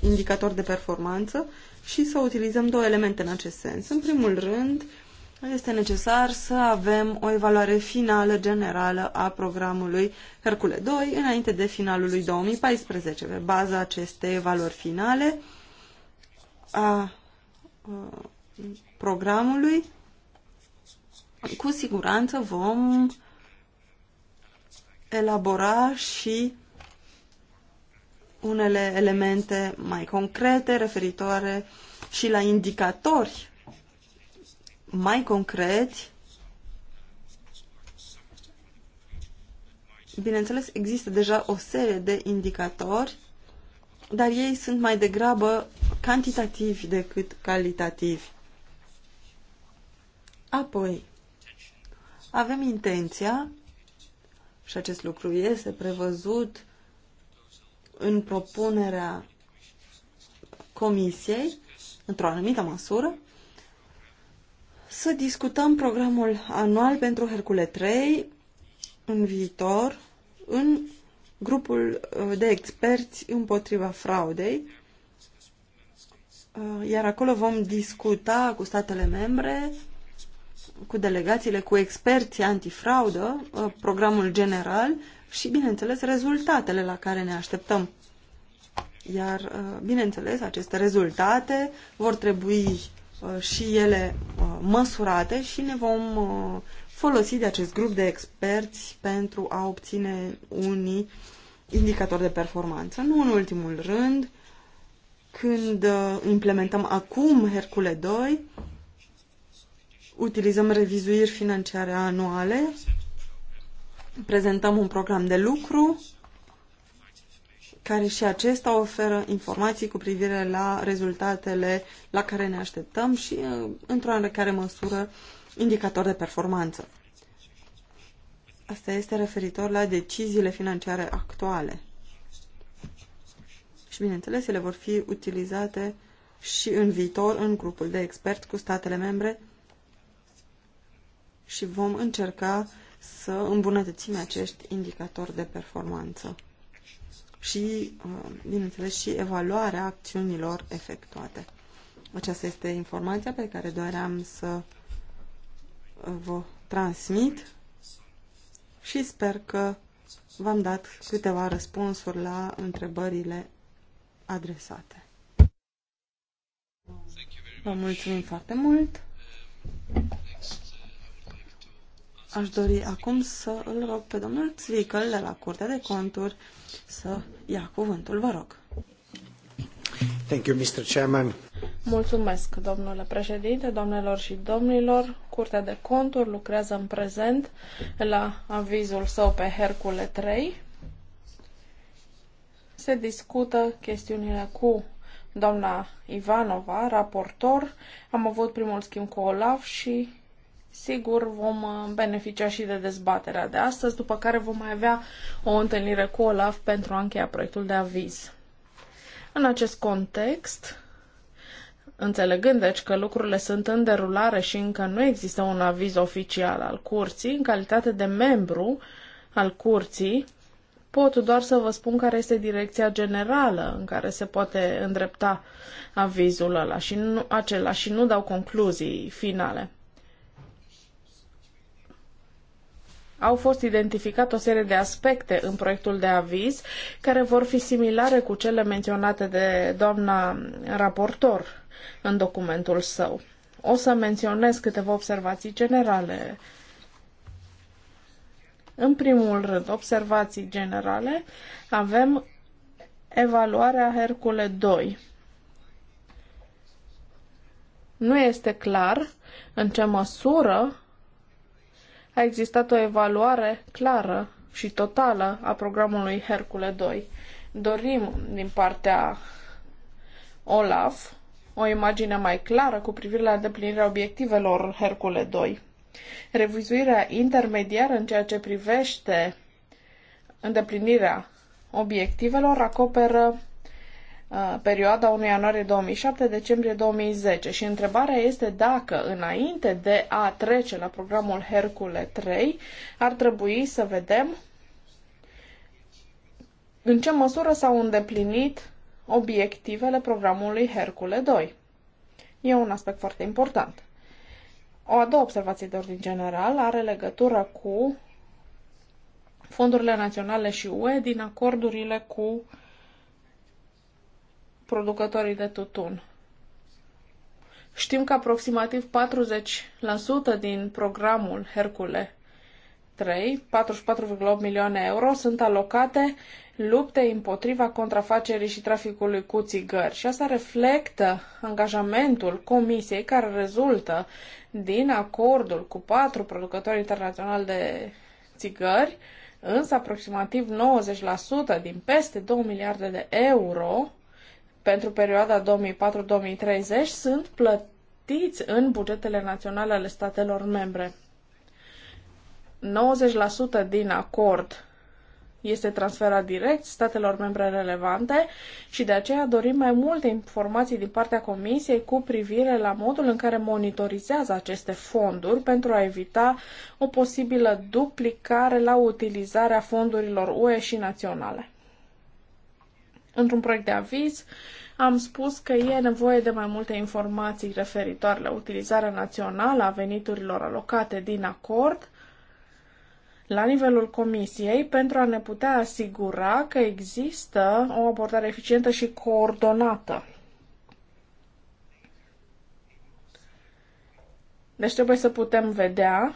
indicatori de performanță și să utilizăm două elemente în acest sens. În primul rând, este necesar să avem o evaluare finală generală a programului Hercule 2 înainte de finalul lui 2014. Pe baza acestei evaluări finale a programului, cu siguranță vom elabora și unele elemente mai concrete referitoare și la indicatori mai concreți. Bineînțeles, există deja o serie de indicatori, dar ei sunt mai degrabă cantitativi decât calitativi. Apoi, avem intenția, și acest lucru este prevăzut în propunerea comisiei, într-o anumită măsură, să discutăm programul anual pentru Hercule 3 în viitor în grupul uh, de experți împotriva fraudei, uh, iar acolo vom discuta cu statele membre, cu delegațiile, cu experții antifraudă, uh, programul general și, bineînțeles, rezultatele la care ne așteptăm. Iar, bineînțeles, aceste rezultate vor trebui Uh, și ele uh, măsurate și ne vom uh, folosi de acest grup de experți pentru a obține unii indicatori de performanță. Nu în ultimul rând, când implementăm acum Hercule 2, utilizăm revizuiri financiare anuale, prezentăm un program de lucru care și acesta oferă informații cu privire la rezultatele la care ne așteptăm și, uh, într-o care măsură, indicator de performanță. Asta este referitor la deciziile financiare actuale. Și, bineînțeles, ele vor fi utilizate și în viitor în grupul de experți cu statele membre și vom încerca să îmbunătățim acești indicatori de performanță și, uh, bineînțeles, și evaluarea acțiunilor efectuate. Aceasta este informația pe care doream să uh, vă transmit și sper că v-am dat câteva răspunsuri la întrebările adresate. Vă mulțumim foarte mult! Aș dori acum să îl rog pe domnul Zwickel de la Curtea de Conturi să ia cuvântul. Vă rog. Thank you, Mr. Chairman. Mulțumesc, domnule președinte, domnilor și domnilor. Curtea de Conturi lucrează în prezent la avizul său pe Hercule 3. Se discută chestiunile cu doamna Ivanova, raportor. Am avut primul schimb cu Olaf și Sigur, vom uh, beneficia și de dezbaterea de astăzi, după care vom mai avea o întâlnire cu Olaf pentru a încheia proiectul de aviz. În acest context, Înțelegând deci că lucrurile sunt în derulare și încă nu există un aviz oficial al curții, în calitate de membru al curții, pot doar să vă spun care este direcția generală în care se poate îndrepta avizul ăla și nu, acela și nu dau concluzii finale. au fost identificate o serie de aspecte în proiectul de aviz care vor fi similare cu cele menționate de doamna raportor în documentul său. O să menționez câteva observații generale. În primul rând, observații generale, avem evaluarea Hercule 2. Nu este clar în ce măsură a existat o evaluare clară și totală a programului Hercule 2. Dorim din partea Olaf o imagine mai clară cu privire la îndeplinirea obiectivelor Hercule 2. Revizuirea intermediară în ceea ce privește îndeplinirea obiectivelor acoperă Uh, perioada 1 ianuarie 2007-decembrie 2010 și întrebarea este dacă înainte de a trece la programul Hercule 3 ar trebui să vedem în ce măsură s-au îndeplinit obiectivele programului Hercule 2. E un aspect foarte important. O a doua observație de ordin general are legătură cu fondurile naționale și UE din acordurile cu uh, producătorii de tutun. Știm că aproximativ 40% din programul Hercule 3, 44,8 milioane euro, sunt alocate lupte împotriva contrafacerii și traficului cu țigări. Și asta reflectă angajamentul Comisiei care rezultă din acordul cu patru producători internaționali de țigări, însă aproximativ 90% din peste 2 miliarde de euro pentru perioada 2004-2030 sunt plătiți în bugetele naționale ale statelor membre. 90% din acord este transferat direct statelor membre relevante și de aceea dorim mai multe informații din partea Comisiei cu privire la modul în care monitorizează aceste fonduri pentru a evita o posibilă duplicare la utilizarea fondurilor UE și naționale. Într-un proiect de aviz am spus că e nevoie de mai multe informații referitoare la utilizarea națională a veniturilor alocate din acord la nivelul comisiei pentru a ne putea asigura că există o abordare eficientă și coordonată. Deci trebuie să putem vedea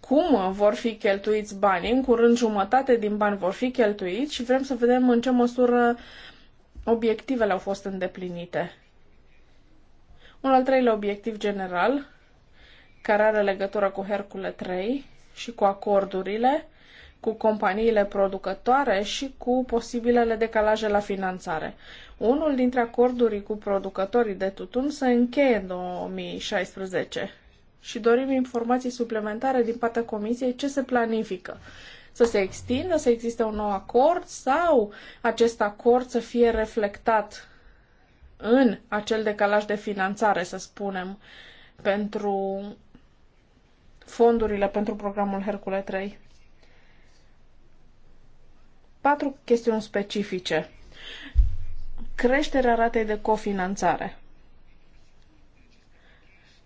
cum vor fi cheltuiți banii. În curând jumătate din bani vor fi cheltuiți și vrem să vedem în ce măsură obiectivele au fost îndeplinite. Un al treilea obiectiv general, care are legătură cu Hercule 3 și cu acordurile, cu companiile producătoare și cu posibilele decalaje la finanțare. Unul dintre acordurii cu producătorii de tutun se încheie în 2016 și dorim informații suplimentare din partea Comisiei ce se planifică. Să se extindă, să existe un nou acord sau acest acord să fie reflectat în acel decalaj de finanțare, să spunem, pentru fondurile pentru programul Hercule 3. Patru chestiuni specifice. Creșterea ratei de cofinanțare.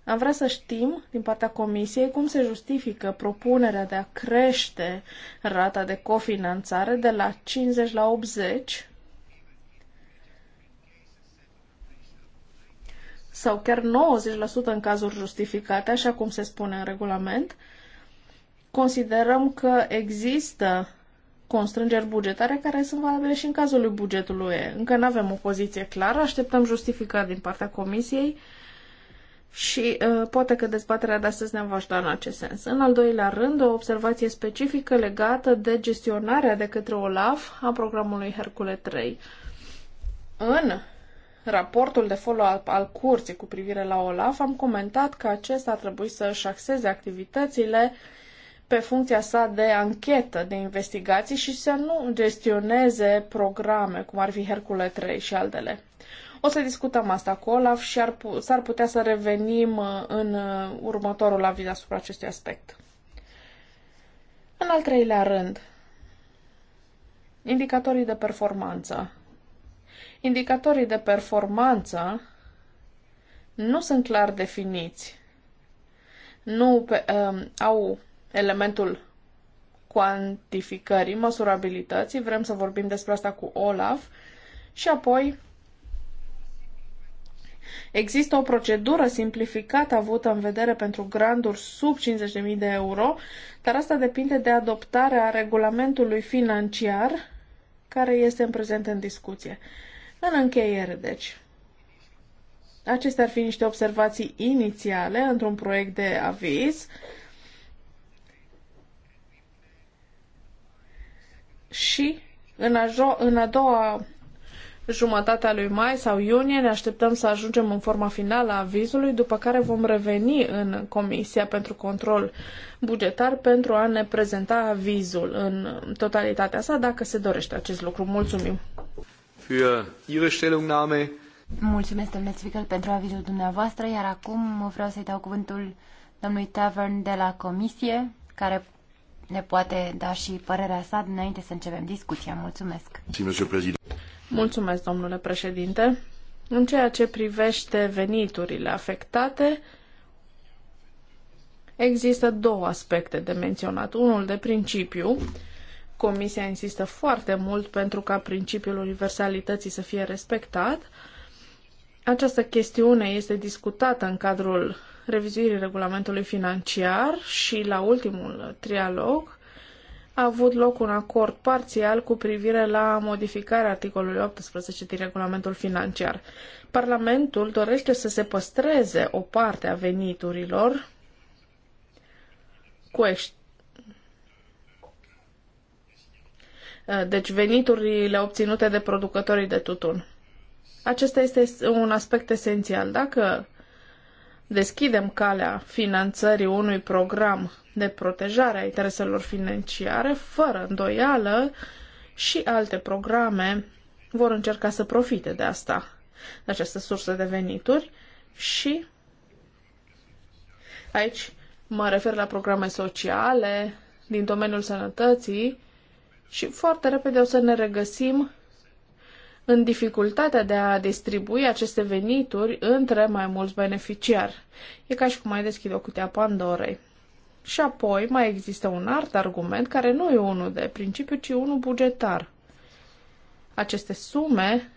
Am vrea să știm din partea Comisiei cum se justifică propunerea de a crește rata de cofinanțare de la 50 la 80 sau chiar 90% în cazuri justificate, așa cum se spune în regulament. Considerăm că există constrângeri bugetare care sunt valabile și în cazul lui bugetului UE. Încă nu avem o poziție clară, așteptăm justificări din partea Comisiei și uh, poate că dezbaterea de astăzi ne va ajuta în acest sens. În al doilea rând, o observație specifică legată de gestionarea de către OLAF a programului Hercule 3. În raportul de follow-up al curții cu privire la OLAF, am comentat că acesta trebuie să își axeze activitățile pe funcția sa de anchetă, de investigații și să nu gestioneze programe, cum ar fi Hercule 3 și altele. O să discutăm asta cu Olaf și ar, s-ar putea să revenim uh, în uh, următorul aviz asupra acestui aspect. În al treilea rând, indicatorii de performanță. Indicatorii de performanță nu sunt clar definiți. Nu pe, um, au elementul cuantificării, măsurabilității, vrem să vorbim despre asta cu Olaf și apoi Există o procedură simplificată avută în vedere pentru granduri sub 50.000 de euro, dar asta depinde de adoptarea regulamentului financiar care este în prezent în discuție. În încheiere, deci, acestea ar fi niște observații inițiale într-un proiect de aviz. Și în a, jo- în a doua jumătatea lui mai sau iunie. Ne așteptăm să ajungem în forma finală a avizului, după care vom reveni în Comisia pentru Control Bugetar pentru a ne prezenta avizul în totalitatea sa, dacă se dorește acest lucru. Mulțumim! Für Ihre Stellungnahme. Mulțumesc, domnule Țvical, pentru avizul dumneavoastră, iar acum vreau să-i dau cuvântul domnului Tavern de la Comisie, care ne poate da și părerea sa înainte să începem discuția. Mulțumesc! Mulțumesc Mulțumesc, domnule președinte. În ceea ce privește veniturile afectate, există două aspecte de menționat. Unul de principiu, Comisia insistă foarte mult pentru ca principiul universalității să fie respectat. Această chestiune este discutată în cadrul revizuirii regulamentului financiar și la ultimul trialog a avut loc un acord parțial cu privire la modificarea articolului 18 din regulamentul financiar. Parlamentul dorește să se păstreze o parte a veniturilor cu ex- deci veniturile obținute de producătorii de tutun. Acesta este un aspect esențial. Dacă deschidem calea finanțării unui program de protejare a intereselor financiare, fără îndoială și alte programe vor încerca să profite de asta, de această sursă de venituri și aici mă refer la programe sociale din domeniul sănătății și foarte repede o să ne regăsim în dificultatea de a distribui aceste venituri între mai mulți beneficiari. E ca și cum ai deschide o cutia Pandorei. Și apoi mai există un alt argument care nu e unul de principiu, ci unul bugetar. Aceste sume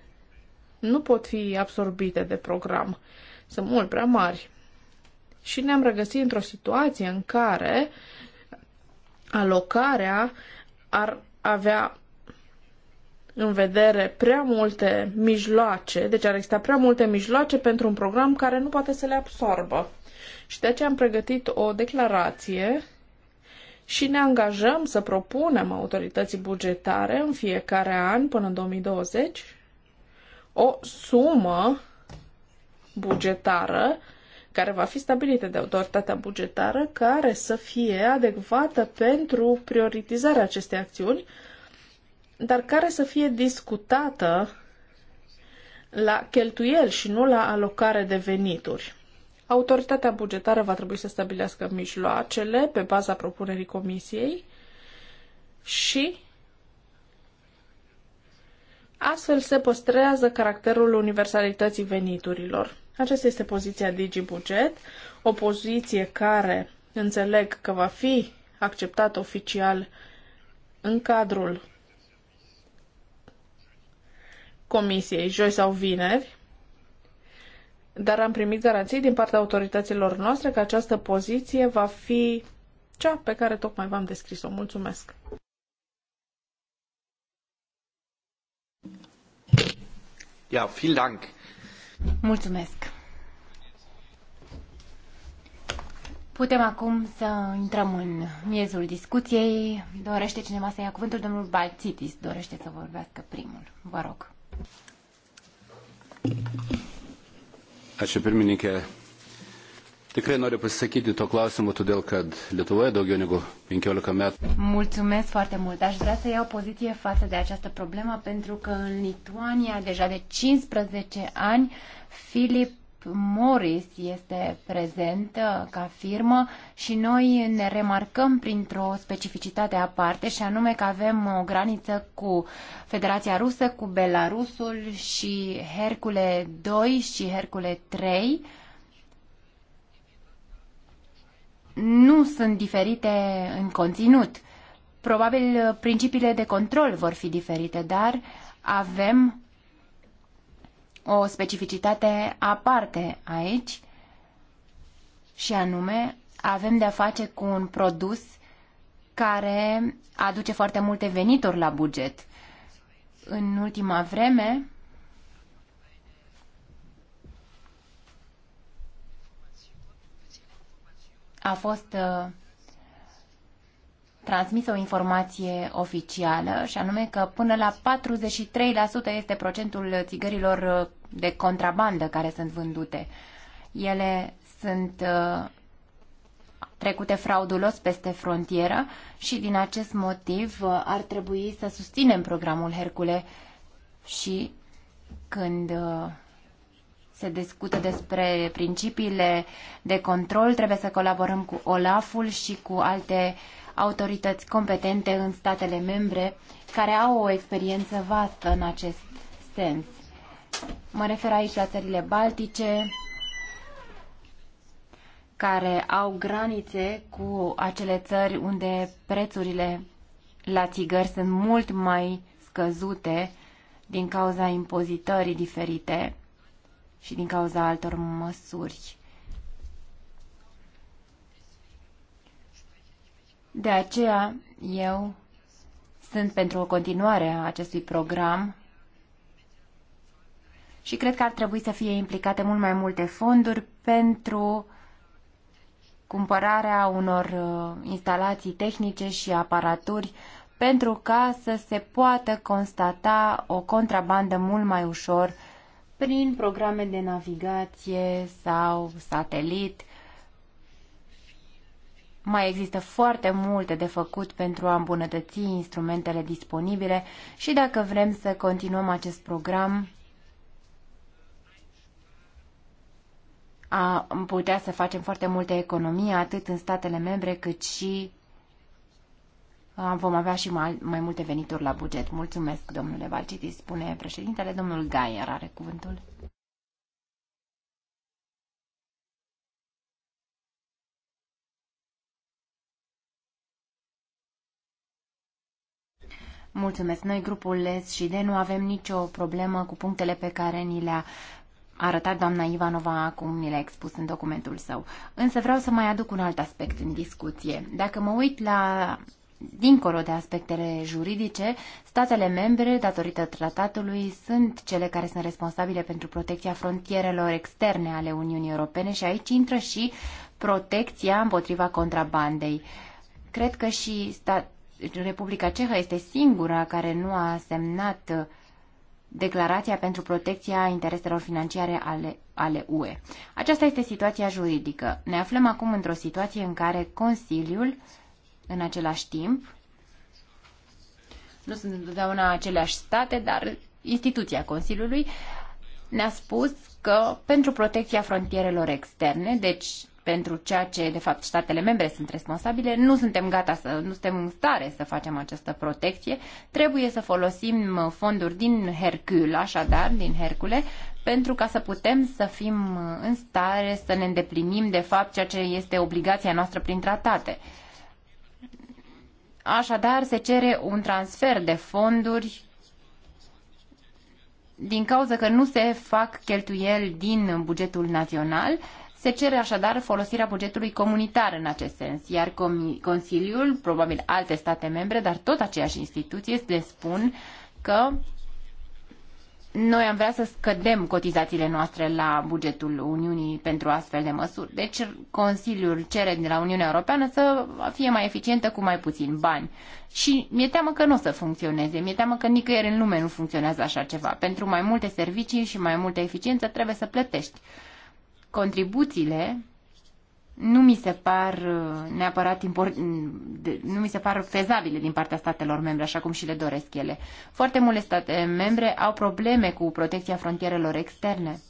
nu pot fi absorbite de program. Sunt mult prea mari. Și ne-am regăsit într-o situație în care alocarea ar avea în vedere prea multe mijloace, deci ar exista prea multe mijloace pentru un program care nu poate să le absorbă. Și de aceea am pregătit o declarație și ne angajăm să propunem autorității bugetare în fiecare an până în 2020 o sumă bugetară care va fi stabilită de autoritatea bugetară care să fie adecvată pentru prioritizarea acestei acțiuni dar care să fie discutată la cheltuieli și nu la alocare de venituri. Autoritatea bugetară va trebui să stabilească mijloacele pe baza propunerii comisiei și astfel se păstrează caracterul universalității veniturilor. Aceasta este poziția DigiBuget, o poziție care înțeleg că va fi acceptată oficial în cadrul comisiei joi sau vineri, dar am primit garanții din partea autorităților noastre că această poziție va fi cea pe care tocmai v-am descris-o. Mulțumesc! Ja, vielen Dank. Mulțumesc. Putem acum să intrăm în miezul discuției. Dorește cineva să ia cuvântul? Domnul Balțitis dorește să vorbească primul. Vă rog. Ačiū pirmininkė. Tikrai noriu pasisakyti to klausimu, todėl kad Lietuvoje daugiau negu 15 metų. Mulțumesc foarte mult. Aș vrea să iau poziție față de această problemă pentru că în Lituania deja de 15 ani Filip Morris este prezent ca firmă și noi ne remarcăm printr-o specificitate aparte și anume că avem o graniță cu Federația Rusă, cu Belarusul și Hercule 2 și Hercule 3 nu sunt diferite în conținut. Probabil principiile de control vor fi diferite, dar avem o specificitate aparte aici și anume avem de-a face cu un produs care aduce foarte multe venituri la buget. În ultima vreme, a fost uh, transmis o informație oficială și anume că până la 43% este procentul țigărilor uh, de contrabandă care sunt vândute. Ele sunt uh, trecute fraudulos peste frontieră și din acest motiv uh, ar trebui să susținem programul Hercule și când se discută despre principiile de control, trebuie să colaborăm cu OLAF-ul și cu alte uh, autorități competente în statele membre care au o experiență vastă în acest sens. Mă refer aici la țările baltice, care au granițe cu acele țări unde prețurile la țigări sunt mult mai scăzute din cauza impozitării diferite și din cauza altor măsuri De aceea, eu sunt pentru o continuare a acestui program și cred că ar trebui să fie implicate mult mai multe fonduri pentru cumpărarea unor uh, instalații tehnice și aparaturi pentru ca să se poată constata o contrabandă mult mai ușor prin programe de navigație sau satelit mai există foarte multe de făcut pentru a îmbunătăți instrumentele disponibile și dacă vrem să continuăm acest program, a putea să facem foarte multe economii, atât în statele membre, cât și vom avea și mai, multe venituri la buget. Mulțumesc, domnule Valciti. spune președintele. Domnul Gaier are cuvântul. Mulțumesc. Noi, grupul LES și de nu avem nicio problemă cu punctele pe care ni le-a arătat doamna Ivanova acum, ni le a expus în documentul său. Însă vreau să mai aduc un alt aspect în discuție. Dacă mă uit la dincolo de aspectele juridice, statele membre, datorită tratatului, sunt cele care sunt responsabile pentru protecția frontierelor externe ale Uniunii Europene și aici intră și protecția împotriva contrabandei. Cred că și stat Republica Cehă este singura care nu a semnat uh, declarația pentru protecția intereselor financiare ale, ale UE. Aceasta este situația juridică. Ne aflăm acum într-o situație în care Consiliul, în același timp, nu sunt întotdeauna aceleași state, dar instituția Consiliului ne-a spus că pentru protecția frontierelor externe, deci pentru ceea ce, de fapt, statele membre sunt responsabile, nu suntem gata să, nu suntem în stare să facem această protecție. Trebuie să folosim uh, fonduri din Hercule, așadar, din Hercule, pentru ca să putem să fim uh, în stare să ne îndeplinim, de fapt, ceea ce este obligația noastră prin tratate. Așadar, se cere un transfer de fonduri din cauza că nu se fac cheltuieli din bugetul național se cere așadar folosirea bugetului comunitar în acest sens, iar Consiliul, probabil alte state membre, dar tot aceeași instituție, le spun că noi am vrea să scădem cotizațiile noastre la bugetul Uniunii pentru astfel de măsuri. Deci Consiliul cere de la Uniunea Europeană să fie mai eficientă cu mai puțin bani. Și mi-e teamă că nu o să funcționeze, mi-e teamă că nicăieri în lume nu funcționează așa ceva. Pentru mai multe servicii și mai multă eficiență trebuie să plătești contribuțiile nu mi se par uh, neapărat import, nu mi se par fezabile din partea statelor membre, așa cum și le doresc ele. Foarte multe state membre au probleme cu protecția frontierelor externe.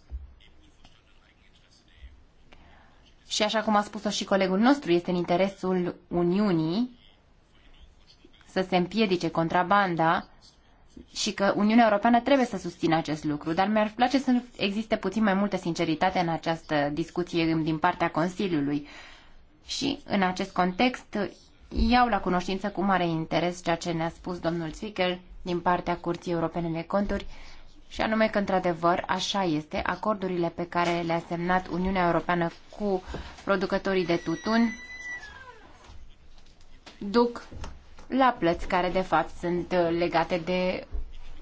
Și așa cum a spus-o și colegul nostru, este în interesul Uniunii să se împiedice contrabanda și că Uniunea Europeană trebuie să susțină acest lucru, dar mi-ar place să existe puțin mai multă sinceritate în această discuție din partea Consiliului. Și în acest context iau la cunoștință cu mare interes ceea ce ne-a spus domnul Zwickel din partea Curții Europene de Conturi, și anume că, într-adevăr, așa este, acordurile pe care le-a semnat Uniunea Europeană cu producătorii de tutun duc la plăți care de fapt sunt uh, legate de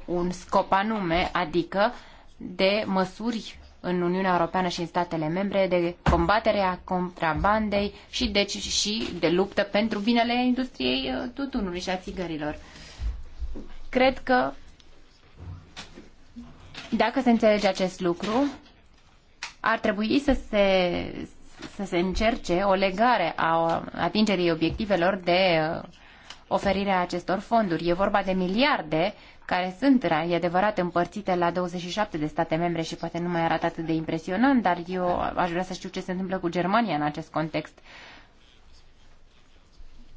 un scop anume, adică de măsuri în Uniunea Europeană și în statele membre de combaterea contrabandei și deci și de luptă pentru binele industriei uh, tutunului și a țigărilor. Cred că dacă se înțelege acest lucru, ar trebui să se, să se încerce o legare a atingerii obiectivelor de uh, oferirea acestor fonduri. E vorba de miliarde care sunt, e adevărat, împărțite la 27 de state membre și poate nu mai arată atât de impresionant, dar eu aș vrea să știu ce se întâmplă cu Germania în acest context.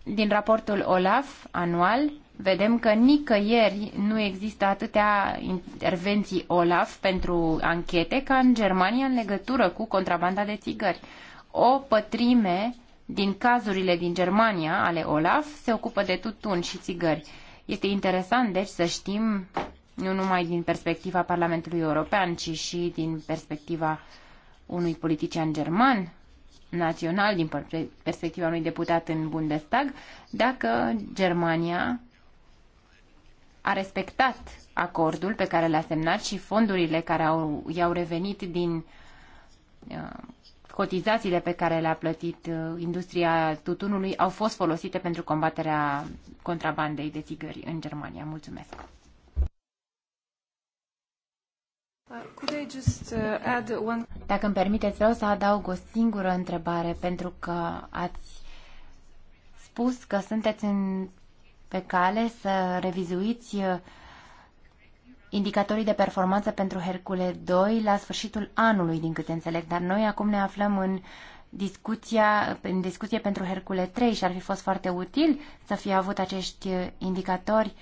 Din raportul OLAF anual, vedem că nicăieri nu există atâtea intervenții OLAF pentru anchete ca în Germania în legătură cu contrabanda de țigări. O pătrime din cazurile din Germania ale Olaf se ocupă de tutun și țigări. Este interesant, deci, să știm nu numai din perspectiva Parlamentului European, ci și din perspectiva unui politician german național, din perspectiva unui deputat în Bundestag, dacă Germania a respectat acordul pe care l-a semnat și fondurile care au, i-au revenit din uh, cotizațiile pe care le-a plătit uh, industria tutunului au fost folosite pentru combaterea contrabandei de țigări în Germania. Mulțumesc! Uh, uh, Dacă îmi permiteți, vreau să adaug o singură întrebare, pentru că ați spus că sunteți în, pe cale să revizuiți indicatorii de performanță pentru Hercule 2 la sfârșitul anului, din câte înțeleg, dar noi acum ne aflăm în discuția, în discuție pentru Hercule 3 și ar fi fost foarte util să fie avut acești indicatori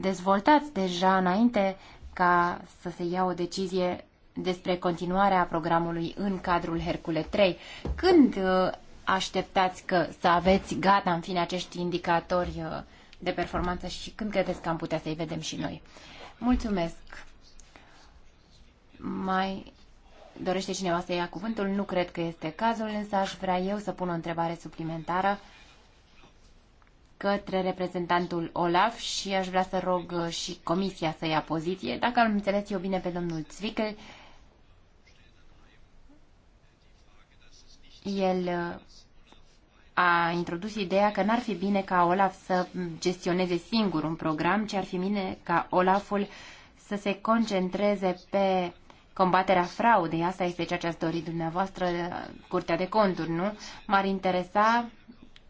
dezvoltați deja înainte ca să se ia o decizie despre continuarea programului în cadrul Hercule 3. Când uh, așteptați că să aveți gata în fine acești indicatori uh, de performanță și când credeți că am putea să-i vedem și noi? Mulțumesc. Mai dorește cineva să ia cuvântul? Nu cred că este cazul, însă aș vrea eu să pun o întrebare suplimentară către reprezentantul Olaf și aș vrea să rog și comisia să ia poziție. Dacă am înțeles eu bine pe domnul Zwickel, el a introdus ideea că n-ar fi bine ca Olaf să gestioneze singur un program, ci ar fi bine ca Olaful să se concentreze pe combaterea fraudei. Asta este ceea ce ați dorit dumneavoastră, Curtea de Conturi, nu? M-ar interesa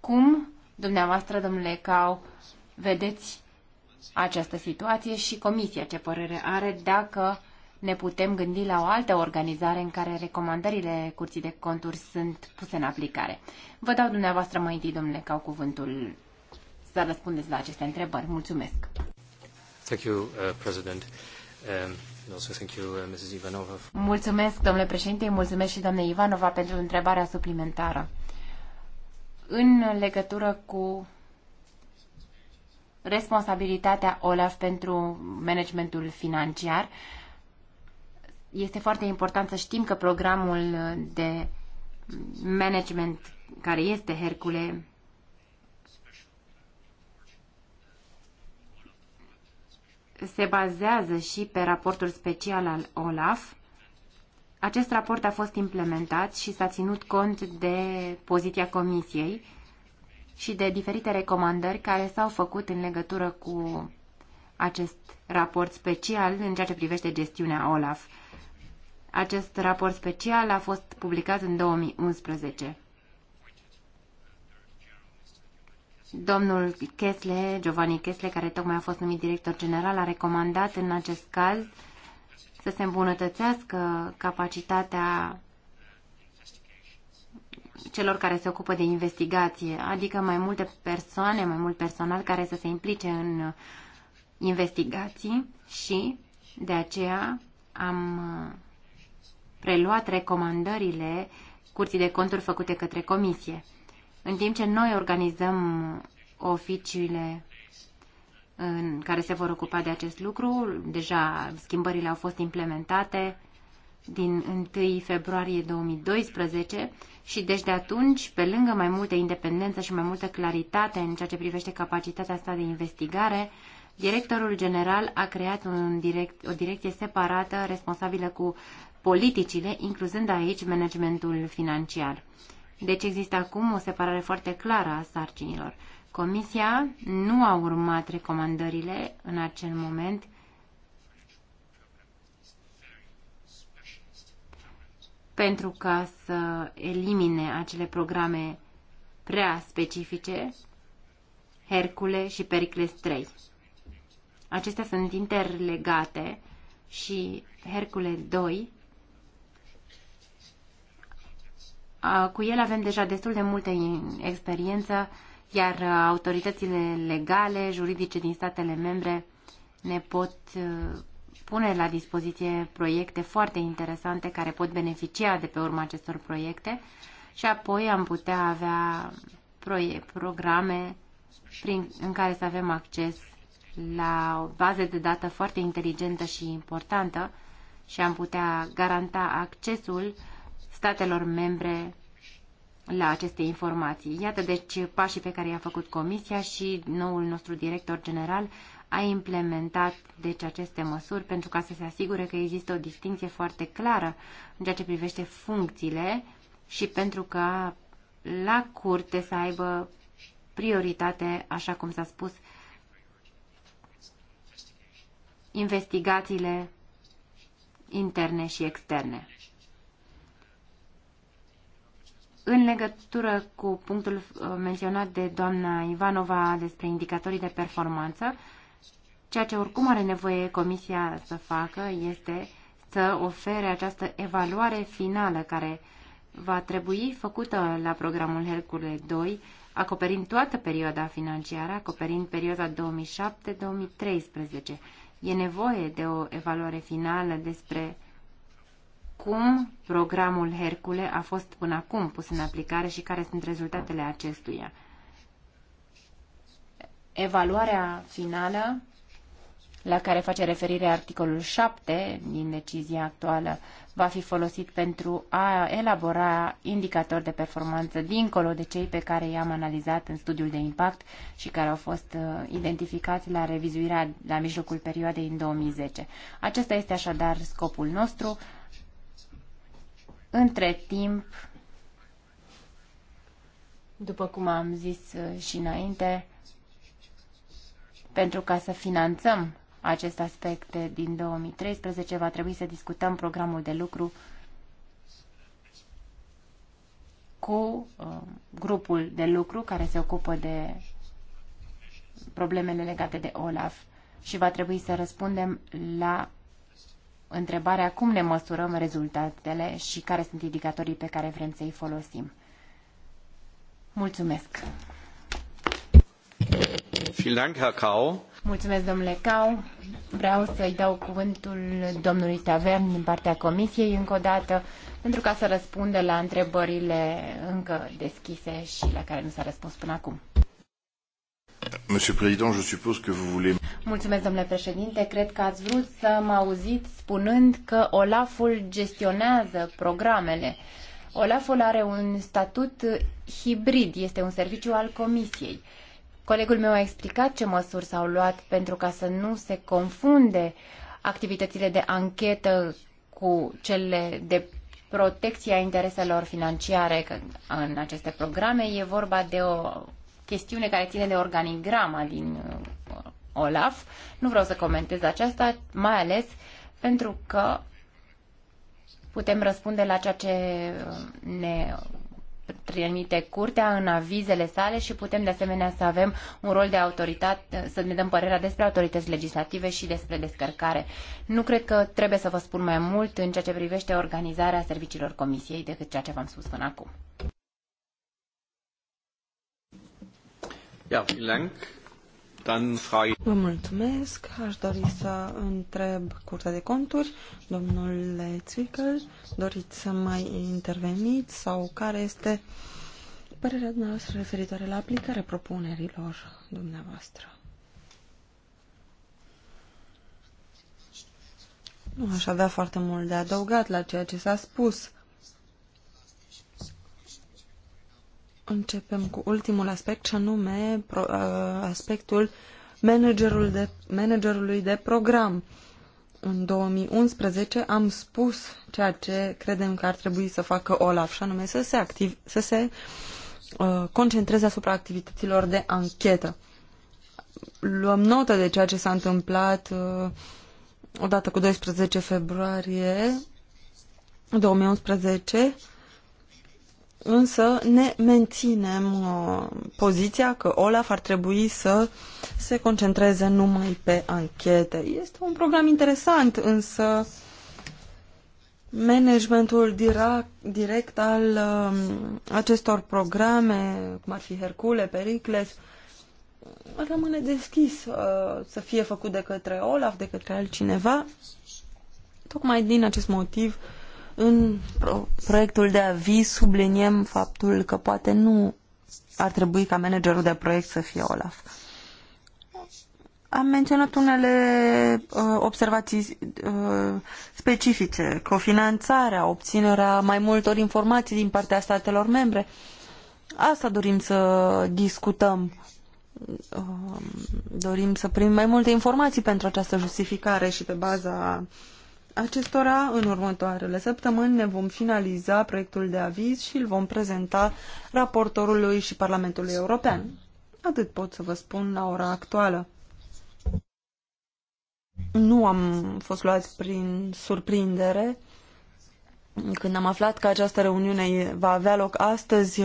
cum dumneavoastră, domnule Cau, vedeți această situație și comisia ce părere are dacă ne putem gândi la o altă organizare în care recomandările curții de conturi sunt puse în aplicare. Vă dau dumneavoastră mai întâi, domnule, ca cuvântul să răspundeți la aceste întrebări. Mulțumesc! Thank you, uh, President. Um... Uh, mulțumesc, domnule președinte, mulțumesc și doamne Ivanova pentru întrebarea suplimentară. În legătură cu responsabilitatea OLAF pentru managementul financiar, uh, este foarte important să știm că programul de management care este Hercule se bazează și pe raportul special al OLAF. Acest raport a fost implementat și s-a ținut cont de poziția Comisiei și de diferite recomandări care s-au făcut în legătură cu acest raport special în ceea ce privește gestiunea OLAF. Acest raport special a fost publicat în 2011. Domnul Kesle, Giovanni Kesle, care tocmai a fost numit director general, a recomandat în acest caz să se îmbunătățească capacitatea celor care se ocupă de investigație, adică mai multe persoane, mai mult personal care să se implice în investigații și de aceea am preluat recomandările curții de conturi făcute către comisie. În timp ce noi organizăm oficiile în care se vor ocupa de acest lucru, deja schimbările au fost implementate din 1 februarie 2012 și deci de atunci, pe lângă mai multă independență și mai multă claritate în ceea ce privește capacitatea sa de investigare, directorul general a creat un direct, o direcție separată responsabilă cu politicile, incluzând aici managementul financiar. Deci există acum o separare foarte clară a sarcinilor. Comisia nu a urmat recomandările în acel moment pentru ca să elimine acele programe prea specifice, Hercule și Pericles 3. Acestea sunt interlegate și Hercule 2 Uh, cu el avem deja destul de multă experiență, iar uh, autoritățile legale, juridice din statele membre ne pot uh, pune la dispoziție proiecte foarte interesante care pot beneficia de pe urma acestor proiecte și apoi am putea avea programe prin, în care să avem acces la o bază de dată foarte inteligentă și importantă și am putea garanta accesul statelor membre la aceste informații. Iată deci pașii pe care i-a făcut Comisia și noul nostru director general a implementat deci aceste măsuri pentru ca să se asigure că există o distinție foarte clară în ceea ce privește funcțiile și pentru ca la curte să aibă prioritate, așa cum s-a spus, investigațiile interne și externe. În legătură cu punctul uh, menționat de doamna Ivanova despre indicatorii de performanță, ceea ce oricum are nevoie Comisia să facă este să ofere această evaluare finală care va trebui făcută la programul Hercule 2, acoperind toată perioada financiară, acoperind perioada 2007-2013. E nevoie de o evaluare finală despre cum programul Hercule a fost până acum pus în aplicare și care sunt rezultatele acestuia. Evaluarea finală la care face referire articolul 7 din decizia actuală va fi folosit pentru a elabora indicatori de performanță dincolo de cei pe care i-am analizat în studiul de impact și care au fost uh, identificați la revizuirea la mijlocul perioadei în 2010. Acesta este așadar scopul nostru. Între timp, după cum am zis uh, și înainte, pentru ca să finanțăm aceste aspecte din 2013, va trebui să discutăm programul de lucru cu uh, grupul de lucru care se ocupă de problemele legate de OLAF și va trebui să răspundem la întrebarea cum ne măsurăm rezultatele și care sunt indicatorii pe care vrem să-i folosim. Mulțumesc! Mulțumesc, domnule Cau. Vreau să-i dau cuvântul domnului Tavern din partea Comisiei încă o dată pentru ca să răspundă la întrebările încă deschise și la care nu s-a răspuns până acum. Monsieur Président, je suppose que vous voulez... Mulțumesc, domnule președinte. Cred că ați vrut să mă auziți spunând că Olaful gestionează programele. Olaful are un statut hibrid, este un serviciu al Comisiei. Colegul meu a explicat ce măsuri s-au luat pentru ca să nu se confunde activitățile de anchetă cu cele de protecția a intereselor financiare în aceste programe. E vorba de o chestiune care ține de organigrama din uh, Olaf. Nu vreau să comentez aceasta, mai ales pentru că putem răspunde la ceea ce uh, ne trimite curtea în avizele sale și putem de asemenea să avem un rol de autoritate, să ne dăm părerea despre autorități legislative și despre descărcare. Nu cred că trebuie să vă spun mai mult în ceea ce privește organizarea serviciilor comisiei decât ceea ce v-am spus până acum. Vă mulțumesc. Aș dori să întreb Curtea de Conturi, domnule Zwickel, doriți să mai interveniți sau care este părerea dumneavoastră referitoare la aplicarea propunerilor dumneavoastră? Nu aș avea foarte mult de adăugat la ceea ce s-a spus. Începem cu ultimul aspect, și anume aspectul managerul de, managerului de program. În 2011 am spus ceea ce credem că ar trebui să facă Olaf, și anume să se, activ, să se concentreze asupra activităților de anchetă. Luăm notă de ceea ce s-a întâmplat odată cu 12 februarie 2011 însă ne menținem uh, poziția că Olaf ar trebui să se concentreze numai pe anchete. Este un program interesant, însă managementul direct, direct al uh, acestor programe, cum ar fi Hercule, Pericles, rămâne deschis uh, să fie făcut de către Olaf, de către altcineva. Tocmai din acest motiv uh, în proiectul de aviz subliniem faptul că poate nu ar trebui ca managerul de proiect să fie Olaf. Am menționat unele uh, observații uh, specifice, cofinanțarea, obținerea mai multor informații din partea statelor membre. Asta dorim să discutăm. Uh, dorim să primim mai multe informații pentru această justificare și pe baza uh, acestora în următoarele săptămâni ne vom finaliza proiectul de aviz și îl vom prezenta raportorului și Parlamentului European. Atât pot să vă spun la ora actuală. Nu am fost luați prin surprindere când am aflat că această reuniune va avea loc astăzi,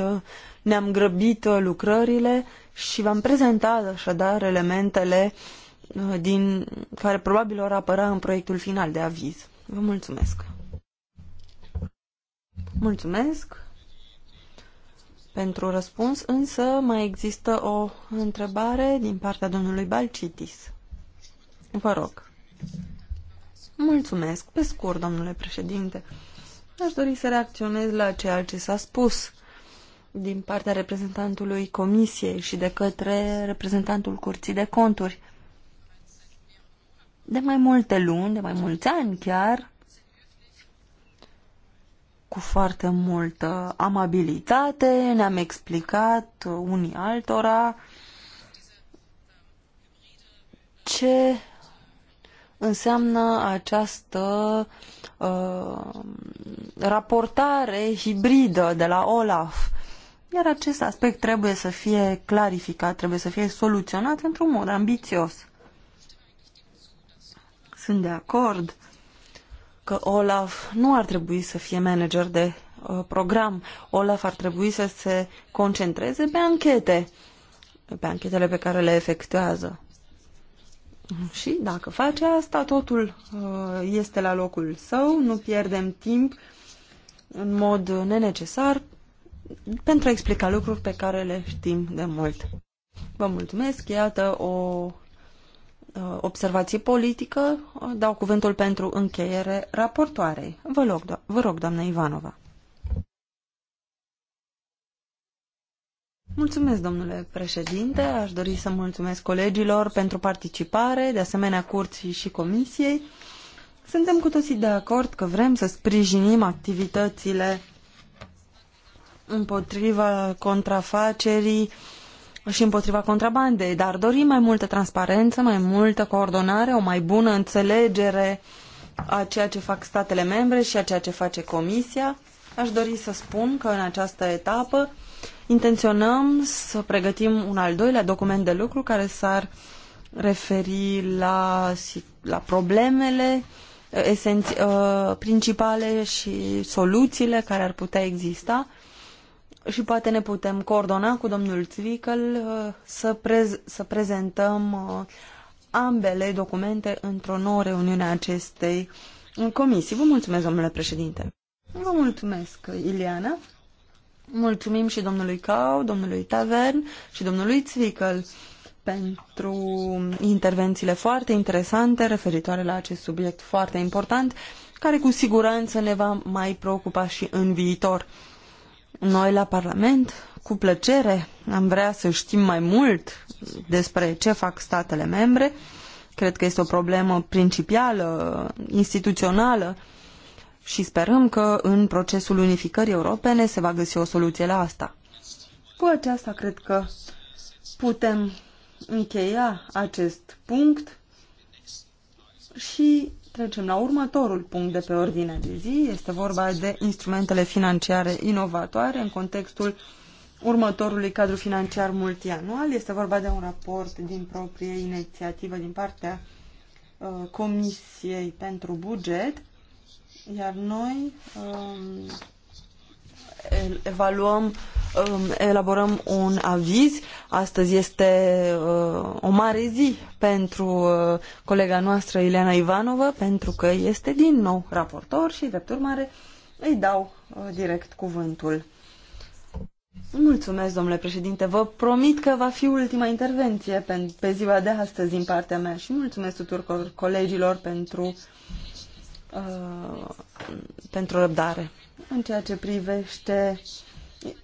ne-am grăbit lucrările și v-am prezentat așadar elementele uh, Uh, din, care probabil vor apăra în proiectul final de aviz. Vă mulțumesc! Mulțumesc pentru răspuns, însă mai există o întrebare din partea domnului Balcitis. Vă rog. Mulțumesc. Pe scurt, domnule președinte, aș dori să reacționez la ceea ce s-a spus din partea reprezentantului Comisiei și de către reprezentantul Curții de Conturi de mai multe luni, de mai mulți ani chiar, cu foarte multă amabilitate, ne-am explicat unii altora ce înseamnă această uh, raportare hibridă de la OLAF. Iar acest aspect trebuie să fie clarificat, trebuie să fie soluționat într-un mod ambițios. Sunt de acord că Olaf nu ar trebui să fie manager de uh, program. Olaf ar trebui să se concentreze pe anchete, pe anchetele pe care le efectuează. Și dacă face asta, totul uh, este la locul său, nu pierdem timp în mod nenecesar pentru a explica lucruri pe care le știm de mult. Vă mulțumesc, iată o Uh, observație politică, uh, dau cuvântul pentru încheiere raportoarei. Vă rog, do vă rog doamna Ivanova. Mulțumesc, domnule președinte. Aș dori să mulțumesc colegilor pentru participare, de asemenea curții și comisiei. Suntem cu toții de acord că vrem să sprijinim activitățile împotriva contrafacerii și împotriva contrabandei, dar dorim mai multă transparență, mai multă coordonare, o mai bună înțelegere a ceea ce fac statele membre și a ceea ce face Comisia. Aș dori să spun că în această etapă intenționăm să pregătim un al doilea document de lucru care s-ar referi la, la problemele esenț, uh, principale și soluțiile care ar putea exista și poate ne putem coordona cu domnul Zwickel uh, să, prez, să prezentăm uh, ambele documente într-o nouă reuniune a acestei uh, comisii. Vă mulțumesc, domnule președinte. Vă mulțumesc, Iliana. Mulțumim și domnului Cau, domnului Tavern și domnului Zwickel pentru intervențiile foarte interesante referitoare la acest subiect foarte important, care cu siguranță ne va mai preocupa și în viitor. Noi la Parlament, cu plăcere, am vrea să știm mai mult despre ce fac statele membre. Cred că este o problemă principială, instituțională și sperăm că în procesul unificării europene se va găsi o soluție la asta. Cu aceasta cred că putem încheia acest punct și Trecem la următorul punct de pe ordinea de zi. Este vorba de instrumentele financiare inovatoare în contextul următorului cadru financiar multianual. Este vorba de un raport din proprie inițiativă din partea uh, Comisiei pentru Buget, iar noi uh, evaluăm, um, elaborăm un aviz. Astăzi este uh, o mare zi pentru uh, colega noastră Ileana Ivanova, pentru că este din nou raportor și, drept urmare, îi dau uh, direct cuvântul. Mulțumesc, domnule președinte. Vă promit că va fi ultima intervenție pe, pe ziua de astăzi din partea mea și mulțumesc tuturor colegilor pentru Uh, pentru răbdare. În ceea ce privește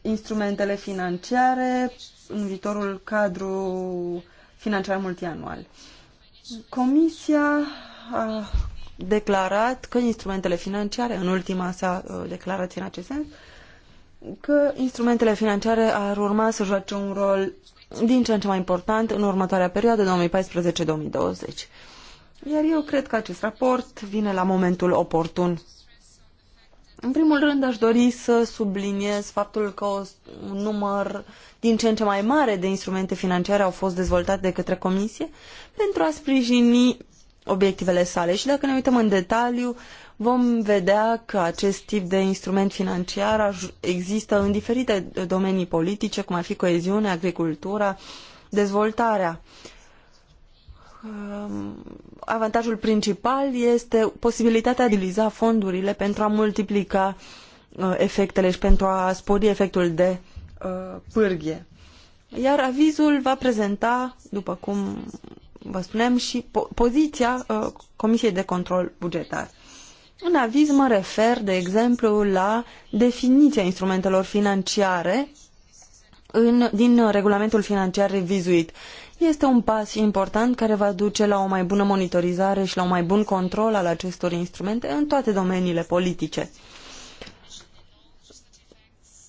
instrumentele financiare, în viitorul cadru financiar multianual. Comisia a declarat că instrumentele financiare, în ultima sa uh, declarație în acest sens, că instrumentele financiare ar urma să joace un rol din ce în ce mai important în următoarea perioadă 2014-2020. Iar eu cred că acest raport vine la momentul oportun. În primul rând aș dori să subliniez faptul că un număr din ce în ce mai mare de instrumente financiare au fost dezvoltate de către Comisie pentru a sprijini obiectivele sale și dacă ne uităm în detaliu vom vedea că acest tip de instrument financiar există în diferite domenii politice, cum ar fi coeziunea, agricultura, dezvoltarea. Uh, Um, avantajul principal este posibilitatea de a utiliza fondurile pentru a multiplica uh, efectele și pentru a spori efectul de uh, pârghie. Iar avizul va prezenta, după cum vă spuneam, și po- poziția uh, Comisiei de Control Bugetar. În aviz mă refer, de exemplu, la definiția instrumentelor financiare în, din regulamentul financiar revizuit. Este un pas important care va duce la o mai bună monitorizare și la un mai bun control al acestor instrumente în toate domeniile politice.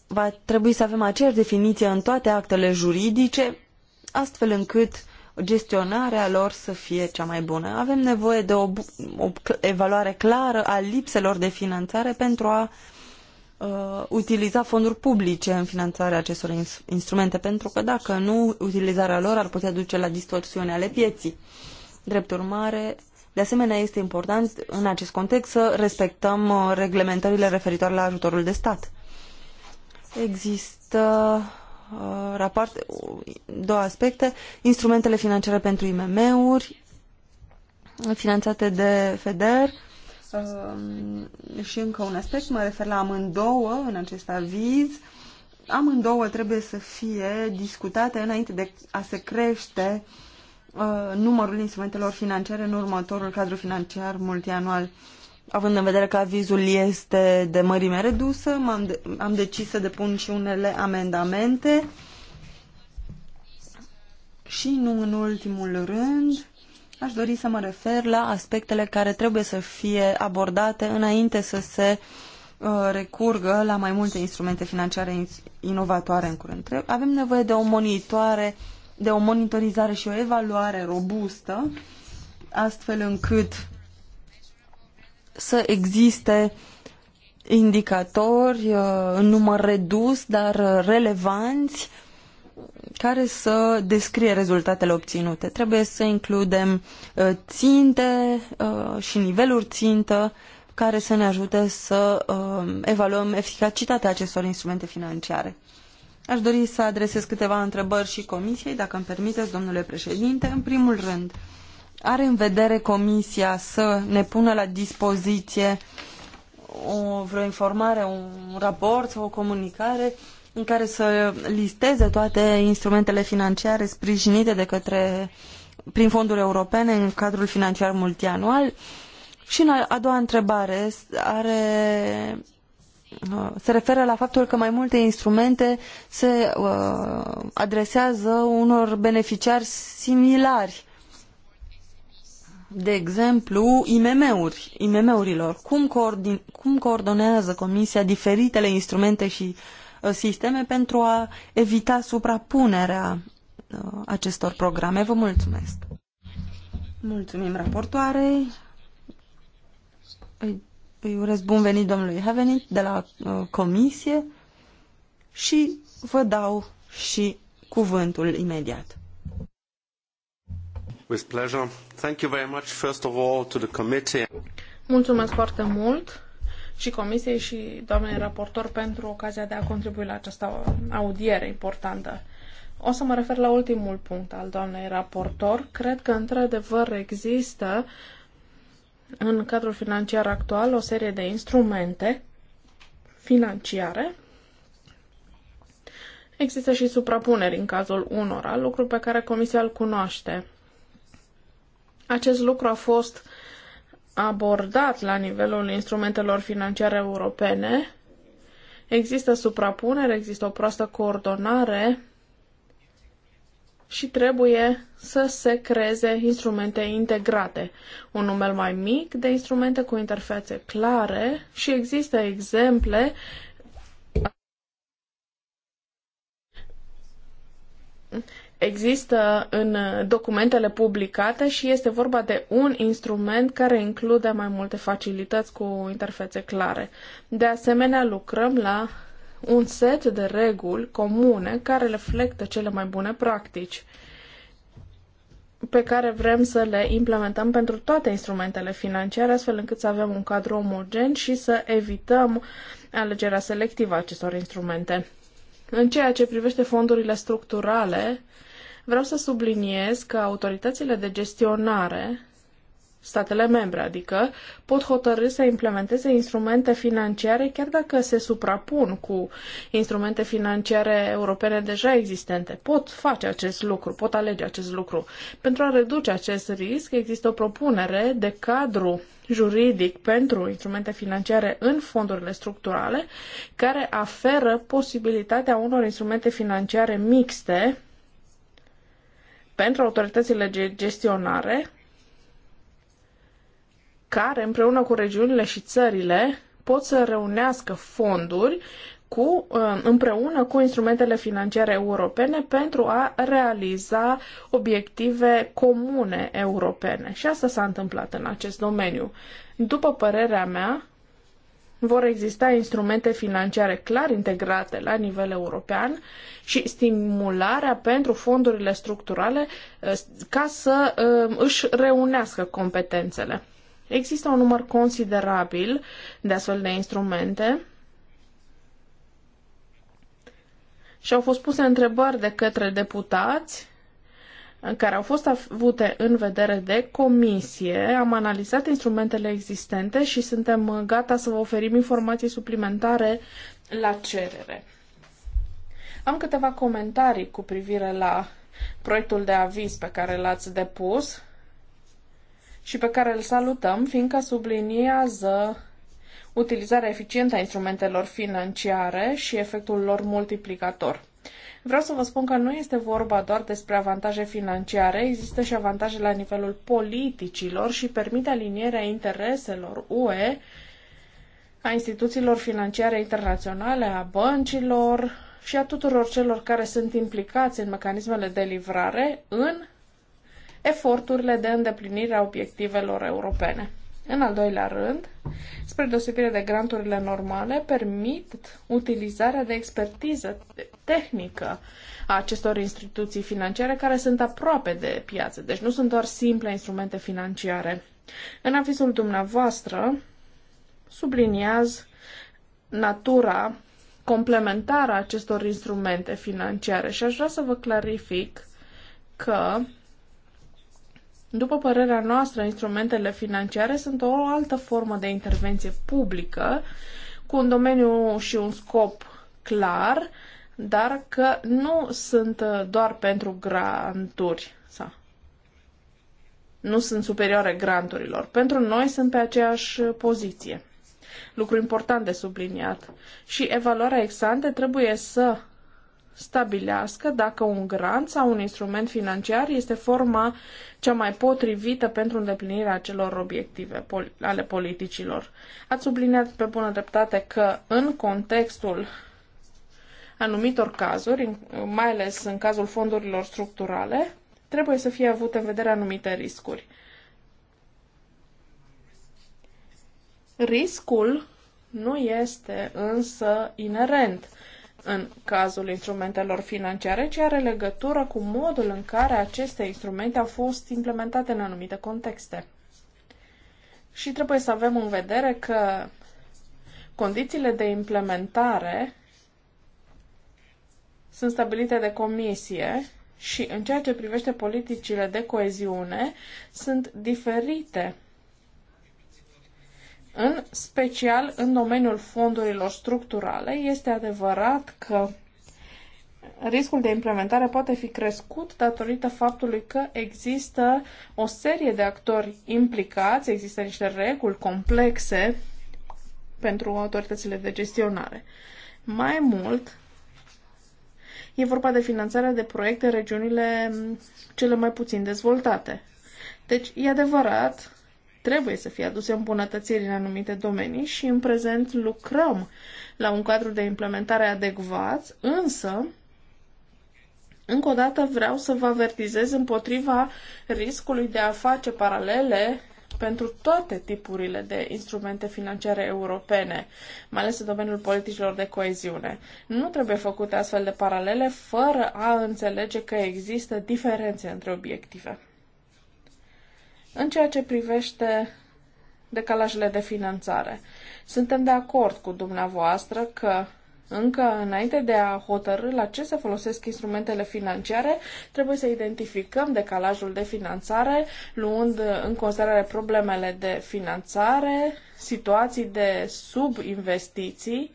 Va trebui să avem aceeași definiție în toate actele juridice, astfel încât gestionarea lor să fie cea mai bună. Avem nevoie de o, o evaluare clară a lipselor de finanțare pentru a uh, uh, utiliza fonduri publice în finanțarea acestor ins instrumente, pentru că dacă nu, utilizarea lor ar putea duce la distorsiune ale pieții. Drept urmare, de asemenea, este important în acest context să respectăm uh, reglementările referitoare la ajutorul de stat. Există uh, raport, uh, două aspecte, instrumentele financiare pentru IMM-uri, finanțate de FEDER, Ehm, și încă un aspect, mă refer la amândouă în acest aviz. Amândouă trebuie să fie discutate înainte de a se crește uh, numărul instrumentelor financiare în următorul cadru financiar multianual. Având în vedere că avizul este de mărime redusă, am de am decis să depun și unele amendamente. Și nu în ultimul rând, Aș dori să mă refer la aspectele care trebuie să fie abordate înainte să se uh, recurgă la mai multe instrumente financiare inovatoare în curând. Avem nevoie de o monitoare, de o monitorizare și o evaluare robustă, astfel încât să existe indicatori uh, în număr redus, dar relevanți, care să descrie rezultatele obținute. Trebuie să includem uh, ținte uh, și niveluri țintă care să ne ajute să uh, evaluăm eficacitatea acestor instrumente financiare. Aș dori să adresez câteva întrebări și comisiei, dacă îmi permiteți, domnule președinte. În primul rând, are în vedere comisia să ne pună la dispoziție o, vreo informare, un raport sau o comunicare în care să listeze toate instrumentele financiare sprijinite de către prin fonduri europene în cadrul financiar multianual. Și în a doua întrebare are uh, se referă la faptul că mai multe instrumente se uh, adresează unor beneficiari similari. De exemplu, IMM-uri, IMM-urilor. Cum, coordin, cum coordonează Comisia diferitele instrumente și Uh, sisteme pentru a evita suprapunerea uh, acestor programe. Vă mulțumesc! Mulțumim raportoarei. Îi, îi urez bun venit domnului Havenit de la uh, comisie și vă dau și cuvântul imediat. With pleasure. Thank you very much first of all to the committee. Mulțumesc foarte mult și Comisiei și doamnei raportor pentru ocazia de a contribui la această audiere importantă. O să mă refer la ultimul punct al doamnei raportor. Cred că, într-adevăr, există în cadrul financiar actual o serie de instrumente financiare. Există și suprapuneri în cazul unora, lucru pe care Comisia îl cunoaște. Acest lucru a fost uh, abordat la nivelul instrumentelor financiare europene. Există suprapunere, există o proastă coordonare și trebuie să se creeze instrumente integrate, un număr mai mic de instrumente cu interfețe clare și există exemple există în documentele publicate și este vorba de un instrument care include mai multe facilități cu interfețe clare. De asemenea, lucrăm la un set de reguli comune care reflectă cele mai bune practici pe care vrem să le implementăm pentru toate instrumentele financiare, astfel încât să avem un cadru omogen și să evităm alegerea selectivă a acestor instrumente. În ceea ce privește fondurile structurale, Vreau să subliniez că autoritățile de gestionare, statele membre adică, pot hotărâ să implementeze instrumente financiare chiar dacă se suprapun cu instrumente financiare europene deja existente. Pot face acest lucru, pot alege acest lucru. Pentru a reduce acest risc, există o propunere de cadru juridic pentru instrumente financiare în fondurile structurale, care aferă posibilitatea unor instrumente financiare mixte pentru autoritățile de gestionare care împreună cu regiunile și țările pot să reunească fonduri cu, uh, împreună cu instrumentele financiare europene pentru a realiza obiective comune europene. Și asta s-a întâmplat în acest domeniu. După părerea mea, vor exista instrumente financiare clar integrate la nivel european și stimularea pentru fondurile structurale eh, ca să eh, își reunească competențele. Există un număr considerabil de astfel de instrumente și au fost puse întrebări de către deputați care au fost avute în vedere de comisie, am analizat instrumentele existente și suntem gata să vă oferim informații suplimentare la cerere. Am câteva comentarii cu privire la proiectul de aviz pe care l-ați depus și pe care îl salutăm, fiindcă subliniază utilizarea eficientă a instrumentelor financiare și efectul lor multiplicator. Vreau să vă spun că nu este vorba doar despre avantaje financiare, există și avantaje la nivelul politicilor și permite alinierea intereselor UE a instituțiilor financiare internaționale, a băncilor și a tuturor celor care sunt implicați în mecanismele de livrare în eforturile de îndeplinire a obiectivelor europene. În al doilea rând, spre deosebire de granturile normale, permit utilizarea de expertiză tehnică a acestor instituții financiare care sunt aproape de piață, deci nu sunt doar simple instrumente financiare. În avizul dumneavoastră subliniaz natura complementară a acestor instrumente financiare și aș vrea să vă clarific că după părerea noastră, instrumentele financiare sunt o altă formă de intervenție publică, cu un domeniu și un scop clar, dar că nu sunt uh, doar pentru granturi sau nu sunt superioare granturilor. Pentru noi sunt pe aceeași poziție. Lucru important de subliniat. Și evaluarea ex trebuie să stabilească dacă un grant sau un instrument financiar este forma cea mai potrivită pentru îndeplinirea acelor obiective ale politicilor. Ați subliniat pe bună dreptate că în contextul anumitor cazuri, mai ales în cazul fondurilor structurale, trebuie să fie avute în vedere anumite riscuri. Riscul nu este însă inerent în cazul instrumentelor financiare, ci are legătură cu modul în care aceste instrumente au fost implementate în anumite contexte. Și trebuie să avem în vedere că condițiile de implementare sunt stabilite de comisie și în ceea ce privește politicile de coeziune sunt diferite în special în domeniul fondurilor structurale. Este adevărat că riscul de implementare poate fi crescut datorită faptului că există o serie de actori implicați, există niște reguli complexe pentru autoritățile de gestionare. Mai mult, e vorba de finanțarea de proiecte în regiunile cele mai puțin dezvoltate. Deci, e adevărat trebuie să fie aduse îmbunătățiri în anumite domenii și în prezent lucrăm la un cadru de implementare adecvat, însă încă o dată vreau să vă avertizez împotriva riscului de a face paralele pentru toate tipurile de instrumente financiare europene, mai ales în domeniul politicilor de coeziune. Nu trebuie făcute astfel de paralele fără a înțelege că există diferențe între obiective. În ceea ce privește decalajele de finanțare, suntem de acord cu dumneavoastră că încă înainte de a hotărâ la ce să folosesc instrumentele financiare, trebuie să identificăm decalajul de finanțare, luând în considerare problemele de finanțare, situații de subinvestiții.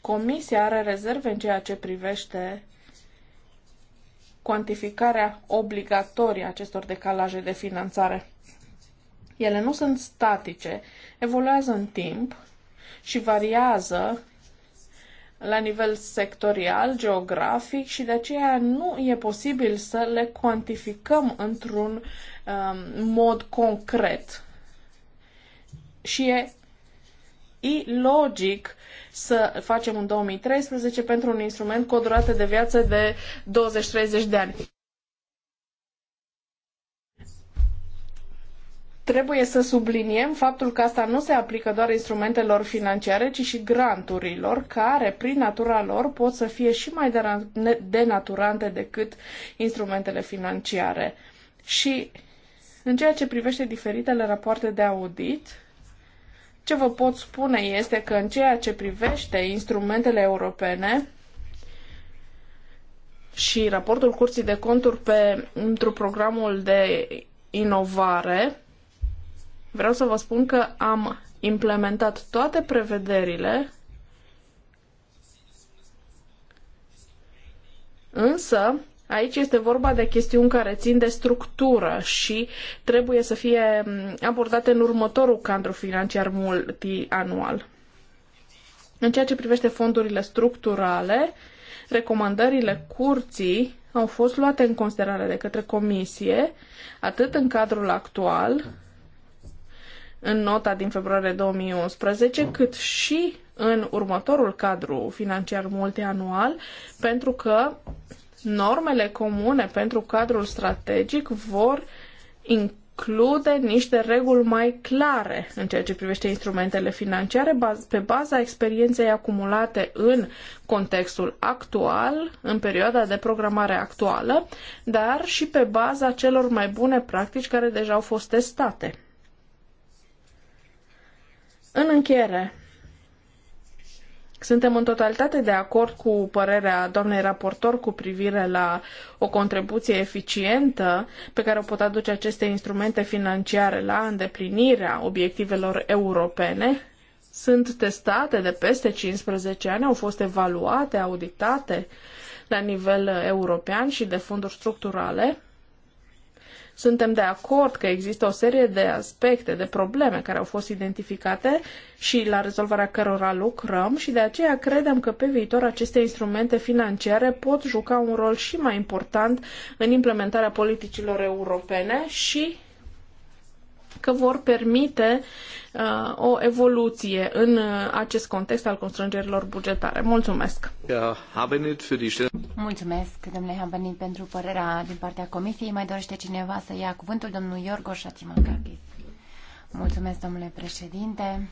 Comisia are rezerve în ceea ce privește cuantificarea obligatorie a acestor decalaje de finanțare. Ele nu sunt statice, evoluează în timp și variază la nivel sectorial, geografic și de aceea nu e posibil să le cuantificăm într-un um, mod concret. Și e ilogic să facem în 2013 pentru un instrument cu o durată de viață de 20-30 de ani. Trebuie să subliniem faptul că asta nu se aplică doar instrumentelor financiare, ci și granturilor, care, prin natura lor, pot să fie și mai denaturante decât instrumentele financiare. Și în ceea ce privește diferitele rapoarte de audit, ce vă pot spune este că în ceea ce privește instrumentele europene și raportul Curții de Conturi un programul de inovare, vreau să vă spun că am implementat toate prevederile, însă Aici este vorba de chestiuni care țin de structură și trebuie să fie abordate în următorul cadru financiar multianual. În ceea ce privește fondurile structurale, recomandările curții au fost luate în considerare de către comisie, atât în cadrul actual, în nota din februarie 2011, cât și în următorul cadru financiar multianual, pentru că normele comune pentru cadrul strategic vor include niște reguli mai clare în ceea ce privește instrumentele financiare pe baza experienței acumulate în contextul actual, în perioada de programare actuală, dar și pe baza celor mai bune practici care deja au fost testate. În încheiere, suntem în totalitate de acord cu părerea doamnei raportor cu privire la o contribuție eficientă pe care o pot aduce aceste instrumente financiare la îndeplinirea obiectivelor europene. Sunt testate de peste 15 ani, au fost evaluate, auditate la nivel european și de fonduri structurale suntem de acord că există o serie de aspecte, de probleme care au fost identificate și la rezolvarea cărora lucrăm și de aceea credem că pe viitor aceste instrumente financiare pot juca un rol și mai important în implementarea politicilor europene și că vor permite uh, o evoluție în uh, acest context al constrângerilor bugetare. Mulțumesc! Mulțumesc, domnule Habenit, pentru părerea din partea Comisiei. Mai dorește cineva să ia cuvântul? Domnul Iorgo Șatimancachis. Mulțumesc, domnule președinte.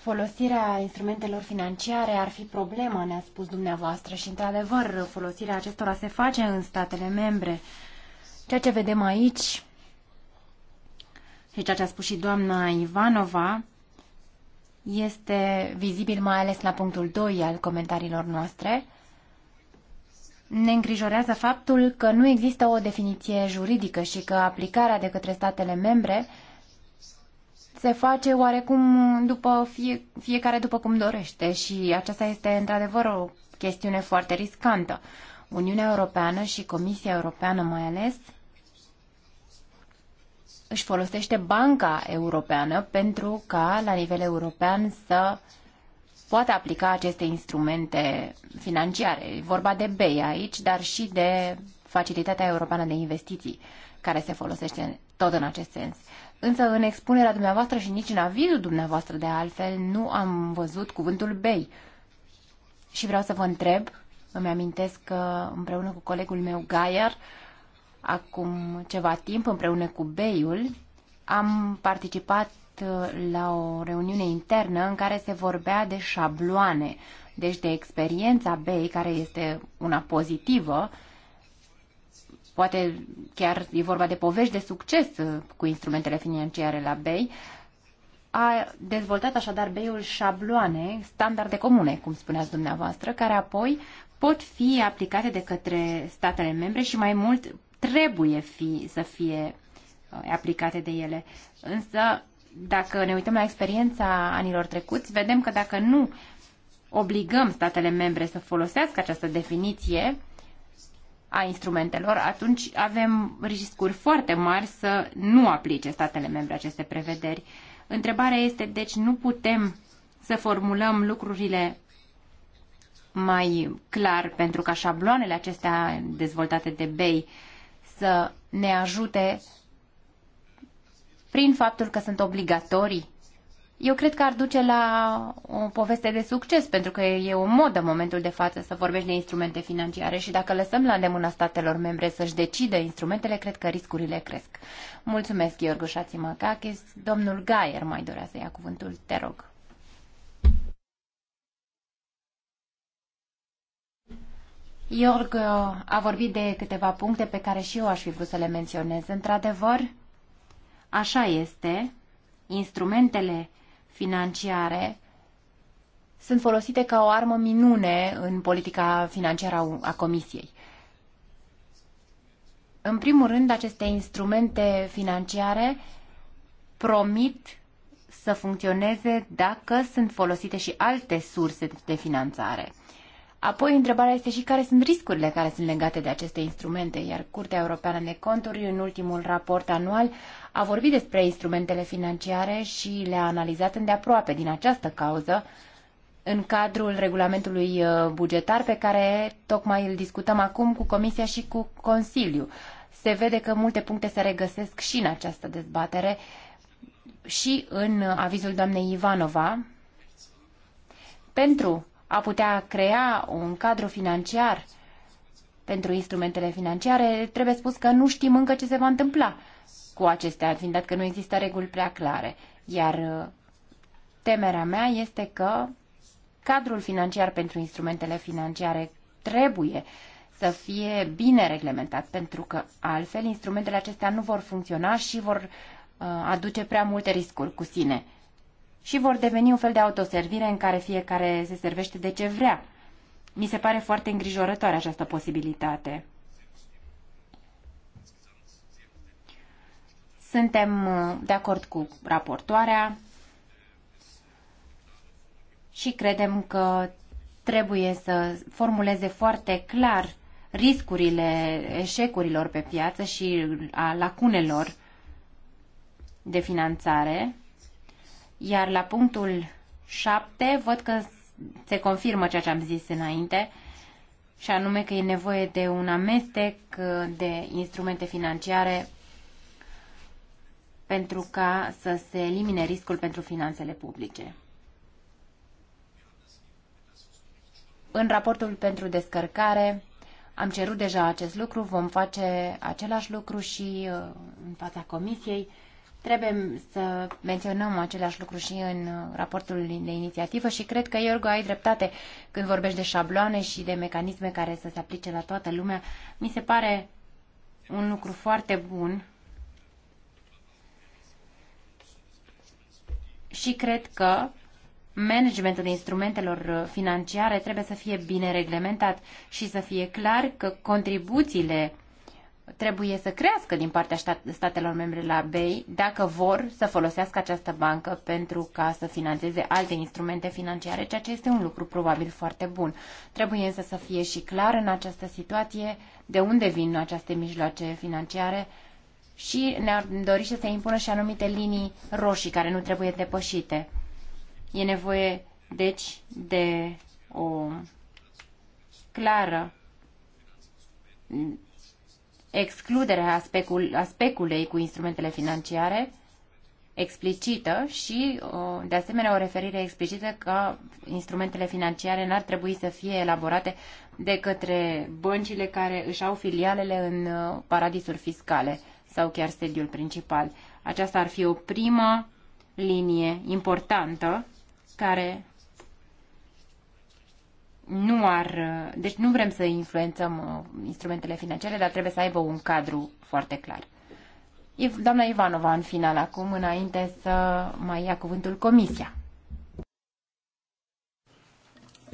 Folosirea instrumentelor financiare ar fi problema, ne-a spus dumneavoastră, și într-adevăr folosirea acestora se face în statele membre. Ceea ce vedem aici și ceea ce a spus și doamna Ivanova este vizibil mai ales la punctul 2 al comentariilor noastre. Ne îngrijorează faptul că nu există o definiție juridică și că aplicarea de către statele membre se face oarecum după fie, fiecare după cum dorește și aceasta este într-adevăr o chestiune foarte riscantă. Uniunea Europeană și Comisia Europeană mai ales își folosește Banca Europeană pentru ca la nivel european să poate aplica aceste instrumente financiare. E vorba de BEI aici, dar și de Facilitatea Europeană de Investiții, care se folosește tot în acest sens. Însă în expunerea dumneavoastră și nici în avizul dumneavoastră de altfel nu am văzut cuvântul BEI. Și vreau să vă întreb, îmi amintesc că împreună cu colegul meu Gaier Acum ceva timp, împreună cu Beiul, am participat uh, la o reuniune internă în care se vorbea de șabloane, deci de experiența Bei, care este una pozitivă, poate chiar e vorba de povești de succes uh, cu instrumentele financiare la BEI, a dezvoltat așadar Beiul șabloane, standarde comune, cum spuneați dumneavoastră, care apoi pot fi aplicate de către statele membre și mai mult trebuie fi, să fie uh, aplicate de ele. Însă, dacă ne uităm la experiența anilor trecuți, vedem că dacă nu obligăm statele membre să folosească această definiție a instrumentelor, atunci avem riscuri foarte mari să nu aplice statele membre aceste prevederi. Întrebarea este, deci, nu putem să formulăm lucrurile mai clar, pentru ca șabloanele acestea dezvoltate de BEI să ne ajute prin faptul că sunt obligatorii. Eu cred că ar duce la o poveste de succes, pentru că e o modă în momentul de față să vorbești de instrumente financiare și dacă lăsăm la îndemâna statelor membre să-și decide instrumentele, cred că riscurile cresc. Mulțumesc, Gheorghe Șațimacachis. Domnul Gaier mai dorea să ia cuvântul. Te rog. Iorg uh, a vorbit de câteva puncte pe care și eu aș fi vrut să le menționez. Într-adevăr, așa este, instrumentele financiare sunt folosite ca o armă minune în politica financiară a Comisiei. În primul rând, aceste instrumente financiare promit să funcționeze dacă sunt folosite și alte surse de finanțare – Apoi, întrebarea este și care sunt riscurile care sunt legate de aceste instrumente, iar Curtea Europeană de Conturi, în ultimul raport anual, a vorbit despre instrumentele financiare și le-a analizat îndeaproape din această cauză în cadrul regulamentului uh, bugetar pe care tocmai îl discutăm acum cu Comisia și cu Consiliu. Se vede că multe puncte se regăsesc și în această dezbatere și în uh, avizul doamnei Ivanova pentru a putea crea un cadru financiar pentru instrumentele financiare, trebuie spus că nu știm încă ce se va întâmpla cu acestea, fiind dat că nu există reguli prea clare. Iar uh, temerea mea este că cadrul financiar pentru instrumentele financiare trebuie să fie bine reglementat, pentru că altfel instrumentele acestea nu vor funcționa și vor uh, aduce prea multe riscuri cu sine și vor deveni un fel de autoservire în care fiecare se servește de ce vrea. Mi se pare foarte îngrijorătoare această posibilitate. Suntem uh, de acord cu raportoarea și credem că trebuie să formuleze foarte clar riscurile eșecurilor pe piață și a lacunelor de finanțare iar la punctul 7 văd că se confirmă ceea ce am zis înainte, și anume că e nevoie de un amestec de instrumente financiare pentru ca să se elimine riscul pentru finanțele publice. În raportul pentru descărcare am cerut deja acest lucru, vom face același lucru și uh, în fața comisiei Trebuie să menționăm același lucru și în uh, raportul de inițiativă și cred că, Iorgo, ai dreptate când vorbești de șabloane și de mecanisme care să se aplice la toată lumea. Mi se pare un lucru foarte bun și cred că managementul instrumentelor uh, financiare trebuie să fie bine reglementat și să fie clar că contribuțiile trebuie să crească din partea statelor membre la BEI dacă vor să folosească această bancă pentru ca să finanțeze alte instrumente financiare, ceea ce este un lucru probabil foarte bun. Trebuie însă să fie și clar în această situație de unde vin aceste mijloace financiare și ne-ar dori să se impună și anumite linii roșii care nu trebuie depășite. E nevoie, deci, de o clară excluderea specul, a speculei cu instrumentele financiare explicită și, uh, de asemenea, o referire explicită că instrumentele financiare n-ar trebui să fie elaborate de către băncile care își au filialele în uh, paradisuri fiscale sau chiar sediul principal. Aceasta ar fi o primă linie importantă care nu ar, uh, deci nu vrem să influențăm uh, instrumentele financiare, dar trebuie să aibă un cadru foarte clar. Doamna Ivanova, în final, acum, înainte să mai ia cuvântul Comisia.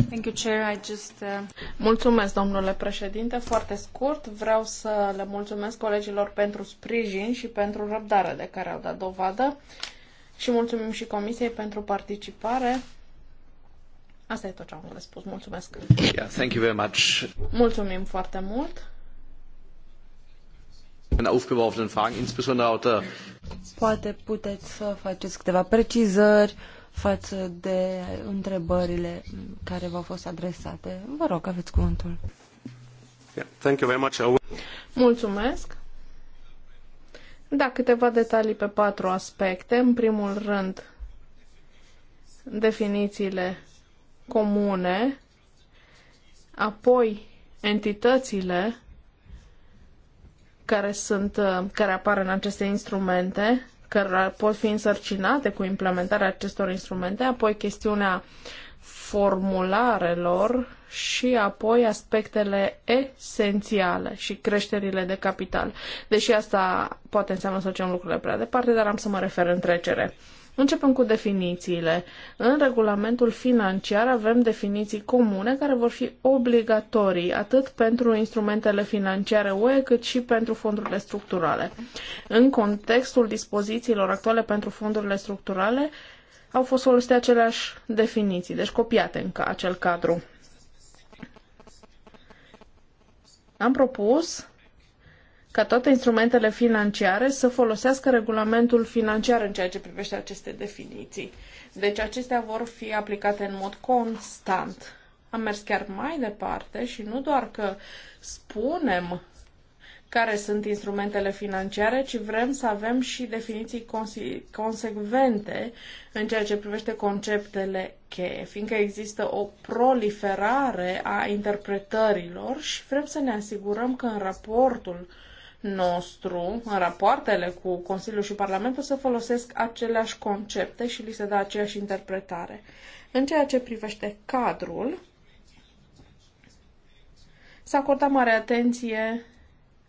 Thank you, Chair. I just, uh... Mulțumesc, domnule președinte. Foarte scurt, vreau să le mulțumesc colegilor pentru sprijin și pentru răbdare de care au dat dovadă și mulțumim și Comisiei pentru participare. Asta e tot ce am de spus. Mulțumesc. Yeah, thank you very much. Mulțumim foarte mult. Poate puteți să faceți câteva precizări față de întrebările care v-au fost adresate. Vă rog, aveți cuvântul. Yeah, thank you very much. Mulțumesc. Da, câteva detalii pe patru aspecte. În primul rând, definițiile comune, apoi entitățile care, sunt, care apar în aceste instrumente, care pot fi însărcinate cu implementarea acestor instrumente, apoi chestiunea formularelor și apoi aspectele esențiale și creșterile de capital. Deși asta poate înseamnă să facem lucrurile prea departe, dar am să mă refer în trecere. Începem cu definițiile. În regulamentul financiar avem definiții comune care vor fi obligatorii atât pentru instrumentele financiare UE cât și pentru fondurile structurale. În contextul dispozițiilor actuale pentru fondurile structurale au fost folosite aceleași definiții, deci copiate în acel cadru. Am propus ca toate instrumentele financiare să folosească regulamentul financiar în ceea ce privește aceste definiții. Deci acestea vor fi aplicate în mod constant. Am mers chiar mai departe și nu doar că spunem care sunt instrumentele financiare, ci vrem să avem și definiții conse- consecvente în ceea ce privește conceptele cheie, fiindcă există o proliferare a interpretărilor și vrem să ne asigurăm că în raportul uh, nostru, în rapoartele cu Consiliul și Parlamentul, să folosesc aceleași concepte și li se dă aceeași interpretare. În ceea ce privește cadrul, s-a acordat mare atenție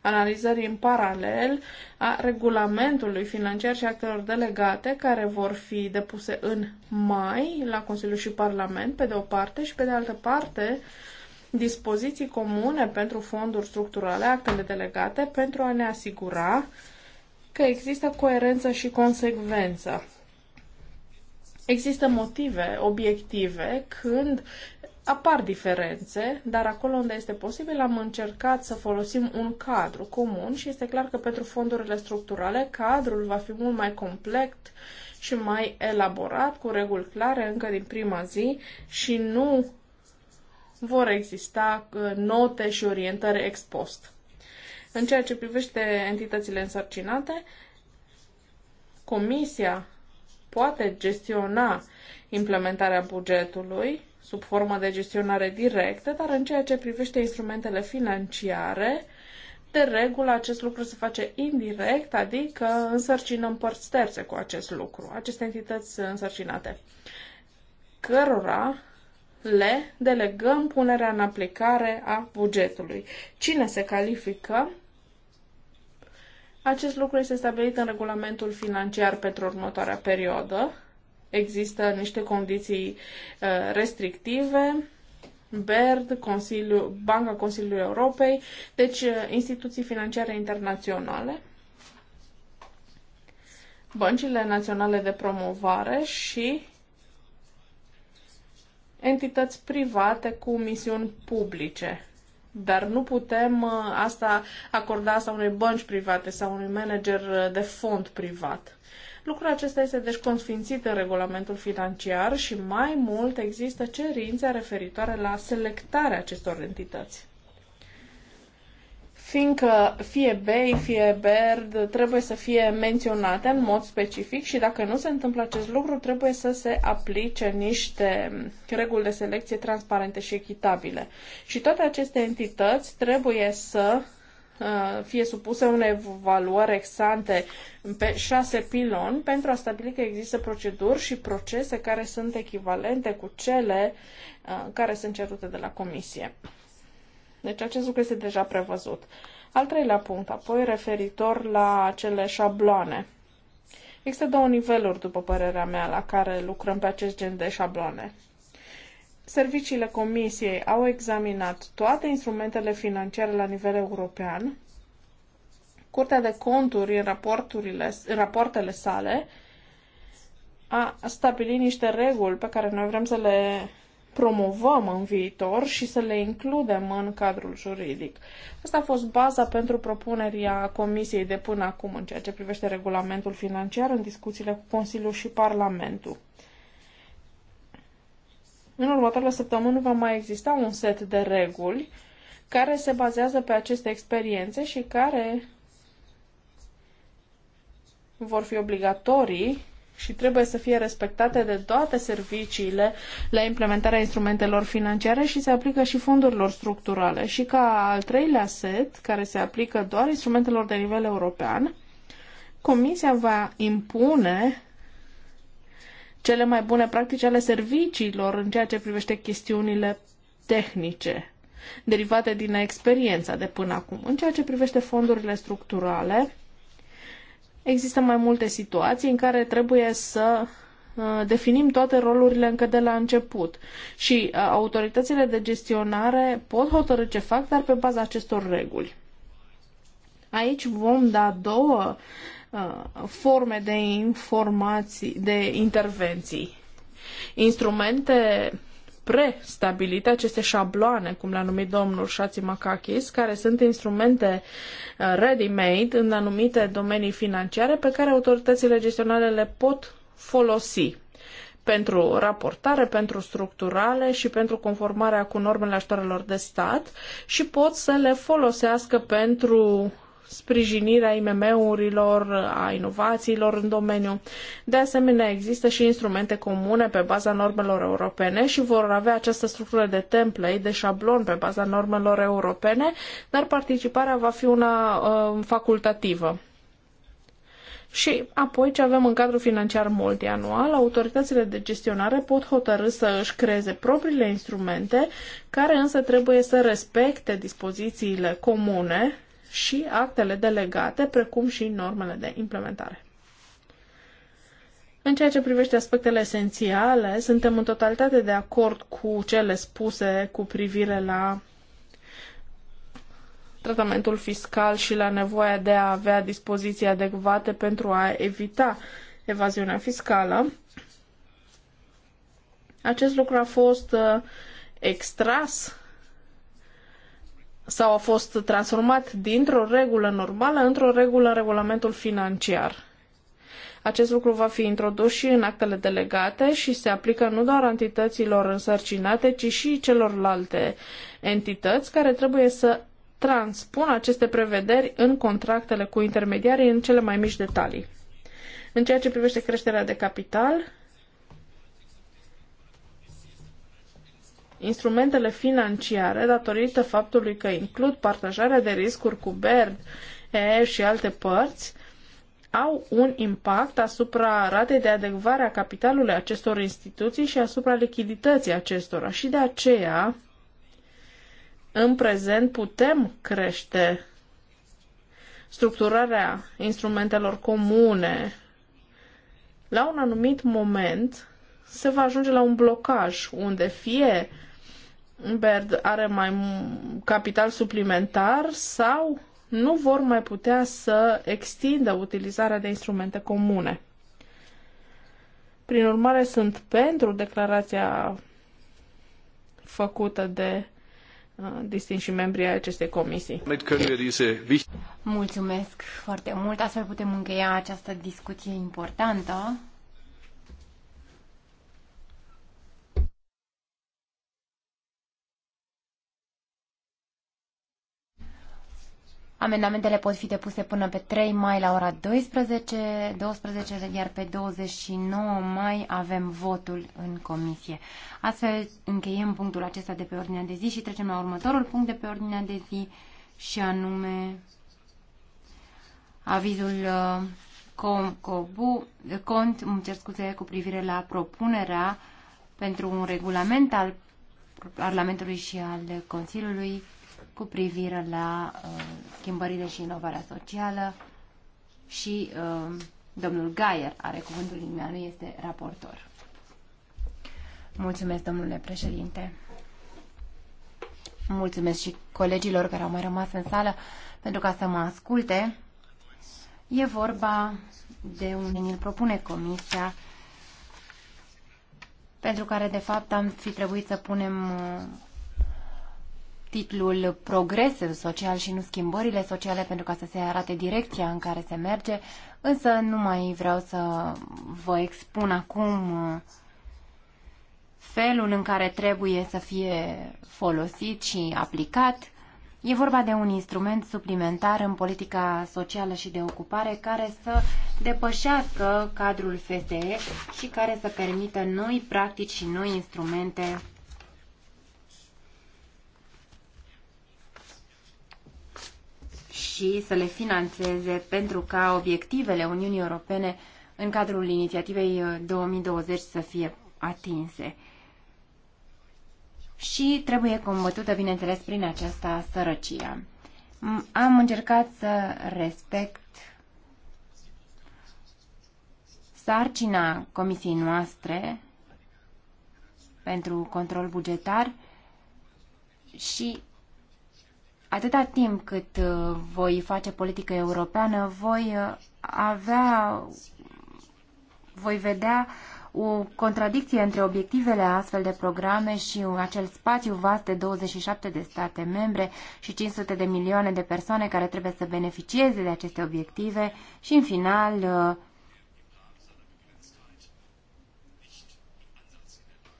analizării în paralel a regulamentului financiar și actelor delegate care vor fi depuse în mai la Consiliul și Parlament, pe de o parte, și pe de altă parte, uh, dispoziții comune pentru fonduri structurale, actele delegate, pentru a ne asigura că există coerență și consecvență. Există motive obiective când apar diferențe, dar acolo unde este posibil am încercat să folosim un cadru comun și este clar că pentru fondurile structurale cadrul va fi mult mai complex și mai elaborat, cu reguli clare încă din prima zi și nu vor exista uh, note și orientări ex post. În ceea ce privește entitățile însărcinate, Comisia poate gestiona implementarea bugetului sub formă de gestionare directă, dar în ceea ce privește instrumentele financiare, de regulă acest lucru se face indirect, adică însărcinăm părți terțe cu acest lucru, aceste entități însărcinate, cărora le delegăm punerea în aplicare a bugetului. Cine se califică? Acest lucru este stabilit în regulamentul financiar pentru următoarea perioadă. Există niște condiții uh, restrictive, BERD, Consiliu, Banca Consiliului Europei, deci uh, instituții financiare internaționale, băncile naționale de promovare și entități private cu misiuni publice. Dar nu putem uh, asta acorda sau unei bănci private sau unui manager uh, de fond privat. Lucrul acesta este deci consfințit în regulamentul financiar și mai mult există cerințe referitoare la selectarea acestor entități fiindcă fie bei, fie Bird, trebuie să fie menționate în mod specific și dacă nu se întâmplă acest lucru, trebuie să se aplice niște reguli de selecție transparente și echitabile. Și toate aceste entități trebuie să uh, fie supuse unei evaluări exante pe șase piloni pentru a stabili că există proceduri și procese care sunt echivalente cu cele uh, care sunt cerute de la Comisie. Deci acest lucru este deja prevăzut. Al treilea punct, apoi referitor la acele șabloane. Există două niveluri, după părerea mea, la care lucrăm pe acest gen de șabloane. Serviciile Comisiei au examinat toate instrumentele financiare la nivel european. Curtea de conturi, în raporturile, în rapoartele sale, a stabilit niște reguli pe care noi vrem să le promovăm în viitor și să le includem în cadrul juridic. Asta a fost baza pentru propunerea Comisiei de până acum în ceea ce privește regulamentul financiar în discuțiile cu Consiliul și Parlamentul. În următoarele săptămâni va mai exista un set de reguli care se bazează pe aceste experiențe și care vor fi obligatorii și trebuie să fie respectate de toate serviciile la implementarea instrumentelor financiare și se aplică și fondurilor structurale. Și ca al treilea set, care se aplică doar instrumentelor de nivel european, Comisia va impune cele mai bune practici ale serviciilor în ceea ce privește chestiunile tehnice derivate din experiența de până acum. În ceea ce privește fondurile structurale, Există mai multe situații în care trebuie să uh, definim toate rolurile încă de la început și uh, autoritățile de gestionare pot hotărâ ce fac, dar pe baza acestor reguli. Aici vom da două uh, forme de informații, de intervenții. Instrumente prestabilite, aceste șabloane, cum le-a numit domnul Shati Makakis, care sunt instrumente uh, ready-made în anumite domenii financiare pe care autoritățile gestionale le pot folosi pentru raportare, pentru structurale și pentru conformarea cu normele ajutoarelor de stat și pot să le folosească pentru sprijinirea IMM-urilor, a inovațiilor în domeniu. De asemenea, există și instrumente comune pe baza normelor europene și vor avea această structură de template, de șablon pe baza normelor europene, dar participarea va fi una uh, facultativă. Și apoi ce avem în cadrul financiar multianual, autoritățile de gestionare pot hotărâ să își creeze propriile instrumente, care însă trebuie să respecte dispozițiile comune și actele delegate, precum și normele de implementare. În ceea ce privește aspectele esențiale, suntem în totalitate de acord cu cele spuse cu privire la tratamentul fiscal și la nevoia de a avea dispoziții adecvate pentru a evita evaziunea fiscală. Acest lucru a fost uh, extras sau a fost transformat dintr-o regulă normală într-o regulă în regulamentul financiar. Acest lucru va fi introdus și în actele delegate și se aplică nu doar entităților însărcinate, ci și celorlalte entități care trebuie să transpun aceste prevederi în contractele cu intermediarii în cele mai mici detalii. În ceea ce privește creșterea de capital, instrumentele financiare datorită faptului că includ partajarea de riscuri cu BERD, EE și alte părți, au un impact asupra ratei de adecvare a capitalului acestor instituții și asupra lichidității acestora. Și de aceea, în prezent, putem crește structurarea instrumentelor comune. La un anumit moment, se va ajunge la un blocaj unde fie uh, Baird are mai capital suplimentar sau nu vor mai putea să extindă utilizarea de instrumente comune. Prin urmare, sunt pentru declarația făcută de uh, distinși membrii ai acestei comisii. Mulțumesc foarte mult. Astfel putem încheia această discuție importantă Amendamentele pot fi depuse până pe 3 mai la ora 12, 12 iar pe 29 mai avem votul în comisie. Astfel încheiem punctul acesta de pe ordinea de zi și trecem la următorul punct de pe ordinea de zi și anume avizul uh, COBU, cont, îmi cer scuze, cu privire la propunerea pentru un regulament al Parlamentului și al Consiliului cu privire la uh, schimbările și inovarea socială și uh, domnul Gaier are cuvântul Nu este raportor. Mulțumesc, domnule președinte. Mulțumesc și colegilor care au mai rămas în sală pentru ca să mă asculte. E vorba de un îl propune comisia pentru care de fapt am fi trebuit să punem uh, titlul Progresul social și nu schimbările sociale pentru ca să se arate direcția în care se merge, însă nu mai vreau să vă expun acum uh, felul în care trebuie să fie folosit și aplicat. E vorba de un instrument suplimentar în politica socială și de ocupare care să depășească cadrul FSE și care să permită noi practici și noi instrumente și să le financeze pentru ca obiectivele Uniunii Europene în cadrul inițiativei 2020 uh, să fie atinse. Și trebuie combătută, bineînțeles, prin aceasta sărăcia. Am încercat să respect sarcina comisiei noastre pentru control bugetar și atâta timp cât uh, voi face politică europeană, voi uh, avea, voi vedea o contradicție între obiectivele astfel de programe și acel spațiu vast de 27 de state membre și 500 de milioane de persoane care trebuie să beneficieze de aceste obiective și, în final, uh,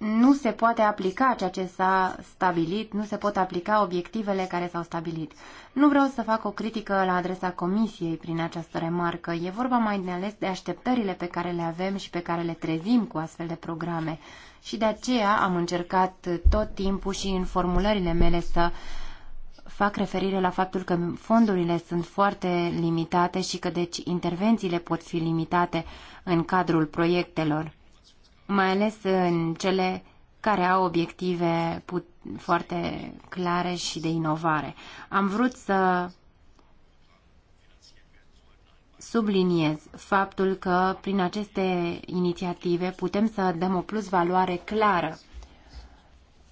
nu se poate aplica ceea ce s-a stabilit, nu se pot aplica obiectivele care s-au stabilit. Nu vreau să fac o critică la adresa Comisiei prin această remarcă. E vorba mai ales de așteptările pe care le avem și pe care le trezim cu astfel de programe. Și de aceea am încercat tot timpul și în formulările mele să fac referire la faptul că fondurile sunt foarte limitate și că deci intervențiile pot fi limitate în cadrul proiectelor mai ales în cele care au obiective foarte clare și de inovare. Am vrut să subliniez faptul că prin aceste inițiative putem să dăm o plus valoare clară.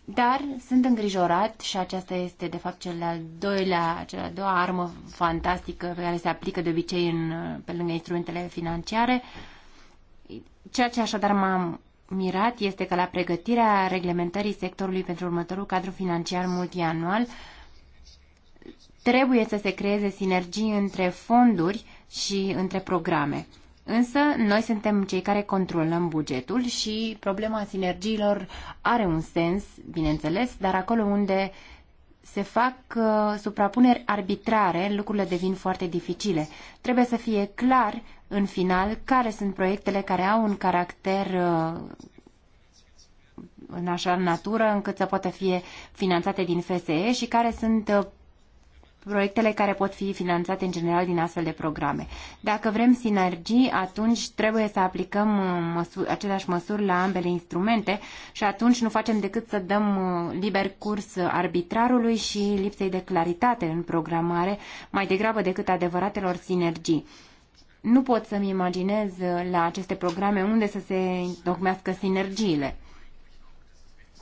Dar sunt îngrijorat și aceasta este de fapt cel al doilea, cea de-a doua armă fantastică pe care se aplică de obicei în, pe lângă instrumentele financiare, uh, Ceea ce așadar m-am mirat este că la pregătirea reglementării sectorului pentru următorul cadru financiar multianual trebuie să se creeze sinergii între fonduri și între programe. Însă, noi suntem cei care controlăm bugetul și problema sinergiilor are un sens, bineînțeles, dar acolo unde se fac uh, suprapuneri arbitrare, lucrurile devin foarte dificile. Trebuie să fie clar în final, care sunt proiectele care au un caracter uh, în așa natură încât să poată fi finanțate din FSE și care sunt uh, proiectele care pot fi finanțate în general din astfel de programe. Dacă vrem sinergii, atunci trebuie să aplicăm uh, măsuri, aceleași măsuri la ambele instrumente și atunci nu facem decât să dăm liber curs arbitrarului și lipsei de claritate în programare, mai degrabă decât adevăratelor sinergii. Nu pot să-mi imaginez uh, la aceste programe unde să se tocmească sinergiile.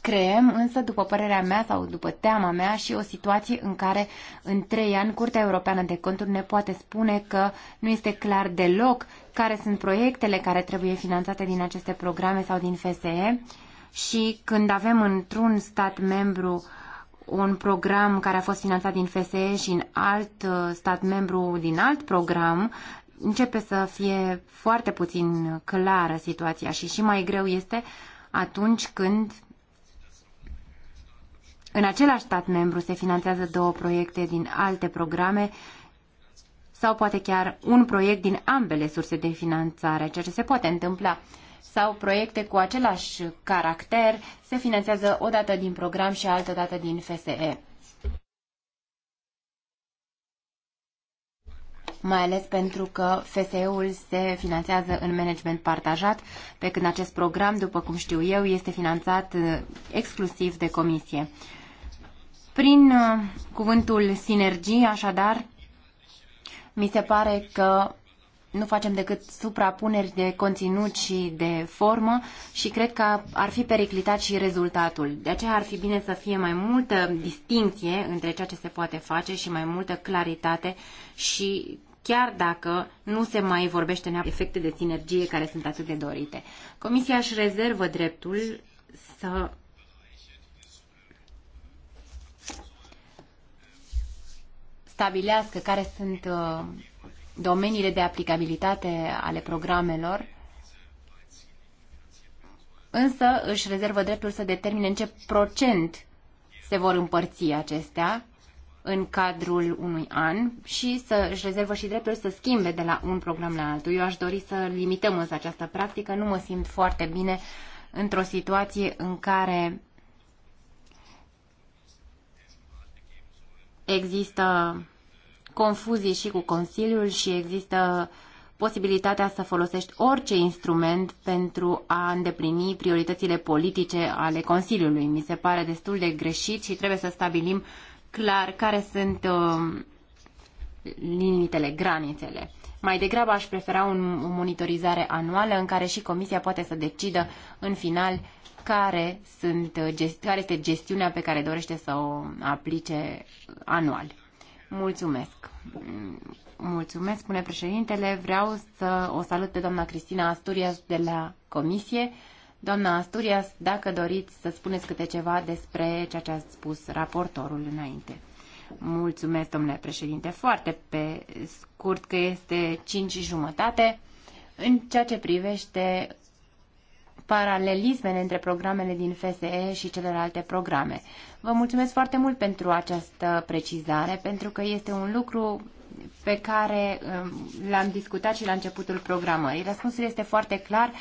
Creăm însă, după părerea mea sau după teama mea, și o situație în care în trei ani Curtea Europeană de Conturi ne poate spune că nu este clar deloc care sunt proiectele care trebuie finanțate din aceste programe sau din FSE și când avem într-un stat membru un program care a fost finanțat din FSE și în alt uh, stat membru din alt program, începe să fie foarte puțin clară situația și și mai greu este atunci când în același stat membru se finanțează două proiecte din alte programe sau poate chiar un proiect din ambele surse de finanțare, ceea ce se poate întâmpla. Sau proiecte cu același caracter se finanțează o dată din program și altă dată din FSE. mai ales pentru că FSE-ul se finanțează în management partajat, pe când acest program, după cum știu eu, este finanțat uh, exclusiv de comisie. Prin uh, cuvântul sinergie, așadar, mi se pare că nu facem decât suprapuneri de conținut și de formă și cred că ar fi periclitat și rezultatul. De aceea ar fi bine să fie mai multă distinție între ceea ce se poate face și mai multă claritate și chiar dacă nu se mai vorbește neapărat efecte de sinergie care sunt atât de dorite. Comisia își rezervă dreptul să stabilească care sunt uh, domeniile de aplicabilitate ale programelor, însă își rezervă dreptul să determine în ce procent se vor împărți acestea în cadrul unui an și să își rezervă și dreptul să schimbe de la un program la altul. Eu aș dori să limităm însă această practică, nu mă simt foarte bine într-o situație în care există confuzii și cu Consiliul și există posibilitatea să folosești orice instrument pentru a îndeplini prioritățile politice ale Consiliului. Mi se pare destul de greșit și trebuie să stabilim uh, clar care sunt um, limitele, granițele. Mai degrabă aș prefera un, o monitorizare anuală în care și Comisia poate să decidă în final care, sunt, uh, gest, care este gestiunea pe care dorește să o aplice anual. Mulțumesc. Mulțumesc, spune președintele. Vreau să o salut pe doamna Cristina Asturias de la Comisie. Doamna Asturias, dacă doriți să spuneți câte ceva despre ceea ce a spus raportorul înainte. Mulțumesc, domnule președinte, foarte pe scurt că este 5 jumătate. În ceea ce privește paralelismele între programele din FSE și celelalte programe. Vă mulțumesc foarte mult pentru această precizare, pentru că este un lucru pe care um, l-am discutat și la începutul programării. Răspunsul este foarte clar.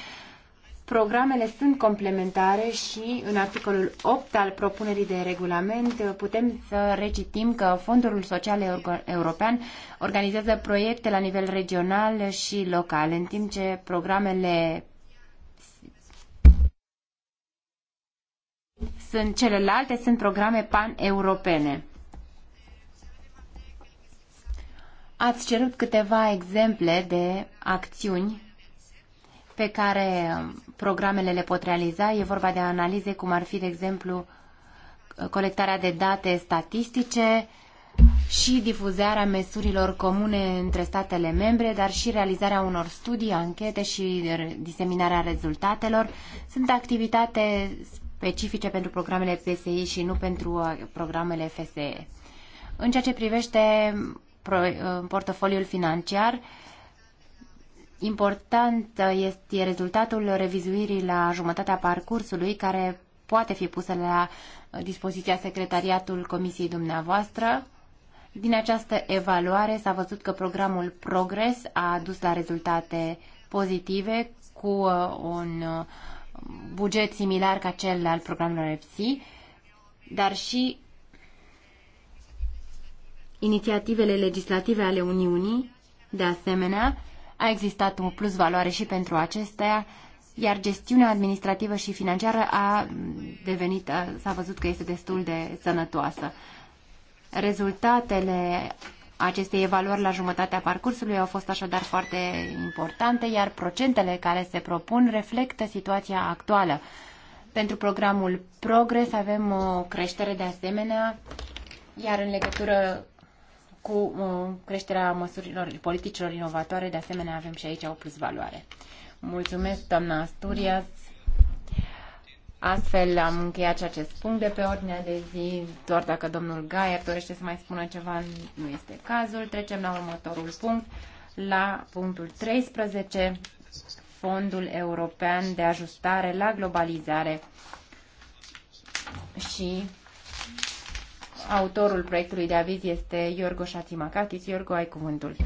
Programele sunt complementare și în articolul 8 al propunerii de regulament uh, putem să recitim că Fondul Social European organizează proiecte la nivel regional și local, în timp ce programele sunt celelalte sunt programe pan-europene. Ați cerut câteva exemple de acțiuni pe care programele le pot realiza. E vorba de analize cum ar fi, de exemplu, colectarea de date statistice și difuzarea măsurilor comune între statele membre, dar și realizarea unor studii, anchete și diseminarea rezultatelor. Sunt activitate specifice pentru programele PSI și nu pentru uh, programele FSE. În ceea ce privește uh, portofoliul financiar, Important este rezultatul revizuirii la jumătatea parcursului, care poate fi pusă la dispoziția secretariatul comisiei dumneavoastră. Din această evaluare s-a văzut că programul Progres a adus la rezultate pozitive cu uh, un uh, buget similar ca cel al programelor EPSI, dar și inițiativele legislative ale Uniunii, de asemenea, a existat un plus valoare și pentru acestea, iar gestiunea administrativă și financiară a devenit, s-a văzut că este destul de sănătoasă. Rezultatele acestei evaluări la jumătatea parcursului au fost așadar foarte importante, iar procentele care se propun reflectă situația actuală. Pentru programul Progress avem o creștere de asemenea, iar în legătură cu uh, creșterea măsurilor politicilor inovatoare, de asemenea avem și aici o valoare. Mulțumesc, doamna Asturias. Astfel am încheiat și acest punct de pe ordinea de zi, doar dacă domnul Gaier dorește să mai spună ceva, nu este cazul. Trecem la următorul punct, la punctul 13, Fondul European de Ajustare la Globalizare și Autorul proiectului de aviz este Iorgo Șatimakakis. Iorgo, ai cuvântul.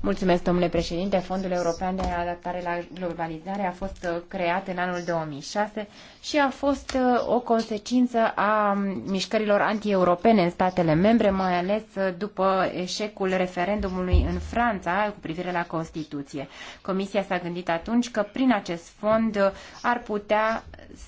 Mulțumesc, domnule președinte. Fondul European de Adaptare la Globalizare a fost uh, creat în anul 2006 și a fost uh, o consecință a mișcărilor antieuropene în statele membre, mai ales uh, după eșecul referendumului în Franța cu privire la Constituție. Comisia s-a gândit atunci că prin acest fond ar putea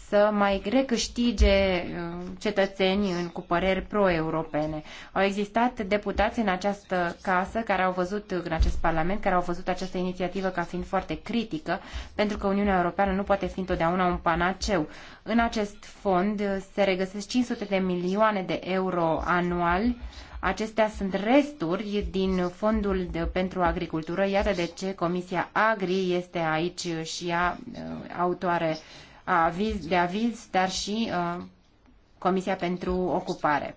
să mai recâștige uh, cetățenii în, cu păreri pro-europene. Au existat deputați în această casă care au văzut, în acest parlament, care au văzut această inițiativă ca fiind foarte critică, pentru că Uniunea Europeană nu poate fi întotdeauna un panaceu. În acest fond se regăsesc 500 de milioane de euro anual Acestea sunt resturi din fondul de, pentru agricultură. Iată de ce Comisia Agri este aici și ea uh, autoare aviz, de aviz, dar și uh, Comisia pentru Ocupare.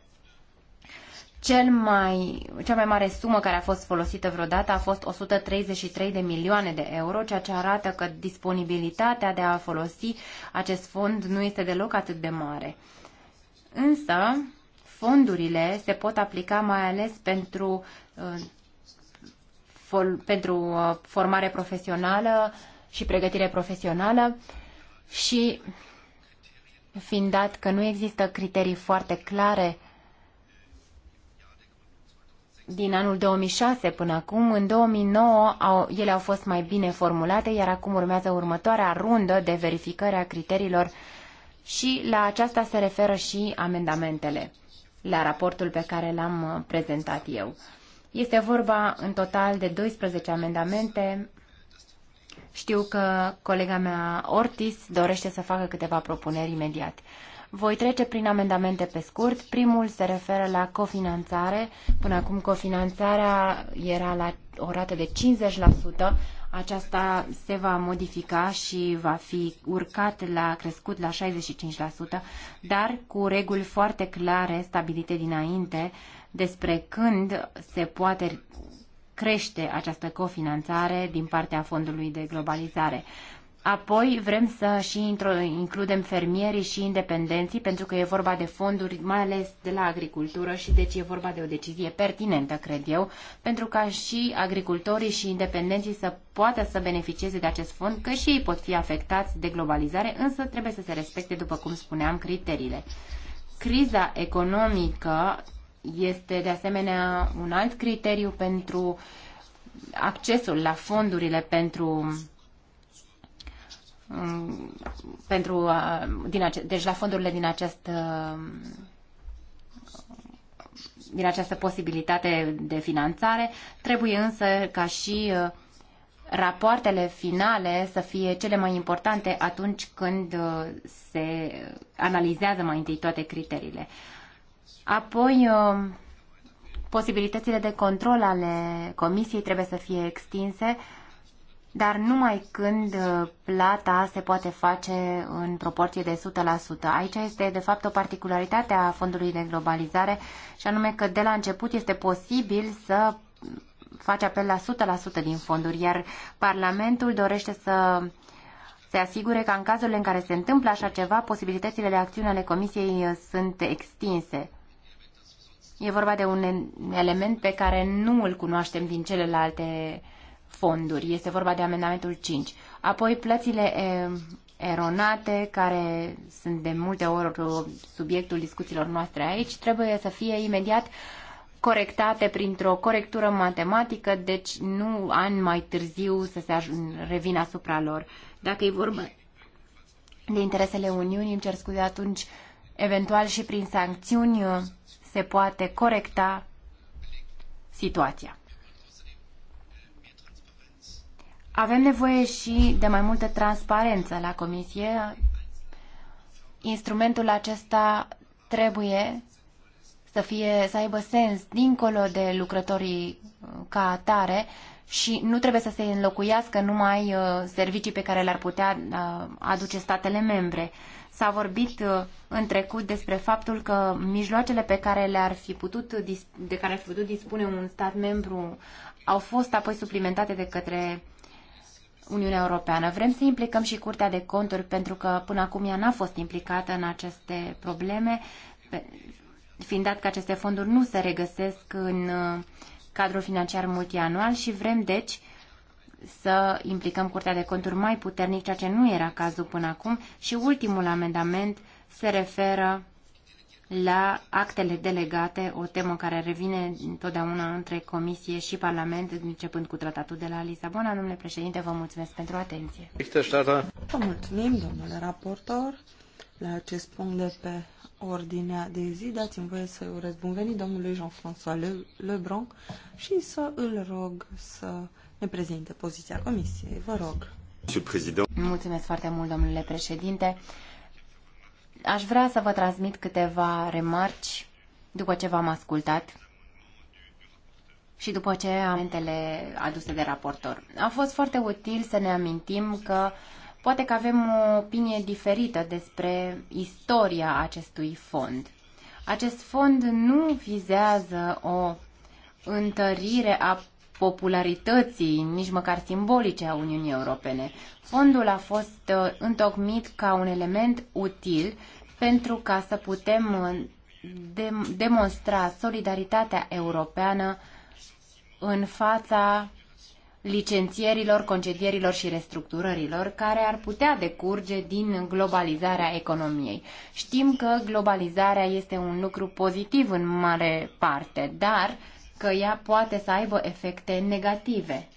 Cel mai, cea mai mare sumă care a fost folosită vreodată a fost 133 de milioane de euro, ceea ce arată că disponibilitatea de a folosi acest fond nu este deloc atât de mare. Însă, fondurile se pot aplica mai ales pentru, uh, pentru uh, formare profesională și pregătire profesională și fiind dat că nu există criterii foarte clare din anul 2006 până acum, în 2009 au, ele au fost mai bine formulate, iar acum urmează următoarea rundă de verificare a criteriilor și la aceasta se referă și amendamentele la raportul pe care l-am prezentat eu. Este vorba în total de 12 amendamente știu că colega mea Ortiz dorește să facă câteva propuneri imediat. Voi trece prin amendamente pe scurt. Primul se referă la cofinanțare. Până acum cofinanțarea era la o rată de 50%. Aceasta se va modifica și va fi urcat la crescut la 65%, dar cu reguli foarte clare stabilite dinainte despre când se poate crește această cofinanțare din partea Fondului de Globalizare. Apoi vrem să și includem fermierii și independenții, pentru că e vorba de fonduri, mai ales de la agricultură și deci e vorba de o decizie pertinentă, cred eu, pentru ca și agricultorii și independenții să poată să beneficieze de acest fond, că și ei pot fi afectați de globalizare, însă trebuie să se respecte, după cum spuneam, criteriile. Criza economică este de asemenea un alt criteriu pentru accesul la fondurile pentru mm, pentru din ace- deci la fondurile din această din această posibilitate de finanțare, trebuie însă ca și uh, rapoartele finale să fie cele mai importante atunci când uh, se analizează mai întâi toate criteriile. Apoi, um, posibilitățile de control ale comisiei trebuie să fie extinse, dar numai când uh, plata se poate face în proporție de 100%. Aici este, de fapt, o particularitate a fondului de globalizare, și anume că de la început este posibil să faci apel la 100% din fonduri, iar Parlamentul dorește să se asigure că în cazurile în care se întâmplă așa ceva, posibilitățile de acțiune ale Comisiei uh, sunt extinse. E vorba de un element pe care nu îl cunoaștem din celelalte fonduri. Este vorba de amendamentul 5. Apoi plățile uh, eronate, care sunt de multe ori subiectul discuțiilor noastre aici, trebuie să fie imediat uh, corectate printr-o corectură matematică, deci nu ani mai târziu să se revină asupra lor. Dacă e vorba de interesele Uniunii, îmi cer scuze, atunci eventual și prin sancțiuni se poate corecta situația. Avem nevoie și de mai multă transparență la Comisie. Instrumentul acesta trebuie să, fie, să aibă sens dincolo de lucrătorii uh, ca atare și nu trebuie să se înlocuiască numai uh, servicii pe care le-ar putea uh, aduce statele membre. S-a vorbit în trecut despre faptul că mijloacele pe care le-ar fi putut, de care ar fi putut dispune un stat membru au fost apoi suplimentate de către Uniunea Europeană. Vrem să implicăm și Curtea de Conturi pentru că până acum ea n-a fost implicată în aceste probleme fiind dat că aceste fonduri nu se regăsesc în uh, cadrul financiar multianual și vrem, deci, să implicăm Curtea de Conturi mai puternic, ceea ce nu era cazul până acum. Și ultimul amendament se referă la actele delegate, o temă care revine întotdeauna între Comisie și Parlament, începând cu tratatul de la Lisabona. Domnule președinte, vă mulțumesc pentru atenție. Vă mulțumim, domnule raportor, la acest punct de pe ordinea de zi. Dați-mi voie să urez bun venit domnului Jean-François Le Lebrun și să îl rog să ne prezinte poziția comisiei. Vă rog. Mulțumesc foarte mult, domnule președinte. Aș vrea să vă transmit câteva remarci după ce v-am ascultat și după ce amentele aduse de raportor. A fost foarte util să ne amintim că Poate că avem o opinie diferită despre istoria acestui fond. Acest fond nu vizează o întărire a popularității, nici măcar simbolice, a Uniunii Europene. Fondul a fost uh, întocmit ca un element util pentru ca să putem uh, demonstra solidaritatea europeană în fața licențierilor, concedierilor și restructurărilor care ar putea decurge din globalizarea economiei. Știm că globalizarea este un lucru pozitiv în mare parte, dar că ea poate să aibă efecte negative.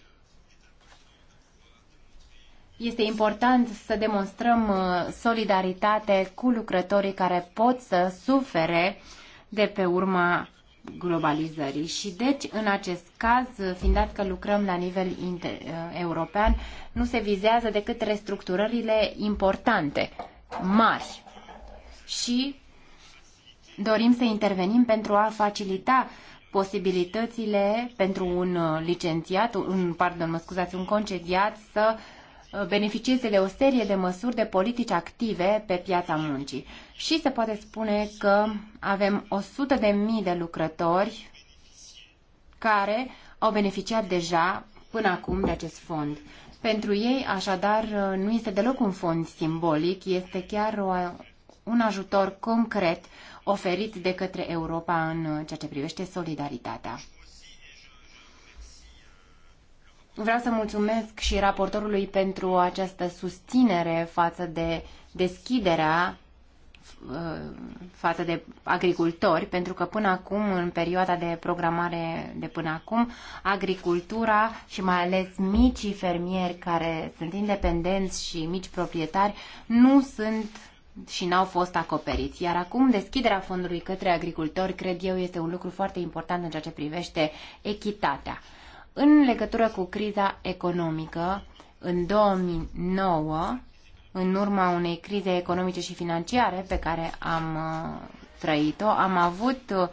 Este important să demonstrăm uh, solidaritate cu lucrătorii care pot să sufere de pe urma globalizării și deci în acest caz, fiind dat că lucrăm la nivel inter- uh, european, nu se vizează decât restructurările importante, mari și dorim să intervenim pentru a facilita posibilitățile pentru un uh, licențiat, un, pardon, mă scuzați, un concediat să uh, beneficieze de o serie de măsuri de politici active pe piața muncii. Și se poate spune că avem 100.000 de, mii de lucrători care au beneficiat deja până acum de acest fond. Pentru ei, așadar, nu este deloc un fond simbolic, este chiar o, un ajutor concret oferit de către Europa în ceea ce privește solidaritatea. Vreau să mulțumesc și raportorului pentru această susținere față de deschiderea uh, față de agricultori, pentru că până acum, în perioada de programare de până acum, agricultura și mai ales micii fermieri care sunt independenți și mici proprietari nu sunt și n-au fost acoperiți. Iar acum deschiderea fondului către agricultori, cred eu, este un lucru foarte important în ceea ce privește echitatea. În legătură cu criza economică, în 2009, în urma unei crize economice și financiare pe care am uh, trăit-o, am avut uh,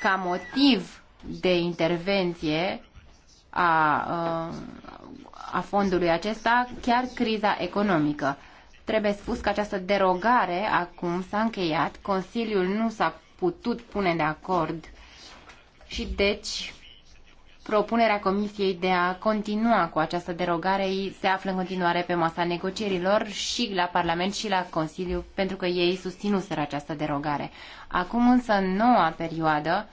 ca motiv de intervenție a, uh, a fondului acesta chiar criza economică. Trebuie spus că această derogare acum s-a încheiat, Consiliul nu s-a putut pune de acord și deci Propunerea Comisiei de a continua cu această derogare se află în continuare pe masa negocierilor și la Parlament și la Consiliu, pentru că ei susținuseră această derogare. Acum însă, în noua perioadă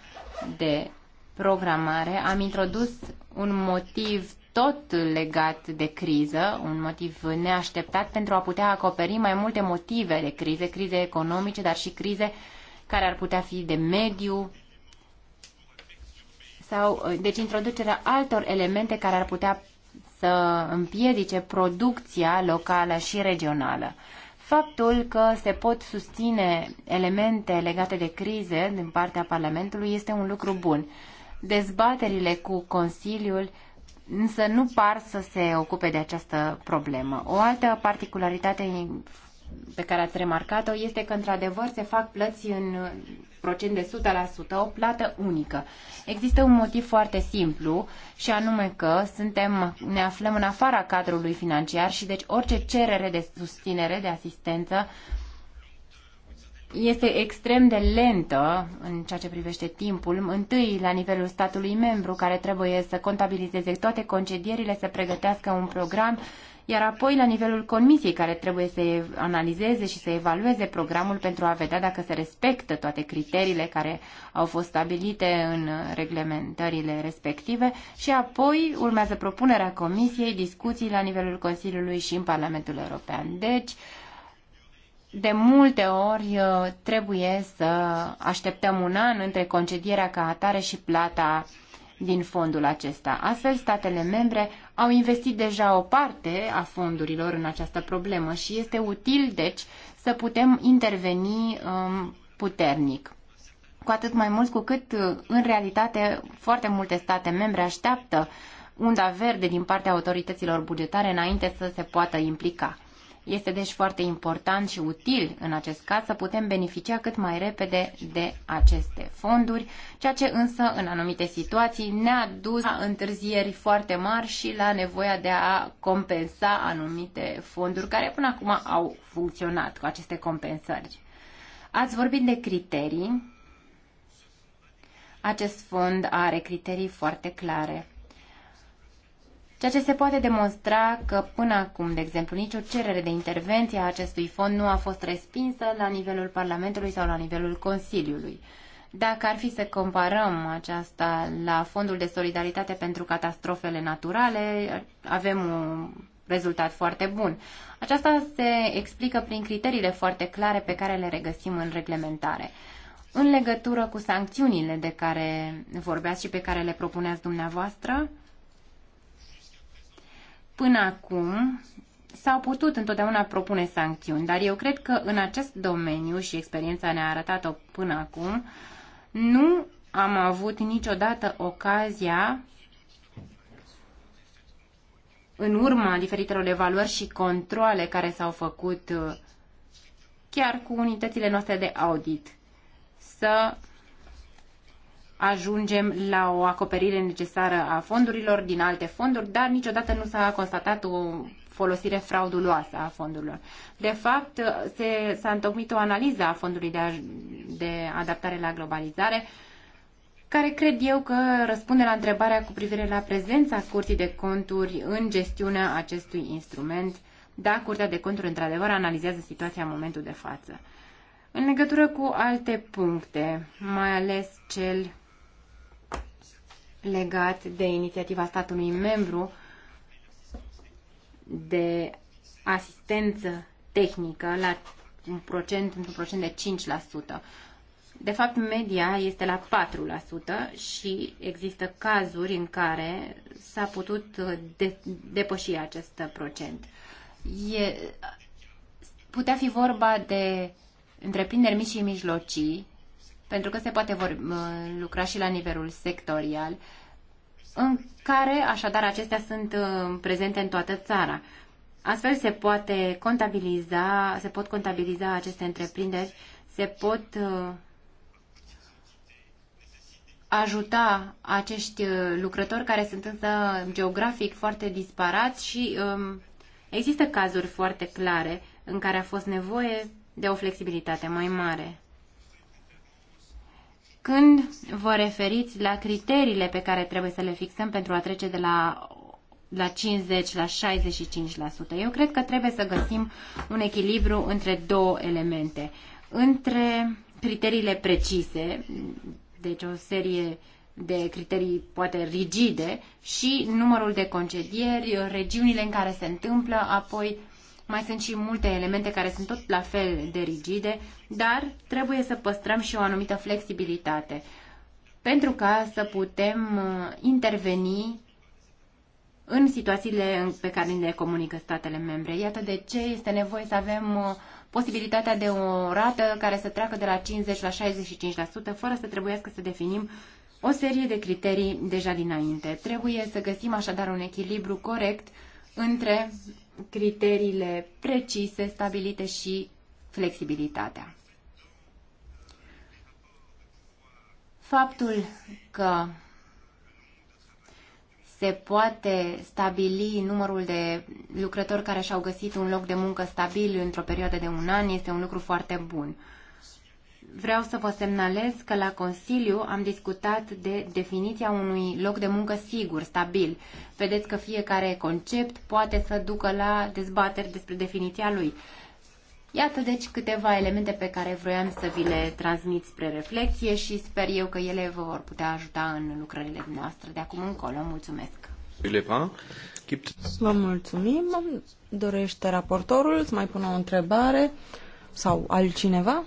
de programare, am introdus un motiv tot legat de criză, un motiv neașteptat pentru a putea acoperi mai multe motive de crize, crize economice, dar și crize care ar putea fi de mediu, sau ă, deci introducerea altor elemente care ar putea să împiedice producția locală și regională. Faptul că se pot susține elemente legate de crize din partea Parlamentului este un lucru bun. Dezbaterile cu Consiliul însă nu par să se ocupe de această problemă. O altă particularitate pe care ați remarcat-o este că într-adevăr se fac plăți în procent de 100%, o plată unică. Există un motiv foarte simplu și anume că suntem, ne aflăm în afara cadrului financiar și deci orice cerere de susținere, de asistență, este extrem de lentă în ceea ce privește timpul, întâi la nivelul statului membru care trebuie să contabilizeze toate concedierile, să pregătească un program iar apoi la nivelul comisiei care trebuie să analizeze și să evalueze programul pentru a vedea dacă se respectă toate criteriile care au fost stabilite în reglementările respective și apoi urmează propunerea comisiei, discuții la nivelul Consiliului și în Parlamentul European. Deci, de multe ori uh, trebuie să așteptăm un an între concedierea ca atare și plata din fondul acesta. Astfel, statele membre au investit deja o parte a fondurilor în această problemă și este util, deci, să putem interveni um, puternic. Cu atât mai mult cu cât, uh, în realitate, foarte multe state membre așteaptă unda verde din partea autorităților bugetare înainte să se poată implica. Este deci foarte important și util în acest caz să putem beneficia cât mai repede de aceste fonduri, ceea ce însă în anumite situații ne-a dus la întârzieri foarte mari și la nevoia de a compensa anumite fonduri care până acum au funcționat cu aceste compensări. Ați vorbit de criterii. Acest fond are criterii foarte clare ceea ce se poate demonstra că până acum, de exemplu, nicio cerere de intervenție a acestui fond nu a fost respinsă la nivelul Parlamentului sau la nivelul Consiliului. Dacă ar fi să comparăm aceasta la Fondul de Solidaritate pentru Catastrofele Naturale, avem un rezultat foarte bun. Aceasta se explică prin criteriile foarte clare pe care le regăsim în reglementare. În legătură cu sancțiunile de care vorbeați și pe care le propuneați dumneavoastră, Până acum s-au putut întotdeauna propune sancțiuni, dar eu cred că în acest domeniu, și experiența ne-a arătat-o până acum, nu am avut niciodată ocazia în urma diferitelor evaluări și controle care s-au făcut uh, chiar cu unitățile noastre de audit, să ajungem la o acoperire necesară a fondurilor din alte fonduri, dar niciodată nu s-a constatat o folosire frauduloasă a fondurilor. De fapt, se, s-a întocmit o analiză a fondului de, a, de adaptare la globalizare, care cred eu că răspunde la întrebarea cu privire la prezența Curții de Conturi în gestiunea acestui instrument, da, Curtea de Conturi într-adevăr analizează situația în momentul de față. În legătură cu alte puncte, mai ales cel legat de inițiativa statului membru de asistență tehnică la un procent, într-un procent de 5%. De fapt, media este la 4% și există cazuri în care s-a putut uh, de- depăși acest procent. E, putea fi vorba de întreprinderi mici și mijlocii pentru că se poate vor, uh, lucra și la nivelul sectorial, în care, așadar, acestea sunt uh, prezente în toată țara. Astfel se poate contabiliza, se pot contabiliza aceste întreprinderi, se pot uh, ajuta acești lucrători care sunt însă geografic foarte disparați și um, există cazuri foarte clare în care a fost nevoie de o flexibilitate mai mare. Când vă referiți la criteriile pe care trebuie să le fixăm pentru a trece de la la 50, la 65%. Eu cred că trebuie să găsim un echilibru între două elemente. Între criteriile precise, deci o serie de criterii poate rigide și numărul de concedieri, regiunile în care se întâmplă, apoi mai sunt și multe elemente care sunt tot la fel de rigide, dar trebuie să păstrăm și o anumită flexibilitate pentru ca să putem uh, interveni în situațiile pe care le comunică statele membre. Iată de ce este nevoie să avem uh, posibilitatea de o rată care să treacă de la 50 la 65%, fără să trebuiască să definim o serie de criterii deja dinainte. Trebuie să găsim așadar un echilibru corect între criteriile precise stabilite și flexibilitatea. Faptul că se poate stabili numărul de lucrători care și-au găsit un loc de muncă stabil într-o perioadă de un an este un lucru foarte bun vreau să vă semnalez că la Consiliu am discutat de definiția unui loc de muncă sigur, stabil. Vedeți că fiecare concept poate să ducă la dezbateri despre definiția lui. Iată deci câteva elemente pe care vroiam să vi le transmit spre reflexie și sper eu că ele vă vor putea ajuta în lucrările noastre de acum încolo. Mulțumesc! Vă mulțumim! Dorește raportorul să mai pună o întrebare sau altcineva?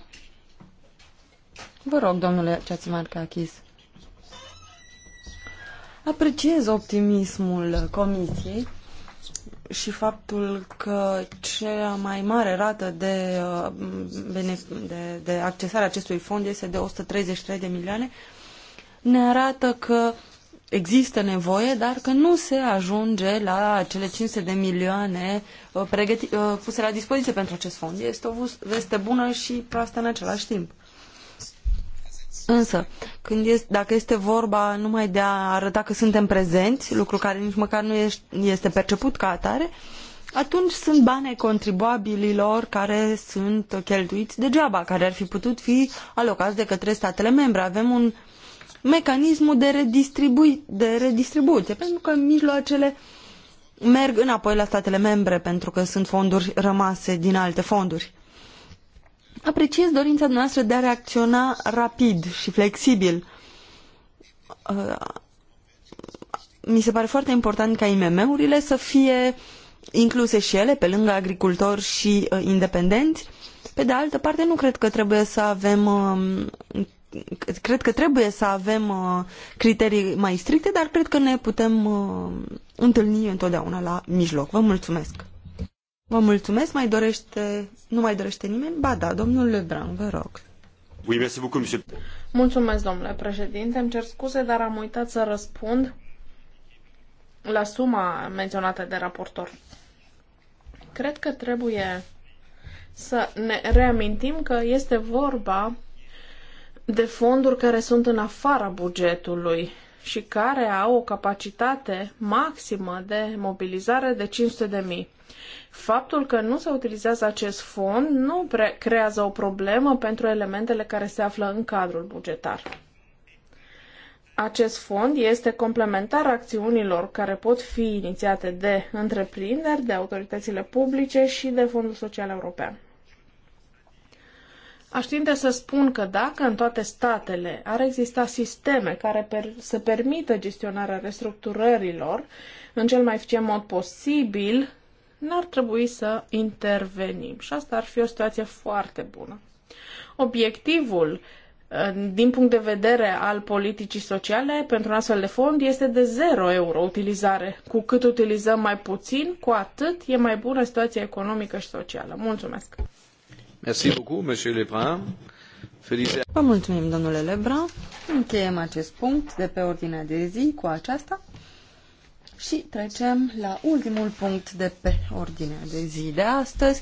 Vă rog, domnule Ceațimarcachis. Apreciez optimismul comisiei și faptul că cea mai mare rată de, uh, de, de accesare a acestui fond este de 133 de milioane, ne arată că există nevoie, dar că nu se ajunge la cele 500 de milioane uh, pregăti, uh, puse la dispoziție pentru acest fond. Este o veste bună și proastă în același timp. Însă, când este, dacă este vorba numai de a arăta că suntem prezenți, lucru care nici măcar nu este perceput ca atare, atunci sunt banii contribuabililor care sunt cheltuiți degeaba, care ar fi putut fi alocați de către statele membre. Avem un mecanism de, redistribu- de redistribuție, pentru că mijloacele merg înapoi la statele membre, pentru că sunt fonduri rămase din alte fonduri. Apreciez dorința noastră de a reacționa rapid și flexibil. Uh, mi se pare foarte important ca IMM-urile să fie incluse și ele, pe lângă agricultori și uh, independenți. Pe de altă parte, nu cred că trebuie să avem uh, cred că trebuie să avem criterii mai stricte, dar cred că ne putem întâlni întotdeauna la mijloc. Vă mulțumesc! Vă mulțumesc. Mai dorește, nu mai dorește nimeni? Ba da, domnul Lebrun, vă rog. Mulțumesc, domnule președinte. Îmi cer scuze, dar am uitat să răspund la suma menționată de raportor. Cred că trebuie să ne reamintim că este vorba de fonduri care sunt în afara bugetului și care au o capacitate maximă de mobilizare de 500 de mii. Faptul că nu se utilizează acest fond nu creează o problemă pentru elementele care se află în cadrul bugetar. Acest fond este complementar acțiunilor care pot fi inițiate de întreprinderi, de autoritățile publice și de Fondul Social European. Aș tinde să spun că dacă în toate statele ar exista sisteme care per- să permită gestionarea restructurărilor în cel mai eficient mod posibil, n-ar trebui să intervenim. Și asta ar fi o situație foarte bună. Obiectivul eh, din punct de vedere al politicii sociale, pentru un astfel de fond este de 0 euro utilizare. Cu cât utilizăm mai puțin, cu atât e mai bună situația economică și socială. Mulțumesc! Merci beaucoup, monsieur Lebrun. Vă mulțumim, domnule Lebrun. Încheiem acest punct de pe ordinea de zi cu aceasta. Și trecem la ultimul punct de pe ordinea de zi de astăzi.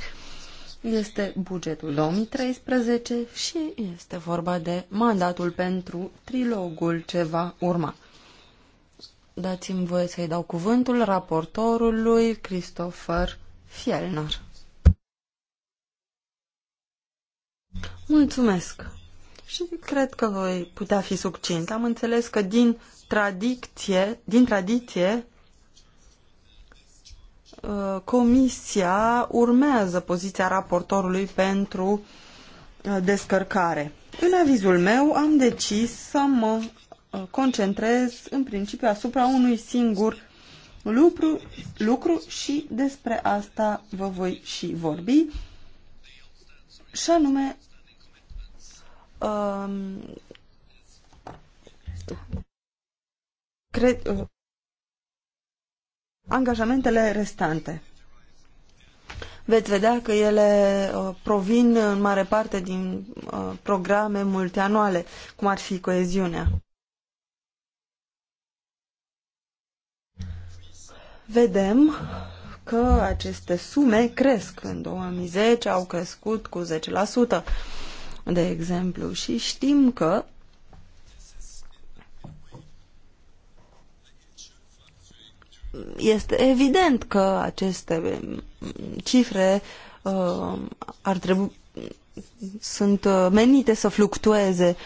Este bugetul 2013 și este vorba de mandatul pentru trilogul ce va urma. Dați-mi voie să-i dau cuvântul raportorului Christopher Fielner. Mulțumesc! Și cred că voi putea fi succint. Am înțeles că din tradiție, din tradiție Uh, comisia urmează poziția raportorului pentru uh, descărcare. În avizul meu am decis să mă uh, concentrez în principiu asupra unui singur lucru, lucru și despre asta vă voi și vorbi, și anume um, cred, angajamentele restante. Veți vedea că ele uh, provin în mare parte din uh, programe multianuale, cum ar fi coeziunea. Vedem că aceste sume cresc. În 2010 au crescut cu 10%, de exemplu, și știm că este evident că aceste mm, cifre uh, ar trebui sunt uh, menite să fluctueze.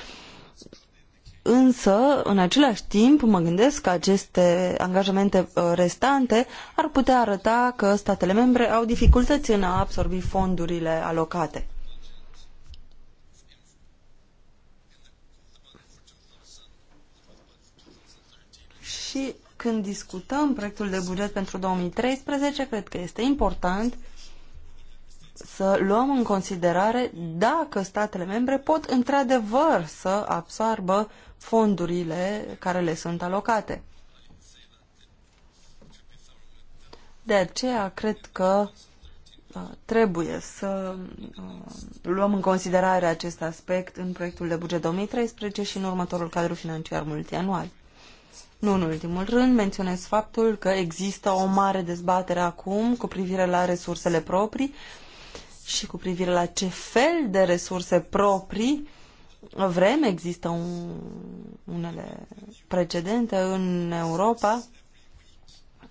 Însă, în același timp, mă gândesc că aceste angajamente uh, restante ar putea arăta că statele membre au dificultăți în a absorbi fondurile alocate. Și când discutăm proiectul de buget pentru 2013, cred că este important să luăm în considerare dacă statele membre pot într-adevăr să absoarbă fondurile care le sunt alocate. De aceea cred că uh, trebuie să uh, luăm în considerare acest aspect în proiectul de buget 2013 și în următorul cadru financiar multianual. Nu în ultimul rând, menționez faptul că există o mare dezbatere acum cu privire la resursele proprii și cu privire la ce fel de resurse proprii vrem. Există un, unele precedente în Europa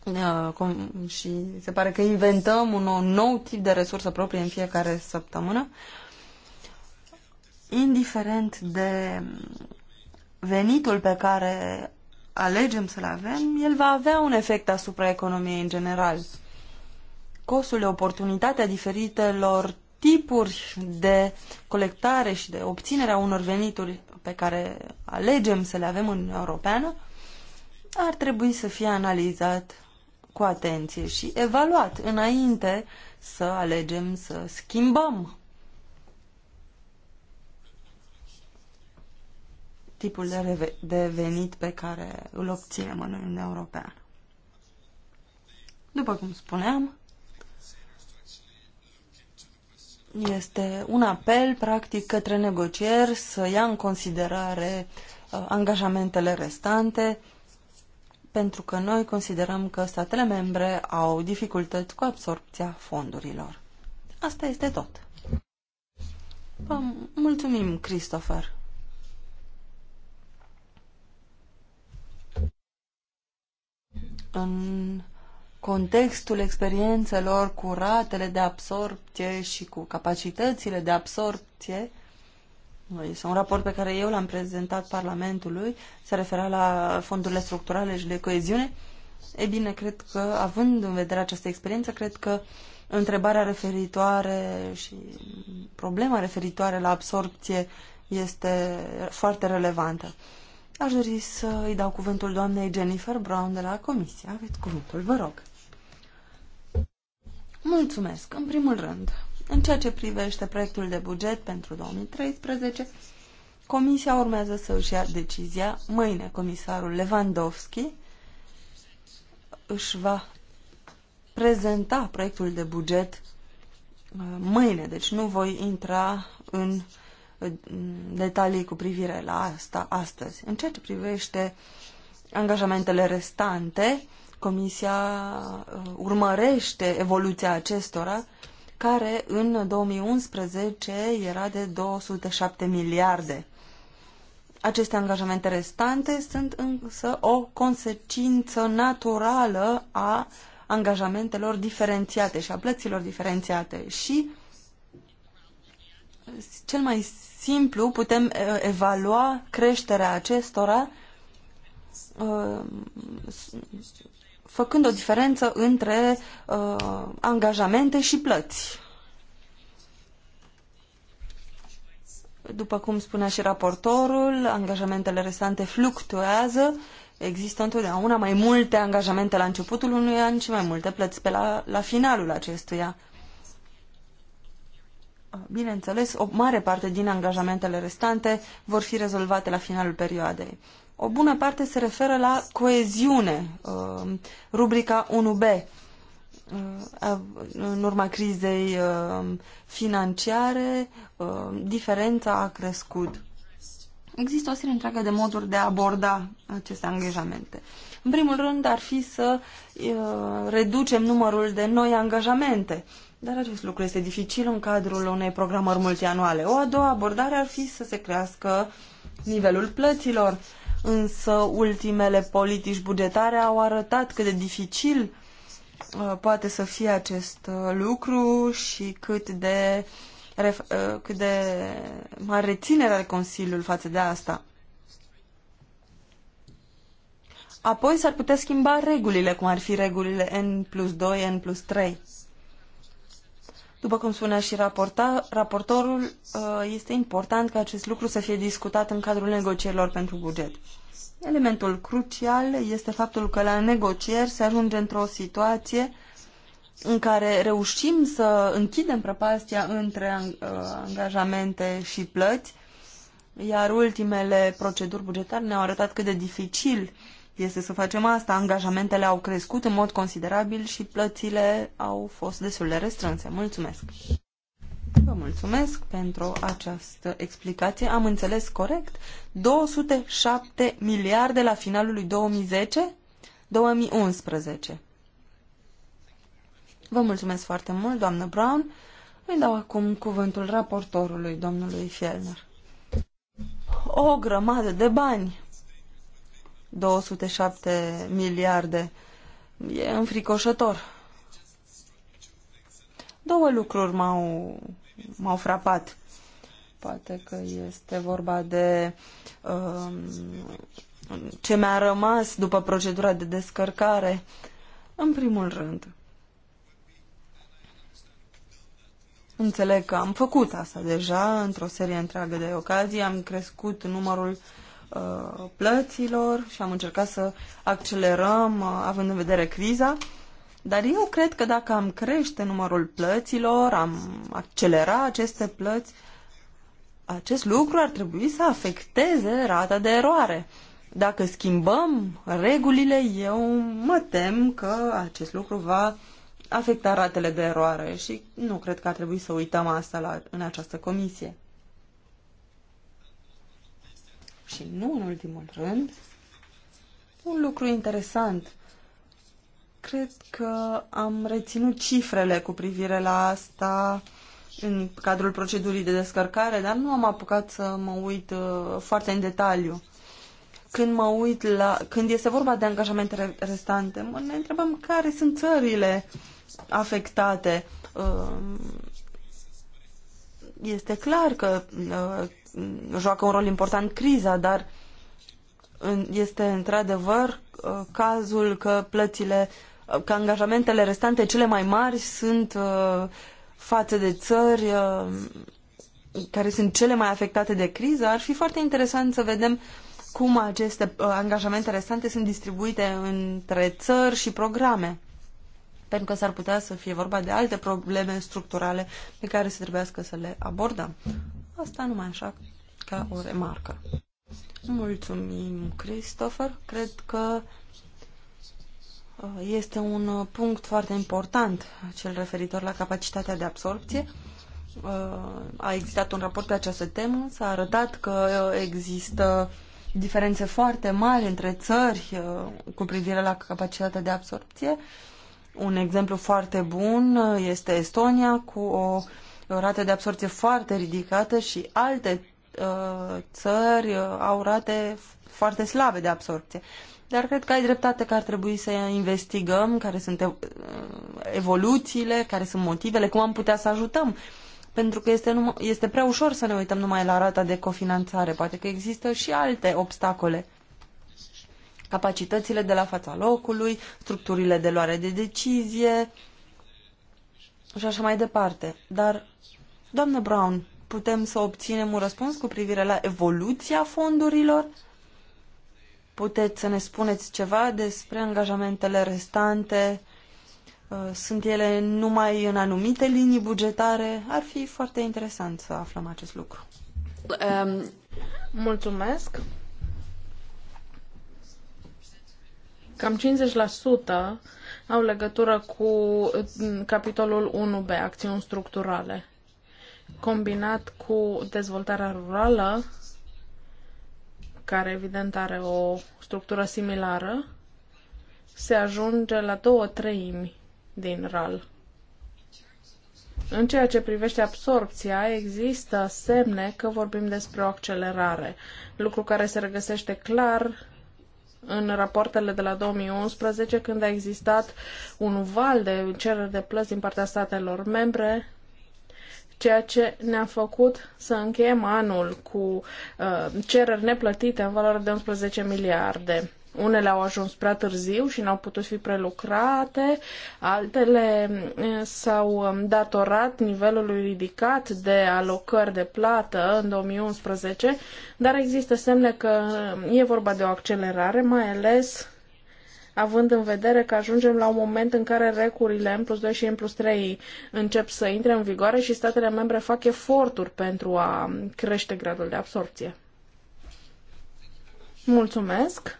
uh, și se pare că inventăm un nou, nou tip de resursă proprie în fiecare săptămână. Indiferent de venitul pe care alegem să-l avem, el va avea un efect asupra economiei în general. Costurile, oportunitatea diferitelor tipuri de colectare și de obținerea unor venituri pe care alegem să le avem în Europeană ar trebui să fie analizat cu atenție și evaluat înainte să alegem să schimbăm tipul de, de venit pe care îl obținem în Uniunea Europeană. După cum spuneam, este un apel, practic, către negocieri să ia în considerare uh, angajamentele restante, pentru că noi considerăm că statele membre au dificultăți cu absorpția fondurilor. Asta este tot. Vă mulțumim, Christopher. în contextul experiențelor cu ratele de absorpție și cu capacitățile de absorpție, este un raport pe care eu l-am prezentat Parlamentului, se referea la fondurile structurale și de coeziune. E bine, cred că, având în vedere această experiență, cred că întrebarea referitoare și problema referitoare la absorpție este foarte relevantă. Aș dori să îi dau cuvântul doamnei Jennifer Brown de la Comisia. Aveți cuvântul, vă rog. Mulțumesc. În primul rând, în ceea ce privește proiectul de buget pentru 2013, Comisia urmează să își ia decizia. Mâine, comisarul Lewandowski își va prezenta proiectul de buget uh, mâine, deci nu voi intra în detalii cu privire la asta astăzi. În ceea ce privește angajamentele restante, Comisia uh, urmărește evoluția acestora, care în 2011 era de 207 miliarde. Aceste angajamente restante sunt însă o consecință naturală a angajamentelor diferențiate și a plăților diferențiate și cel mai simplu putem uh, evalua creșterea acestora uh, făcând o diferență între uh, angajamente și plăți. După cum spunea și raportorul, angajamentele restante fluctuează există întotdeauna mai multe angajamente la începutul unui an și mai multe plăți pe la, la finalul acestuia. Ah, bineînțeles, o mare parte din angajamentele restante vor fi rezolvate la finalul perioadei. O bună parte se referă la coeziune, uh, rubrica 1B. Uh, în urma crizei uh, financiare, diferența a crescut. Există o serie întreagă de moduri de a aborda aceste angajamente. În primul rând ar fi să reducem numărul de noi angajamente. Dar acest lucru este dificil în cadrul unei programări multianuale. O a doua abordare ar fi să se crească nivelul plăților, însă ultimele politici bugetare au arătat cât de dificil uh, poate să fie acest uh, lucru și cât de, uh, cât de mare reținere are Consiliul față de asta. Apoi s-ar putea schimba regulile, cum ar fi regulile N plus 2, N plus 3. După cum spunea și raporta, raportorul, uh, este important ca acest lucru să fie discutat în cadrul negocierilor pentru buget. Elementul crucial este faptul că la negocieri se ajunge într-o situație în care reușim să închidem prăpastia între uh, angajamente și plăți, iar ultimele proceduri bugetare ne-au arătat cât de dificil este să facem asta. Angajamentele au crescut în mod considerabil și plățile au fost destul de restrânse. Mulțumesc! Vă mulțumesc pentru această explicație. Am înțeles corect? 207 miliarde la finalul lui 2010? 2011. Vă mulțumesc foarte mult, doamnă Brown. Îi dau acum cuvântul raportorului, domnului Fielner. O grămadă de bani, 207 miliarde. E înfricoșător. Două lucruri m-au, m-au frapat. Poate că este vorba de uh, ce mi-a rămas după procedura de descărcare. În primul rând, înțeleg că am făcut asta deja într-o serie întreagă de ocazii, am crescut numărul uh, Uh, plăților și am încercat să accelerăm uh, având în vedere criza. Dar eu cred că dacă am crește numărul plăților, am accelera aceste plăți, acest lucru ar trebui să afecteze rata de eroare. Dacă schimbăm regulile, eu mă tem că acest lucru va afecta ratele de eroare și nu cred că ar trebui să uităm asta la, în această comisie. Și nu în ultimul rând, un lucru interesant. Cred că am reținut cifrele cu privire la asta în cadrul procedurii de descărcare, dar nu am apucat să mă uit uh, foarte în detaliu. Când mă uit la, când este vorba de angajamente restante, mă, ne întrebăm care sunt țările afectate. Uh, este clar că uh, joacă un rol important criza, dar este într-adevăr uh, cazul că plățile, uh, că angajamentele restante cele mai mari sunt uh, față de țări care sunt cele mai afectate de criză. Ar fi foarte interesant să vedem cum aceste angajamente restante sunt distribuite între țări și programe. Pentru că s-ar putea să fie vorba de alte probleme structurale pe care se trebuiască să le abordăm. Asta numai așa ca o remarcă. Mulțumim, Christopher. Cred că uh, este un uh, punct foarte important, cel referitor la capacitatea de absorpție. Uh, a existat un raport pe această temă, s-a arătat că există diferențe foarte mari între țări cu privire la capacitatea de absorpție. Un exemplu foarte bun este Estonia cu o uh, rate de absorție foarte ridicată și alte uh, țări uh, au rate foarte slabe de absorție. Dar cred că ai dreptate că ar trebui să investigăm care sunt uh, evoluțiile, care sunt motivele, cum am putea să ajutăm. Pentru că este, numai, este prea ușor să ne uităm numai la rata de cofinanțare. Poate că există și alte obstacole. Capacitățile de la fața locului, structurile de luare de decizie și așa mai departe. Dar Doamnă Brown, putem să obținem un răspuns cu privire la evoluția fondurilor? Puteți să ne spuneți ceva despre angajamentele restante? Uh, sunt ele numai în anumite linii bugetare? Ar fi foarte interesant să aflăm acest lucru. Um, mulțumesc. Cam 50% au legătură cu uh, capitolul 1B, acțiuni structurale combinat cu dezvoltarea rurală, care evident are o structură similară, se ajunge la două treimi din RAL. În ceea ce privește absorpția, există semne că vorbim despre o accelerare, lucru care se regăsește clar în rapoartele de la 2011, când a existat un val de cereri de plăți din partea statelor membre ceea ce ne-a făcut să încheiem anul cu uh, cereri neplătite în valoare de 11 miliarde. Unele au ajuns prea târziu și n-au putut fi prelucrate, altele uh, s-au um, datorat nivelului ridicat de alocări de plată în 2011, dar există semne că uh, e vorba de o accelerare, mai ales având în vedere că ajungem la un moment în care recurile M plus 2 și M plus 3 încep să intre în vigoare și statele membre fac eforturi pentru a crește gradul de absorpție. Mulțumesc!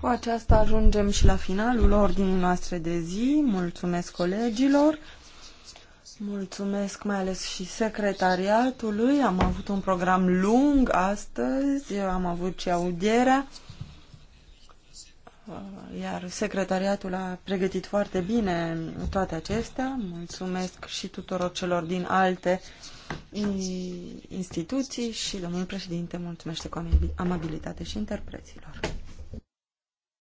Cu aceasta ajungem și la finalul ordinii noastre de zi. Mulțumesc colegilor, mulțumesc mai ales și secretariatului. Am avut un program lung astăzi, am avut și audierea. Uh, iar secretariatul a pregătit foarte bine toate acestea. Mulțumesc și tuturor celor din alte instituții și domnul președinte mulțumește cu amabilitate și interpreților.